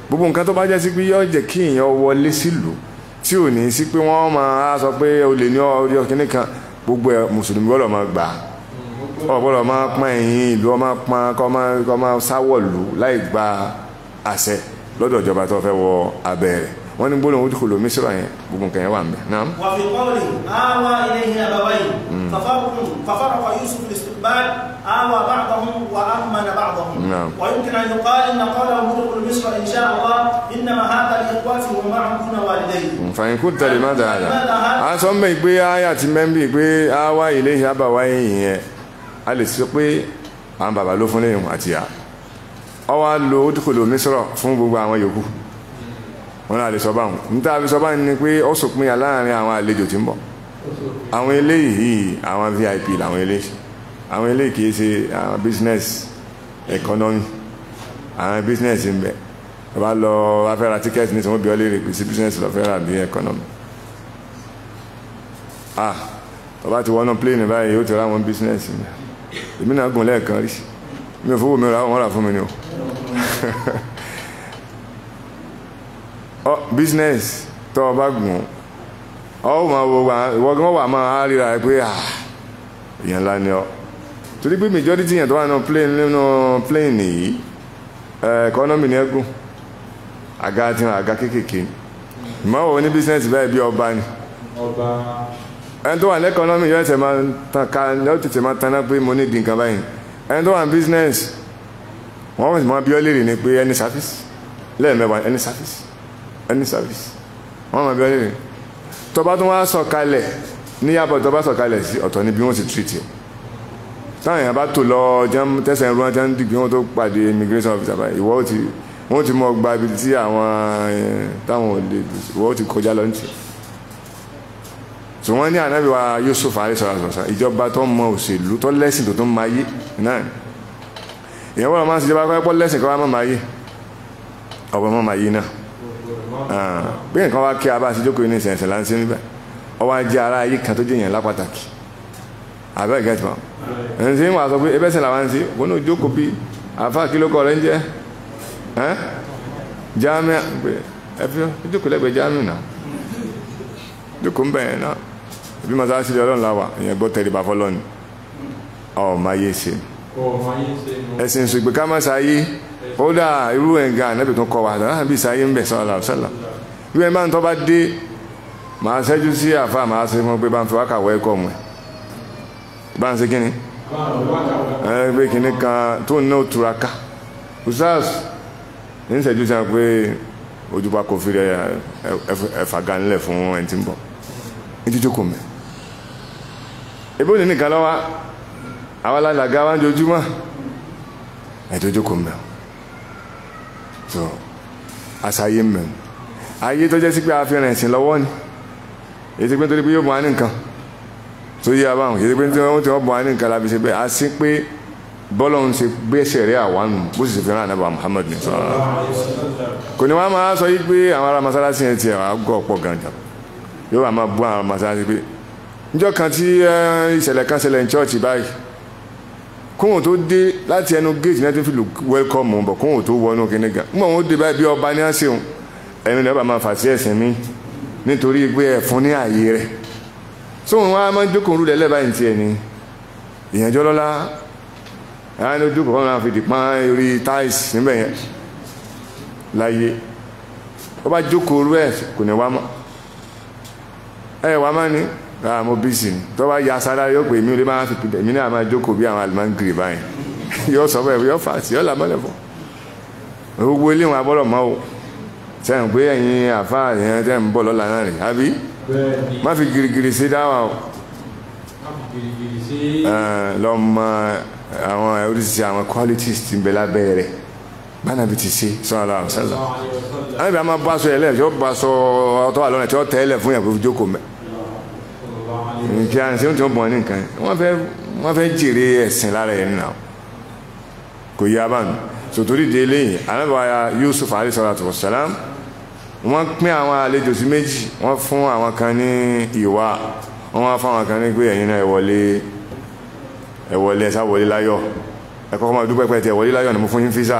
gbogbo nǹkan tó bá jẹ́ sí pé yọ jẹ́ kí èèyàn wọlé sílùú tí ò ní sí pé wọ́n máa sọ pé o lè ní ọjọ́ kínní kan gbogbo ẹ̀ mùsùlùmí gbọ́dọ̀ máa gbà á ọ̀gbọ́dọ̀ máa pọn ẹ̀yìn ìlú ọmọ pọn kọ́ máa sáwọ̀ lù láì gba àṣẹ lọ́dọ̀ ìjọba tó fẹ́ wọ abẹ́ rẹ̀ wọ́n ní gbólóhùn ojúkò lò mísírà yẹn gbogbo nǹkan yẹn wà mẹ́ náà. wà fi kọ́ọ̀lì àwa ilé yìí àbáwáyì fàfàrọ̀kọ̀ yusuf listibad àwa bàbáhùn wà áhùmá na bàbáhùn. wà yóò kìnnà yóò kọ́ọ̀lì na kọ́ọ̀lì ojúkò mísírà insha Allah iná ma ha kàlí ẹ̀kọ́ àti wọn máa ń kúnà wà lè. fàyín kú tẹ̀lé má dáadáa a sọ mẹ́ pé aya ti mẹ́mbì pé àwa ilé yìí àbáwáyì yẹn a lè wọn náà lè sọ báwọn níta lè sọ báwọn ni pé ó sòpin láàrin àwọn àlejò tí ń bọ̀ àwọn eléyìí àwọn vip làwọn eléyìí àwọn eléyìí kìí ṣe àwọn business economy àwọn business ń bẹ ẹ bá lọ afẹ́ra ticket ní sọ́wọ́n bí ọ lè sí business lọ fẹ́ra bí economy ah ọba ti wọnú plane báyìí yóò ti ra àwọn business mi èmi náà gùn lẹ́ẹ̀kan rí mi ò fowó mi ra wọn rà fún mi ni o. business tọ́ ọ bá gùn ọ ó máa wo ìwọ gan wà máa ríra ẹ pé èèyàn ńlá ni ọ torí pé majority yẹn tó wà nínú plane nínú plane yìí economy ni ẹ gùn àga ti hàn àga kéékèèké ìmọ̀ wo ní business báyìí bí ọba ni ọba ẹni tó wà ní economy yóò tẹ̀ máa tàn ká yóò tètè máa taná pé mo ní ìdí nǹkan báyìí ẹni tó wà ní business wọ́n mọ̀ sí máa bí ọ léèrè ni pé any service lẹ́ẹ̀mẹ́wàá any service any service wọ́n mọ̀ bí wọ́n lè tó bá tún wá sọ̀kalẹ̀ ní yàbọ̀ tó bá sọ̀kalẹ̀ sí ọ̀tọ̀ ni bí wọ́n ti treat you táwọn èèyàn bá tò lọ jẹun tẹsán ìrún ajá ń dìgbì wọn tó pàdé immigration officer báyìí ìwọ ti wọn ti mọ gba ibi tí àwọn táwọn ò lè dùn ìwọ ti kọjá lọ nítì ṣùgbọ́n ní ànábì wa Yusuf alẹ́sọ̀rọ̀sọ̀sọ̀ ìjọba tó mọ òṣèlú tó lẹ́sìn tó tó ń máa yé náà ìyẹn wọ́n máa ń ṣèjọba kọ́ lẹ́sìn kọ́ máa máa yé ọ̀bọ̀n máa máa yé náà bí nǹkan wá kí a bá ṣe jókòó ní ìsẹ̀nsẹ̀ láti ń bẹ̀ ọ wá jẹ́ ara ayé kan tó jẹ́ èèyàn lápàtàkì àbẹ́ gẹ́tì mọ́ ẹ̀ ń sìn wà sọ pé ebẹ́ sìn làwọn ń sìn wọn ò jókòó bí àfa kìlókọ̀ rẹ̀ ń jẹ́ jámẹ́ ẹ̀fí jókòó lẹ́gbẹ̀ẹ́ jámẹ́ náà jókòó ń bẹ̀yẹn náà bí masáàsì ọlọ́run la wà ìyẹn gbọ́ tẹ̀lé bàfọ́ lọ́ni ọ̀ máa yé ṣe ẹ̀sìn ṣùgbọ́n ká má ṣe kódà irú ẹ̀ ga tó kọ wa àtàwọn àbí sáyé ń bẹ̀ sallallahu alaihi wasallam irú máa ń tọ́ dé màá ṣẹ́jú sí àfa màá fún pé bá ń fi ẹ̀kọ́ mu bá ń ẹ̀ kan tó ń ná òtura ká usas ní sí pé ojúbà kò fi fún ẹni tí ń so àṣàyè mẹ́rin ayé tó jẹ́ sí pé a fi rìn ẹ̀sìn lọ́wọ́ ni èyí ti pé nítorí pé yóò bọ̀ wá ní nǹkan tó yé abáhùn èyí ti pé nítorí wọ́n ti wọ́n bọ̀ wá ní nǹkan láfi ṣe bẹ́ẹ̀ a sì pé bọ́lọ́hún ṣe gbèsè rẹ̀ àwánu bó sì fi rán ànábà Muhammad ní sọ́ra kò ní wọ́n máa sọ yí pé àwọn ará masalasi yẹn ti àgọ́ ọ̀pọ̀ gan jà yóò wá máa bú àwọn masalasi pé níjọ́ kan tí ìṣẹ̀lẹ̀ kan ṣẹlẹ̀ ní chọ́ọ̀chì kóhùn tó dé láti ẹnu géètì náà tó fi lù wẹ́lkọ̀mù bọ̀ kóhùn tó wọnú kíní gan mọ̀ wọn ó dé báyìí bí ọba ní àṣẹ òun ẹ̀mí ni ọba máa fà sí ẹ̀sìn mi nítorí pé ẹ̀ fún ní ààyè rẹ̀ sóhun wa máa ń jókòó rúlẹ̀ lẹ́bàá ní tiẹ̀ ni ìyànjọ́ lọ́la àwọn ẹni jókòó máa fi dìpọ́n orí táìs níbẹ̀ yẹn láyé ọba jókòó rú ẹ̀ kò ní wá mọ́ ẹ̀ wá má ní. Ah, mo bísí ni tó bá ya sára yóò pè mí ò lè máa fi pìtẹ́ mí náà máa jókòó bí àwọn alimangiri báyìí yóò sọ bẹ́ẹ̀ yóò fà sí yóò làmọ́lẹ̀ fọ́ gbogbo ilé wọn abọ́rọ̀ mọ́ o sẹ́yìn pé ẹ̀yin àfa yẹn tẹ́ ń bọ̀ lọ́la náà rè àbí má fi girigiri sí dáwà o lọ mọ àwọn oríṣiríṣi àwọn qualities ti ń bẹ lábẹ́ rẹ̀ bánàbí ti ṣe sọ́nà lọ́wọ́ sẹ́lá àwọn ibi àwọn bá aṣọ yẹn lẹ́yìn tí bá aṣọ ọtọ́ àlọ́nà tí ó tẹ́ ẹ lẹ̀ fún yàn fi jókòó mẹ́ nti a ń sẹ́wọ́n tí wọ́n bọ̀ ní nǹkan wọ́n fẹ́ wọ́n fẹ́ jèrè ẹ̀sìn lára ẹ̀ nà kò yí abánu sòtòrí de eléyìí alábàáyá Yusuf alayhi salatu wassalam wọ́n pín àwọn àlejò sí méjì wọ́n fún àwọn kan ní ìwà wọ́n wá fún àwọn kan ní pé ẹ̀yin náà ẹ wọlé ẹ wọlé ẹ sá wọlé láyọ̀ ẹ kọ́kọ́ máa dúpẹ́ pẹ́ tẹ wọlé láyọ̀ ni mo fún yín físà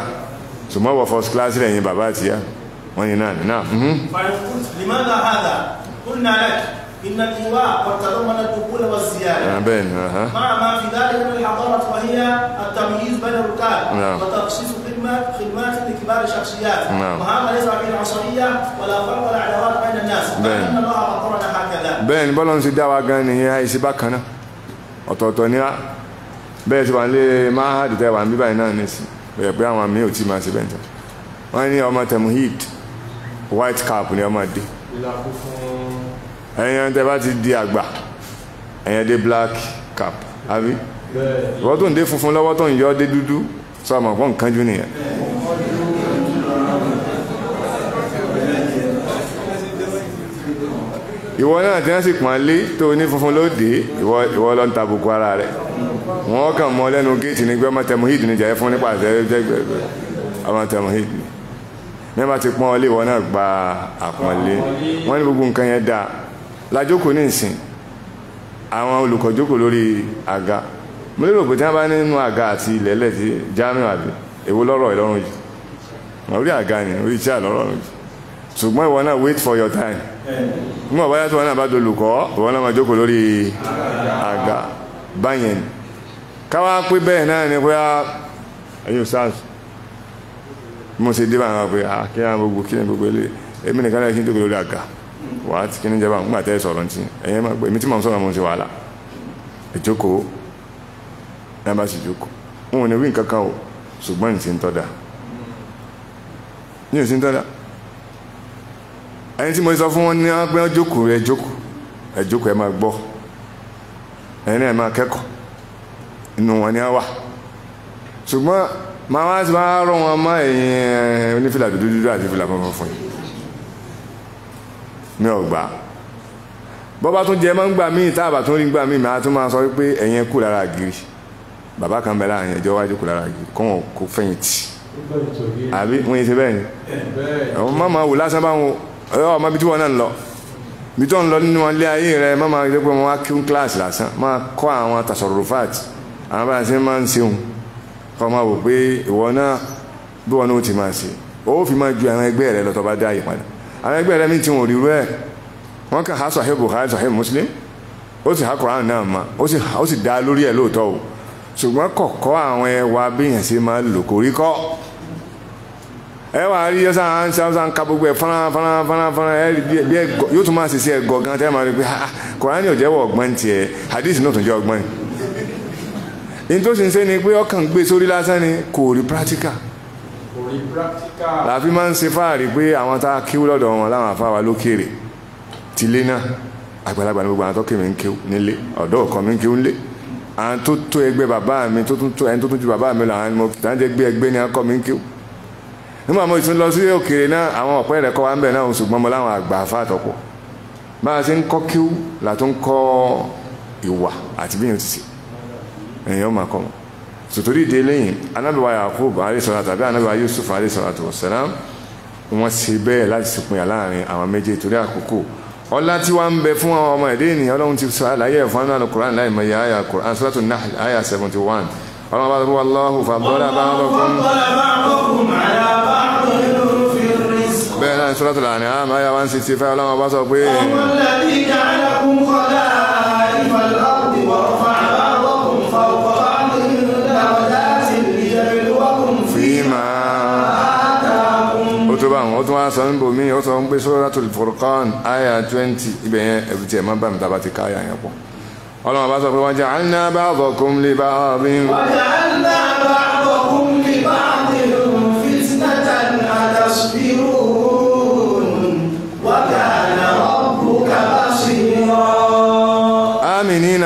sùmọ́ wọ first class lẹ́yìn bàbá àtìyá wọ́n yìí náà nínà. إن الإيواء قد تضمن الدخول والزيادة بين مع ما في ذلك من الحضارة وهي التمييز بين الركاب نعم وتخصيص خدمات خدمات لكبار الشخصيات نعم وهذا ليس فيه عنصرية ولا فرق ولا عداوات بين الناس بين فإن الله قدرنا هكذا بين بلون سيدا وغان هي إسباكنا ọ̀tọ̀ọ̀tọ̀ ní á bẹ́ẹ̀ tí wọ́n lé máa dìtẹ́ wà ń bíbáyìí náà nìsí bẹ̀rẹ̀ pé àwọn àmì ò tí white cap ní ọmọ dé ẹ̀yàn tẹ́ bá ti di àgbà ẹ̀yàn dé black cap àbí ìwọ́n tó ń dé funfun lọ́wọ́ tó ń yọ dé dúdú sọ àmọ̀ pọ̀ nǹkan jù nìyẹn. ìwọ náà tí wọ́n sì pọ́n lé tó ní funfun ló dé ìwọ ló ń ta àbùkù ara rẹ̀ wọ́n kàn mọ́ lẹ́nu géètì ní gbẹ́mọ́ tẹmuhid ní jẹ́ fún nípa àtẹ́gbẹ́gbẹ́ àwọn tẹmuhid ní wọ́n bá ti pọ́n lé ìwọ náà gba àpọ́nlé wọ́n ní gbogbo nǹkan yẹn dáa lájókòó ní ìsìn àwọn olùkọ́ jókòó lórí àga mo lérò pé tí wọ́n bá nínú àga àti ilẹ̀ẹ́lẹ̀ ti jamiu àbí èwo lọ́rọ̀ ìlọ́run jù orí àga ni orí iṣẹ́ àlọ́rọ̀rùn jù ṣùgbọ́n ìwọ náà wait for your time mú ọ̀bá yàtọ̀ wọn náà bá dolùkọ́ ìwọ náà máa jókòó lórí àga báyẹn ni káwá pé bẹ́ẹ̀ náà ni pé ẹ̀yin sars mo ṣe dé báyìí wọn pé ah, kí gbogbo kí ni gbogbo eléyìí èmi nìkan náà kí n jókòó lórí àga wà á ti kí ní jẹba nígbà tẹ́ sọ̀rọ̀ ní ti ẹ̀yẹ́ máa gbé èmi tí màá sọ̀rọ̀ mo ṣe wàhálà ìjókòó ní abá sì jókòó wọn ò ní wí nǹkan kan o ṣùgbọ́n ní ti ń tọ́da ní ìsìn tọ́da ẹni tí mo sọ fún wọn ní wọn pé wọn jókòó ẹ jókòó ẹ jókòó ẹ máa gbọ́ ẹni náà ẹ máa kẹ́kọ̀ọ́ inú wọn ni a wà ṣùgbọ́n màá wá sí wàá rọ wọn mọ́ ẹ̀yìn eh, onífìlà dúdú dúdú àti fìlà funfun fún yìí mi ò gbà bọ́bá tún jẹ máa ń gbà míì táàbà tún rí gbà míì máa tún máa sọ wípé ẹ̀yẹn kù lára àgìrì bàbá kan bẹ̀rẹ̀ àyàn ìjọ wájú kù lára àgìrì kọ́ wọn kò fẹ̀yìntì àbí wọ́n yìí ṣe bẹ́ẹ̀ ni àwọn máma wò lásán bá wọn ọ̀rọ̀ ọmọ ibi tí wọ́n náà ń lọ ibi tó ń lọ nínú ilé ayé rẹ máma jẹ́ pé wọ́n á kí ń kíláàsì lásán máa kọ́ àwọn tasọ̀rọ̀fàt àwọn bá àwọn àwọn ẹgbẹ́ rẹ mi ti wọ́n rí rú ẹ̀ wọ́n kàn há sahih bukhari sahih muslim ó sì há quran náà mà ó sì ó sì dá lórí ẹ̀ lóòótọ́ o ṣùgbọ́n kọ̀kọ́ àwọn ẹwà bíyàn ṣe máa lò kórìkọ́ ẹwà rí yẹsà ń ṣàǹṣà ń ka gbogbo ẹ fana fana fana fana ẹ bí ẹ yóò tún máa ṣiṣẹ́ ẹgọ gan tẹ máa rí pé ha ah, ah, kòránì ò jẹ́wọ́ ọgbọ́n tiẹ̀ hadith náà tún jẹ́ ọgbọ́n yìí ní tó ṣe ń ṣe ni pé ọkàn gbé sórí lásán ni kò rí practical làfi máa ń ṣe fáàrí pé àwọn tá a kíw lọ́dọ̀ wọn láwọn àfáwà lókèrè tìlé náà àgbàlagbà ní gbogbo àwọn tó kéwì ń kíw nílé ọ̀dọ́ ọ̀kan mi ń kíw nílé àwọn tó tó ẹgbẹ́ bàbá mi tó tún tó ẹni tó tún ju bàbá mi lọ àwọn mo tàn jẹ́ gbé ẹgbẹ́ ní akọ́ mi ń kíw nígbà mo tún lọ sí òkèrè náà àwọn ọ̀pẹ́ rẹ̀ kọ́ wa ń bẹ̀ náà ṣùgbọ́n mo láwọn àgbà afá àtọ̀pọ̀ bá a ṣe ń kọ́ kíw là tó ń kọ́ ìwà àti bí yẹn ti ṣe èèyàn máa kọ́ wọn sòtòrí ìdí eléyìn anábìwá yakub alayisọ́lá tàbí anábìwá yusuf alayisọ́lá tó sẹ́lám wọ́n ṣe bẹ́ẹ̀ láti sùpìnyà láàrin àwọn méje torí àkókò ọlá tí wàá ń bẹ fún àwọn ọmọ ẹ̀dẹ́ ènìyàn ọlọ́run ti sọ àlàyé ẹ̀fọn náà ní kuran láì mọ̀yà àyà kuran sọ́tò náà àyà seventy one ọlọ́run bá tó wà lọ́hùn bá ń lọ́kùn. bẹ́ẹ̀ náà sọ́tò làní àmọ́ àyà one sixty five ọlọ́run bá sọ pé. ọmọ ó tún wá sọ ń bò mí ó sọ ń pé Suratul Furqan àyà twenty ibẹ̀ yẹn ẹ̀bùtì ẹ̀ má bà mí tàbá ti ká àyà yẹn pọ̀ ọlọ́run sọ pé wọ́n jẹ́ àná bá bọ̀ kó ń lè bá ọ̀rọ̀ wọ́n jẹ́ àná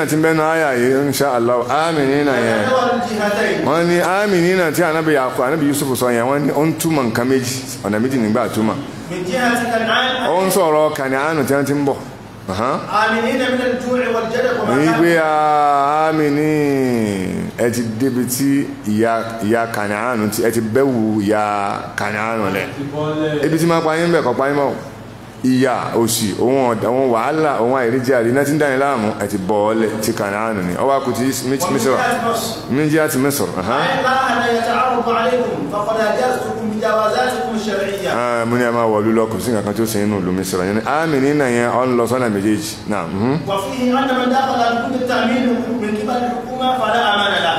àmìnínà ti bẹ́nu àyà yìí insha Allah àmìnínà yẹn wọ́n ní àmìnínà tí anábì yàkó anábì Yusuf sọ yẹn wọ́n ní ó ń túmọ̀ nǹkan méjì ọ̀nà méjì nígbà túmọ̀ ó ń sọ̀rọ̀ kànáánù tí wọ́n ti ń bọ̀ wípé àmìní ah, ẹ ti débi tí ìyá kànáánù ẹ ti bẹ́wù ìyá kànáánù lẹ̀ ibi tí máa pa yín bẹ̀ kọ́ pa yín mọ́ ìyà òṣì òun wàhálà òun àìríjẹ àríná tí ń dáni láàmú àti bọ́ọ̀lẹ̀ ti kànáàánù ni ọwá kù ti mísírà mídíà ti mísírà. mo ní a máa wọ̀lú lọ kò sí nǹkan tó ṣe inú ìlú mísírà yẹn ni àmì nínà yẹn ọ̀n lọ sọ́nà méjèèjì náà. Mhm.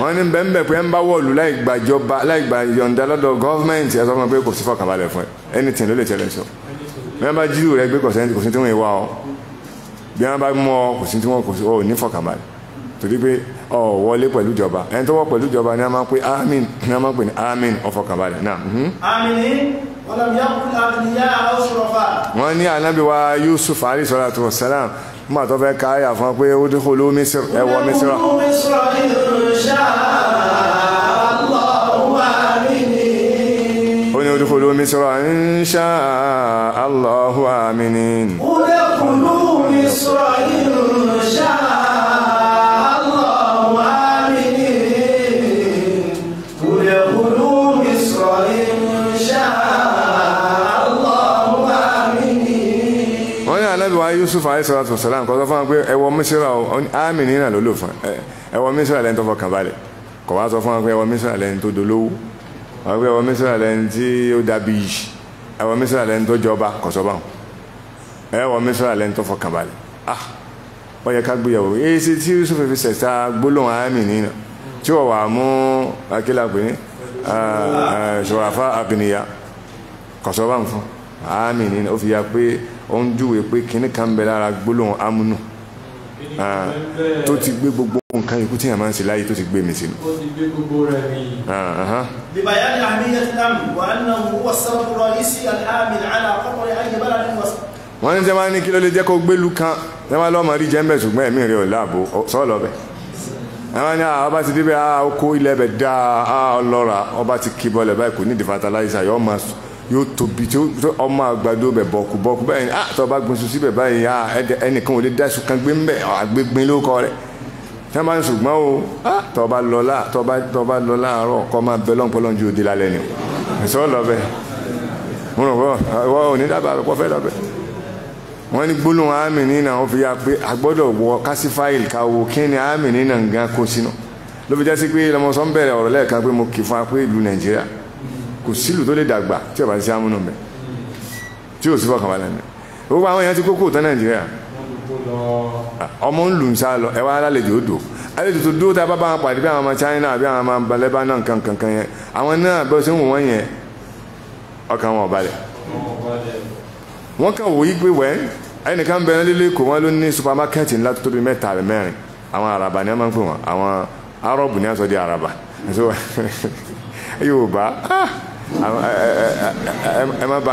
wọ́n ní bẹ́ẹ̀ pé ń bá wọ̀lú láì gbàjọba láì gbàyọ̀ǹda lọ́dọ̀ gọ́ọ̀mẹ̀ntì ẹ̀ sọ fún mi pé kò sí fọkànbalẹ̀ fún ẹ anything ló lè tẹ̀lé bí wọ́n bá jírí rẹ gbé kọ̀sẹ́ntì kòsí tí wọ́n wá ọ bí wọ́n bá mú ọ kòsí tí wọ́n kòsí ọ ní fọkànbalẹ̀ torí pé ọ wọlé pẹ̀lú ìjọba ẹni tó wọ́ pẹ̀lú ìjọba ni a máa ń pè àmín ni a máa ń pè ní àmín ọfọkànbalẹ̀ náà. àmín mhm. wọ́n ní ànábì wa Yusuf alayhi salatu wa salam nígbà tó fẹ́ káyà fún ọ pé ó dínkù ló mísírà ẹwọ mísírà. ادخلوا مصر إن شاء الله آمنين ادخلوا مصر إن شاء الله آمنين ادخلوا مصر إن شاء الله آمنين wọ́n yà nábì wa Yusuf alayhi salatu wa salam kọ́ sọ fún wa pé ẹ̀wọ̀ mísírà ámìnì náà ló lò fún ẹ̀wọ̀ mísírà lẹ́ni tó fọkàn balẹ̀ kọ̀ wá sọ fún wa pé ẹ̀wọ̀ mísírà lẹ́ni tó dolówó wọ́n pé ọmọ mísírà lẹ́ni tí ó dàbí yìí ẹwọ mísírà lẹ́ni tó jọba kọ̀sọ́bà ẹwọ mísírà lẹ́ni tó fọkànbalẹ̀ ah wọ́n yẹ ká gbéyàwó èyí sí tí Yusuf fi sẹ̀sà gbólóhùn àmì nínú tí wọ́n wà mú akílà pé ní ah, ah, ṣòwàfà àbìnìyà kọ̀sọ́bà fún àmì nínú ó fi ya pé ó ń júwe pé kínní kan bẹ lára gbólóhùn amúnú ah, tó ti gbé gbogbo nǹkan ikú tí a máa ń ṣe láyé tó ti gbé mi sínú. ó ti gbé gbogbo rẹ̀ mi. bìbáyá ni ahmed islam wà nínú wọ́n sábúrọ̀ isi alhamid ala kọ́kọ́ rẹ̀ ayé bára ní wọ́n. wọ́n ní jẹ́ máa ní kí ló lè jẹ́ kó gbélu kan jẹ́ máa lọ́mọ rí jẹ́ńbẹ̀ ṣùgbọ́n ẹ̀mí rẹ̀ ò láàbò sọ́ọ̀lọ́ bẹ̀. àwọn ni ọba ti débẹ̀ oko ilẹ̀ bẹ̀ dá ọlọ́ra ọba ti kí bọ́ọ̀lẹ̀ yóò tóbi tí ọmọ àgbàdo bẹ̀ bọ̀kú bọ̀kú báyìí tọ́ bá gbin sùn báyìí ẹnìkan ò lè dá sùn kan gbé ń bẹ̀ àgbégbin ló kọ́ tí wọ́n bá ń ṣùgbọ́n o tó bá lọ́la tó bá lọ́la àárọ̀ kọ́ máa bẹ lọ́n pọ́lọ́n ju òde lálẹ́ ni o ẹ̀sọ́ lọ́bẹ̀ mo rò wọ́n ò ní dábàá lọ́bẹ̀ wọ́n ní gbólóhùn àmì nínà wọ́n fi ya pé àgbọ́dọ̀ wọ kásífáìlì ká wo kí ni àmì nínà gan kó sínú ló fi jásí pé lọmọsán bẹ̀rẹ̀ ọ̀rọ̀ lẹ́ẹ̀kan pé mo kì fún wa pé ìlú Nàìjíríà kò sílùú tó lè dàgbà tí ò bá sí àmúnú mẹ́ tí ò sí fọkànbalẹ̀ mẹ́ gbogbo àwọn èèyàn ti kókó tán Nàìjíríà ọmọ ń lù ń sá lọ ẹ wá alálejò odò àlejò tó dúró a bá ma wọn bí àwọn ọmọ China àbí àwọn kankan yẹn àwọn náà bẹ́ẹ̀ sẹ́wọ̀n wọ́n yẹn ọkàn wọn ò balẹ̀ wọ́n kàn wò yí pé wẹ́ ẹnìkan bẹ̀rẹ̀ lílé kò ló ní araba a a sọ di araba so yorùbá ah, ẹ má ba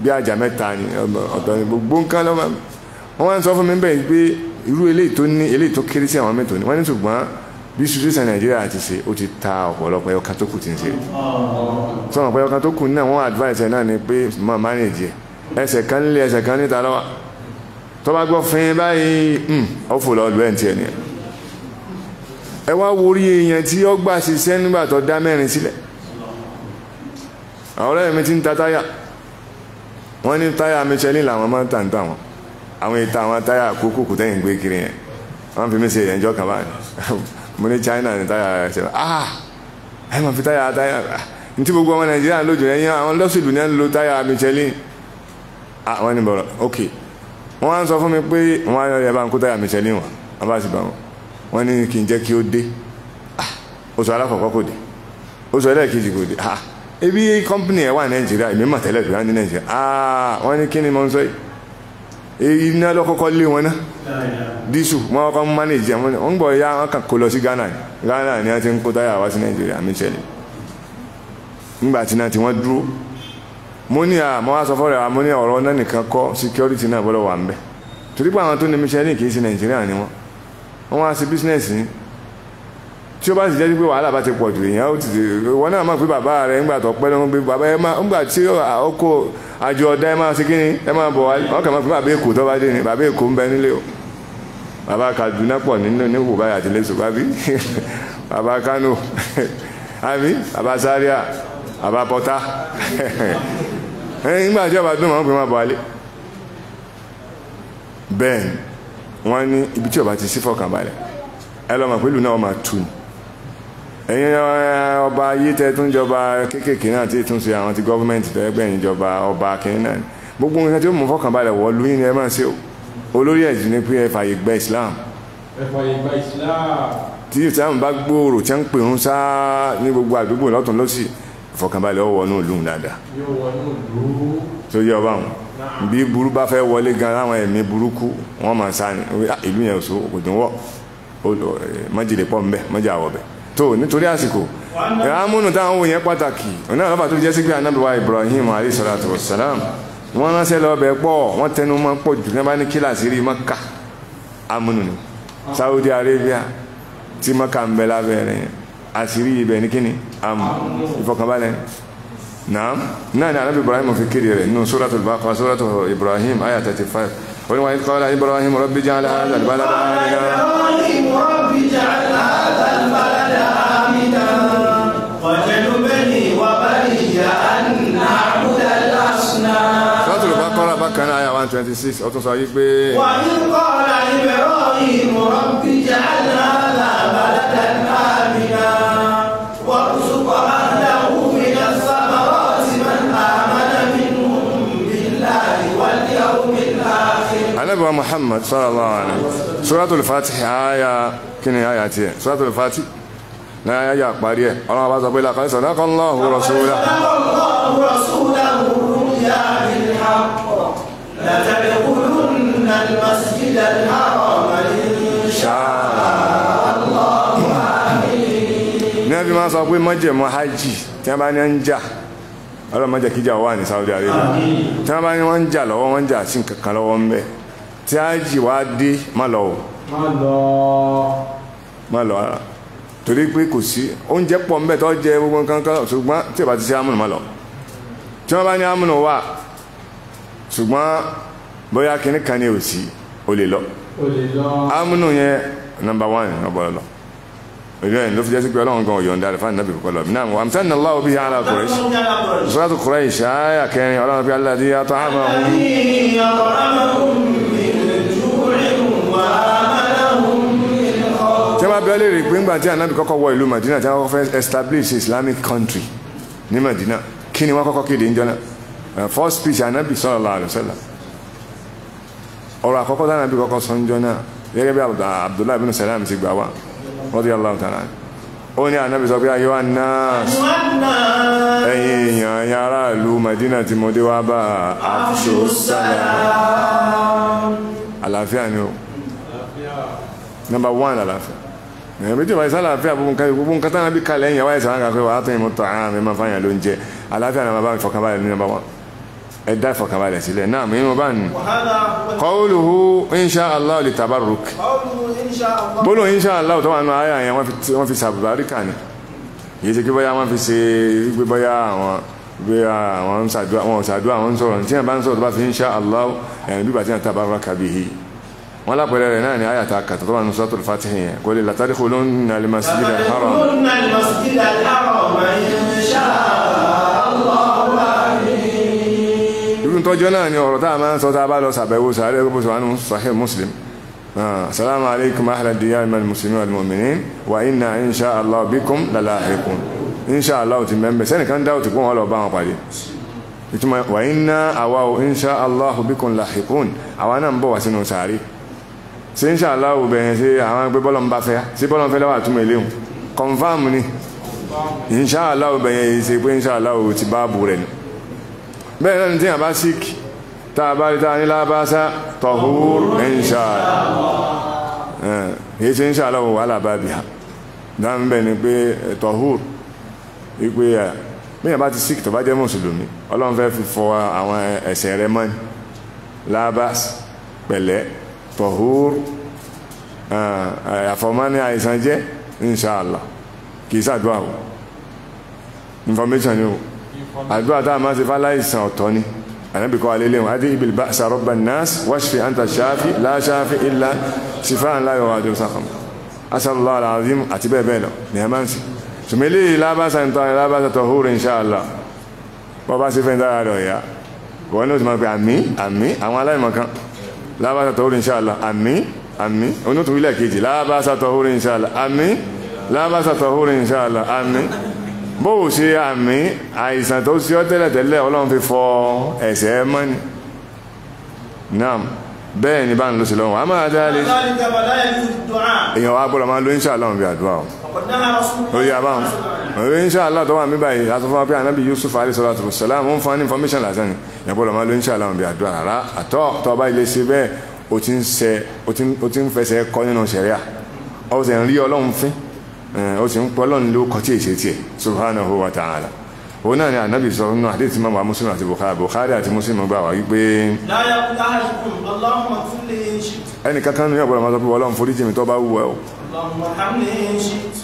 bí àjà mẹ́ta ni ọ̀dọ́ ni gbogbo nǹkan lọ́wọ́ wọ́n wá ń sọ fún mi bẹ́ẹ̀ pé irú eléyìí tó ní eléyìí tó kéré sí àwọn mẹ́tò ni wọ́n ní ṣùgbọ́n bí situation nàìjíríà ti ṣe ó ti ta ọ̀pọ̀lọpọ̀ ẹyọkan tó kù ti ń ṣe sọ̀rọ̀ pé ẹyọkan tó kù náà wọ́n advice ẹ̀ náà ni pé mọ̀ manage ẹ̀ ẹsẹ̀ kan nílé ẹsẹ̀ kan níta lọ́wọ́ tó bá gbọ́ fín báyìí hmm, ó fò lọ lù ẹ̀ ń tiẹ̀ nìyẹn ẹ wá worí èèyàn tí ó gbà ṣiṣẹ́ nígbà tó dá mẹ́rin sílẹ̀ àwọn ọlọ́yẹ̀mí ti ń ta táyà wọ́n ní táyà Michelin làwọn máa ń tà ń tà àwọn ìta àwọn táyà kúkú tẹ́yìn gbé kiri yẹn wọ́n fi mí ṣe ìrẹ́jọ́ kan báyìí mo ní China ní táyà ṣe ah ẹ máa fi táyà táyà ní tí gbogbo ọmọ Nàìjíríà lójú rẹ̀ yẹn àwọn ń lo táyà Michelin ah wọ́n ní bọ̀rọ̀ ok wọ́n á sọ fún mi pé wọ́n á yọ bá ń Michelin wọn n jẹ́ kí ó dé ah! oṣù alákọ̀ọ́kọ́ kò ebi kọ́mpìnì ẹ̀ wà ní nàìjíríà èmi mà tẹ́lẹ̀ fìlà ní nàìjíríà aa ah, wọ́n ní kí ni mo ń sọ yìí iná ló kọ́kọ́ lé wọn náà dísù wọn kọ́kọ́ ń mánéjì àwọn ọ̀hún gbọ́ ya wọn kàn kó lọ sí ghana ghana ni a ti ń kó táyà wá sí nàìjíríà mi tẹ́lẹ̀ nígbà tí náà tí wọ́n mo ní à mo wá sọ wa mo ní ọ̀rọ̀ náà nìkan kọ́ security náà bọ́lọ̀ wà ń bẹ̀ torí pé àwọn tó ní mi ṣe ní kì í ṣe ni wọ́n wọ́n wá sí business yìí tí ó bá sì jẹ́ pé wàhálà bá ti pọ̀ jù èèyàn ó ti wọn náà mọ̀ pé bàbá rẹ̀ ńgbà tó pẹ́ lọ́wọ́ pé bàbá ẹ máa ńgbà tí ọkọ̀ àjọ ọ̀dá ẹ máa ṣe kíni ẹ máa bọ̀ wá wọn kàn máa pé bàbá èkó tó bá dé ni bàbá èkó ń bẹ nílé o bàbá Kaduna pọ̀ nínú níwò báyà àti lẹ́sọ̀ bábí bàbá Kano àbí bàbá Zaria bàbá Pọ́tà ẹ̀yìn ńgbà tí ọba dùn wọn pè máa bọ̀ wálé bẹ́ẹ̀ wọ́n ní ibi tí ọba ti sí fọkànbalẹ̀ ẹ lọ́mọ pẹ̀lú náà ọmọ àtúnú ẹ̀yin eh, ọba ayé tẹ́ tún jọba kéékèèké náà tí tún ṣe àwọn ti gọ́fíńmẹ̀ntì tẹ́gbẹ́ yìí jọba ọba kìnínní náà gbogbo nǹkan tí ó mú fọkànbalẹ̀ wọ lóyún ni ẹ máa ṣe olórí ẹ̀jì ni pé ẹ fààyè gba Islam. ẹ fààyè gba Islam. tí Islam bá gbòòrò tí wọ́n ń pè ń sá ní gbogbo àdúgbò lọ́tún lọ́sì ìfọkànbalẹ̀ ọwọ́ náà lóhùn dáadáa. yóò wọ inú ìlú. tó yẹ ọba wọn bí burú bá fẹ́ wọlé gan láwọn ẹ̀mí burúkú wọ́n máa sá ní ìlú yẹn ò so kò dùn wọ́ eh, májèlé pọ̀ ń bẹ́ májà wọ̀ bẹ́ẹ̀ tó nítorí àsìkò ìhámúnù táwọn òyìn pàtàkì ọ̀nà àlọ́bà tó jẹ́ sí pé anábìwá Ibrahim alayhi salatu wassalam wọ́n ránṣẹ́ lọ bẹ̀ pọ̀ wọ́n tẹnu mọ́ pọ̀ jù kí wọ́n bá ní kíláàsì rí Maka amúnù ni Saudi Arabia tí Maka ń bẹ lábẹ́rẹ́ àṣírí ibẹ̀ ní kíni amú ìfọkànbalẹ̀ náà náà ni anábì Ibrahim fi kéde rẹ̀ nínú suratul Baqara suratul Ibrahim ayat 35 wọ́n ni wọ́n kọ́ وجنبني وبني أن نعبد الأصنام سورة البقرة بكنا آية 126 أو تصايب به وإذ قال إبراهيم رب اجعل هذا بلدا آمنا وارزق أهله من الثمرات من آمن منهم بالله واليوم الآخر النبي محمد صلى الله عليه وسلم سورة الفاتح آية كن آية سورة الفاتح náà yà parí ẹ̀ ọlọ́run bá sọ pé làkàn sọ̀rọ̀ kan lọ́hùn rọ̀ṣúlá. ní ẹbí máa sọ pé mọ́jẹ̀mọ́ hajj tí wọ́n bá ní ń jà ọlọ́run mọ́jẹ̀ kíjà wà ní Saudi Arabia tí wọ́n bá ní wọ́n ń jà lọ́wọ́ wọ́n ń jà sí nǹkan kan lọ́wọ́ ń bẹ̀ tí hajj wá dé má lọ má lọ torí pé kò sí oúnjẹ pọ̀ ńbẹ tó jẹ gbogbo nǹkan kan ṣùgbọ́n tí ìbá ti ṣe amúnù mọ́ lọ tí wọ́n bá ní amúnù wà ṣùgbọ́n bóyá kìnnì kan ní òsì ó lè lọ amúnù yẹn nọ́mbà wán ọ̀bọ̀lọ̀ lọ ìlú ẹ̀yìn ló fi jẹ́ sí pé ọlọ́run gan ọ̀yọ̀ǹda rẹ̀ fáwọn nàbì kọ́kọ́ lọ náà wà mùsànnà aláwọ̀ bíi ara kùrẹ́ṣ sọ́dọ̀ kẹrin ọlọ́run fi aládìyà tó hàmà ọ̀hún. wá lè rè pé ńgbà tí anabi kọ́kọ́ wọ ìlú madina tí wọ́n kọ́kọ́ fẹ́ establish islamic country ní madina kí ni wọ́n kọ́kọ́ kéde ń jọ́nà uh, first speech anabi sallallahu alaihi wasallam ọ̀rọ̀ àkọ́kọ́ tí anabi kọ́kọ́ sọ ń jọ́nà gẹ́gẹ́ bí abdullahi bin salam ti gbà wá radiyallahu ta'ala ó ní anabi sọ pé ayọ́ anas ẹ̀yin èèyàn ẹ̀yin aráàlú madina tí mo dé wá bá àfṣọ sálà number one àlàáfíà méjì máa sá àlàáfíà gbogbo nǹkan táwọn bí kalẹ̀ ẹ̀yìn àwáyé sàrán kakọ́ wàá tó yẹn mọ́ tọ́ ara ah, mi máa fáyàn ló ń jẹ àlàáfíà náà máa bá mi fọkànbalẹ̀ ní nọ́mbà wọn ẹ dá ìfọkànbalẹ̀ sílẹ̀ náà mi inú bá ń qawluhu insha Allah li tabarruk bólú insha Allah tó wà nù ayé àyẹn wọ́n fi sàbùbáríkà ni yìí ti kí bóyá wọ́n fi ṣe gbé bóyá àwọn gbé àwọn ṣàdúrà àwọn sọ̀rọ̀ tí wọ́n bá ń sọ̀rọ̀ tó bá fi insha Allah ẹ̀ wọn lápẹẹrẹ rẹ̀ náà ni àyà ta kàtà tó wà ní suratul Fatih yẹn kò lè látàrí kò ló ń na lè masjid al-haram. irú tọ́jọ́ náà ni ọ̀rọ̀ tá a máa ń sọ tá a bá lọ sàbẹ̀wò sàárẹ̀ gbogbo sọ wánú Sahih Muslim السلام عليكم أهل الديار من المسلمين والمؤمنين وإنا إن شاء الله بكم للاحقون إن شاء الله تمام بس أنا كان داوت يكون ولا بان قادي وإنا أواو إن شاء الله بكم لاحقون أوانا مبوا سنو ساري ṣe ń ṣàláwò bẹ̀yẹn ṣe àwọn ẹgbẹ́ bọ́lọ̀ ń bá fẹ́ ṣe bọ́lọ̀ ń fẹ́ lọ́wọ́ àtúmọ̀ ilé wọn confam ni inshallah bẹ̀yẹn yìí ṣe pé inshallah ti báàbù rẹ̀ ni bẹ́ẹ̀ náà tí a bá sík tá a bá rí tá a ní lábásá tọ̀húr inshallah yìí ṣe inshallah wà lábábì ha dáhùn bẹ́ẹ̀ ni pé eh, tọ̀húr wípé eh, bí a bá ti sík tó bá jẹ́ mùsùlùmí ọlọ́run fẹ́ fi fọ àwọn ẹ̀ṣẹ̀ rẹ̀ mọ́ ni lábás pẹ̀lẹ́ tọ̀húr eh, eh, àfọ̀mọ́ni àìsàn jẹ́ inṣàlá kì í ṣàdúrà o information ni o àdúrà tá a máa ṣe fáláìsàn ọ̀tọ̀ ni ànábì kọ́ alélé wọn adé ibil ba'sa rabban nas washfi anta shafi la shafi illa shifaan la yughadiru saqama asallallahu alazim àti bẹ́ẹ̀ bẹ́ẹ̀ lọ ní ẹ̀ máa ń sìn sùmílì lábàṣà ń tọ́ ẹ̀ lábàṣà tọ̀húr inṣàlá bọ́ bá ṣe fẹ́ ń dára rẹ̀ ọ̀yà wọ́n ní o ti àmì àmì àwọn aláìmọ̀ kan lábàásà tọ́húrì inṣàlá àmín àmín onítùwílẹ̀ kejì lábàásà tọ́húrì inṣàlá àmín lábàásà tọ́húrì inṣàlá àmín bó o ṣe àmín àìsàn tó ṣe ọ́ tẹ́lẹ̀tẹ́lẹ̀ ọlọ́run fi fọ ẹ̀ṣẹ̀ mọ́ni naam bẹ́ẹ̀ ni bá ń lọ sí lọ́wọ́ a máa dá lé èèyàn wa gbọ́dọ̀ máa lo inṣàlá òun bí àdúrà o lórí abáwọn òye inṣàlá tó wà mí báyìí a sọ fún wa pé anabi yusuf alayhisalatu ń fún ní information lásán ni ìyàbọ̀lọ̀ máa lo inṣàlá wọn bí àdúrà rárá àtọ́ tó bá ilé ṣe bẹ́ẹ̀ o ti ń ṣe o ti ń fẹsẹ̀ kọ́ nínú sẹ̀ríà o sì ń rí ọlọ́run fín o sì ń pọ́ ọlọ́run ló kọ́ tí èsì tiẹ̀ subhanahu wa ta'ala òun náà ni anabi sọ nínú àdéhùn tí màmá muslim àti bukhari bukhari àti muslim gbà wá wípé. ẹnì kankan ní ọ̀pọ̀lọpọ̀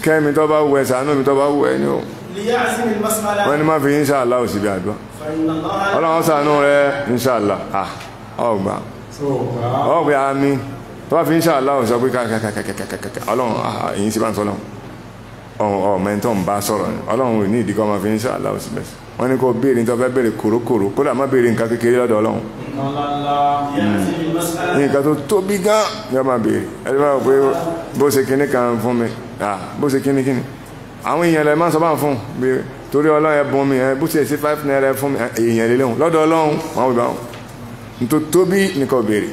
kẹ́mi tó bá wù ẹ́ sànú mi tó bá wù ẹ́ ní o wọ́n ní má fi inṣàlá ò síbi àdúrà ọlọ́run sànú rẹ inṣàlá ọgbà ọgbà àmì tó bá fi inṣàlá ò sọ pé kàkàkàkàkàkà ọlọ́run èyí sí bá ń sọ lọ́run ọmọẹ̀ntọ́ ń bá sọ̀rọ̀ ni ọlọ́run ò ní ìdíkọ́ máa fi inṣàlá ò síbẹ̀ wọ́n ní kó béèrè tó fẹ́ béèrè kòrókòró kódà má béèrè nǹkan kékeré lọ́dọ̀ ọlọ́run Mm. nǹkan tó tóbi gan yóò máa béèrè ẹni máa pé bó ṣe kíní kan fún mi bó ṣe kíní kíní àwọn èèyàn lè máa sọ bá ń fún bí torí ọlọ́run ẹbùn mi ẹ bó ṣe sí five naira fún mi èèyàn lè léhùn lọ́dọ̀ ọlọ́run wọn wíwá wọn nítorí tóbi nìkan béèrè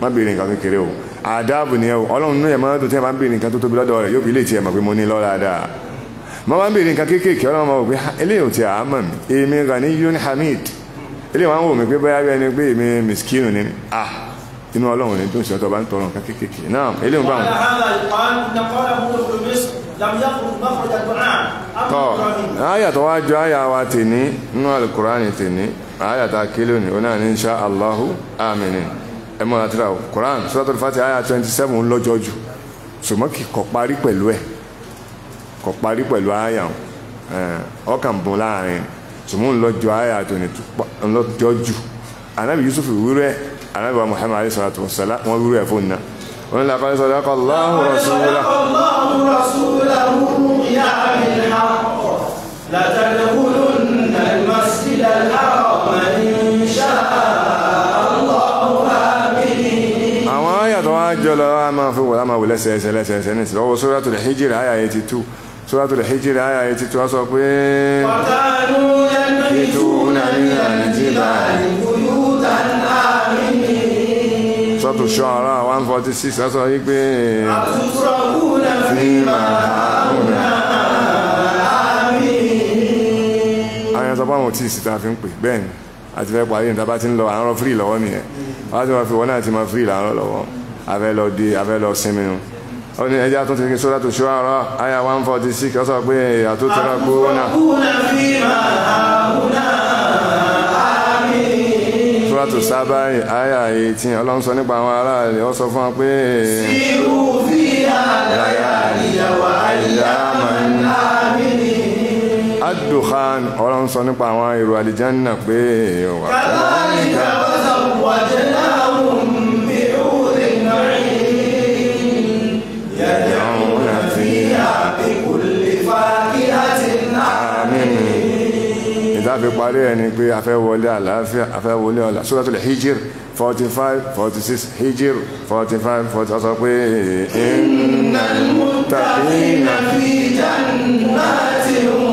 má béèrè nǹkan kékeré o àdáàbò nìyẹn o ọlọ́run nínú ẹ̀mọ́ tó tẹ́ máa ń béèrè nǹkan tó tóbi lọ́dọ̀ rẹ̀ yóò fi lè tiẹ̀ mọ̀ pé mo ní lọ́ra dáa mo máa ń béèrè nǹkan kéékèèké ọlọ́run máa wò pé eléyìí ò ti àámọ̀ mi èmi Ghaniyun Hamid ilé wọn wò mí pé bóyá bẹ́ẹ̀ ni pé èmi miskinu ni ah inú ọlọ́run ni tó ń sọ́tọ̀ bá ń tọrọ nǹkan kéékèèké náà ilé wọn bá wọn. Ah, tọ́ àyà tó wá jọ àyà wa tèní nínú alukurani tèní àyà tá a ké lónìí ó náà ní insha Allahu amini ẹ mọ̀ àtúrà o Quran suratul Fatiha àyà twenty seven lọ́jọ́jù ṣùgbọ́n kì kọ́ parí pẹ̀lú ẹ̀ kọ́ parí pẹ̀lú àyà ọkàn bùn láàrin tùmú ńlọjọ àyà tó ní ńlọjọ jù anabi yusuf wúrẹ anabi wa muhammad alayhi salatu wa salam wọn wúrẹ fún náà wọn lè kọ́ sọ́dọ̀ kọ́ lọ́hùn rasúlá. إن شاء الله آمنين àwọn ayàtọ̀ wájọ́ lọ́wọ́ a máa fi wọ́n a máa wù lẹ́sẹẹsẹ lẹ́sẹẹsẹ ní ìsìlọ́wọ́ suratul hijr àyà 82 Suratul Hijr àyà yìí títí wá sọ pé Suratul Shu'ara 146 wá sọ wípé àyà sọ báwọn tí ìsìta fi ń pè bẹ́ẹ̀ ni àti fẹ́ parí níta bá ti ń lọ àárọ̀ fírì lọ́wọ́ nìyẹn wọ́n á ti máa fi wọ́n náà ti máa fírì láàárọ̀ lọ́wọ́ afẹ́ lọ dé afẹ́ lọ sinmi nù ó ní ẹja tó ti kí sóràtù ṣúárọ̀ àyà 146 ó sọ pé èyà tó tẹ́ra gbóná sóràtù sábàáyì àyà 18 ọlọ́run sọ nípa àwọn ará rẹ̀ sọ fún wọn pé sírù fi àlàyà ìyàwó àyàmà adùnkán ọlọ́run sọ nípa àwọn èrò àlìjánà pé kàlá nígbà wọ́n sọ jẹ́ tàbí parí ẹni pé afẹ́ wọlé àlàáfíà afẹ́ wọlé ọ̀la Suratul Hijr 45 46 Hijr 45 46 sọ pé innal muttaqina fi jannatin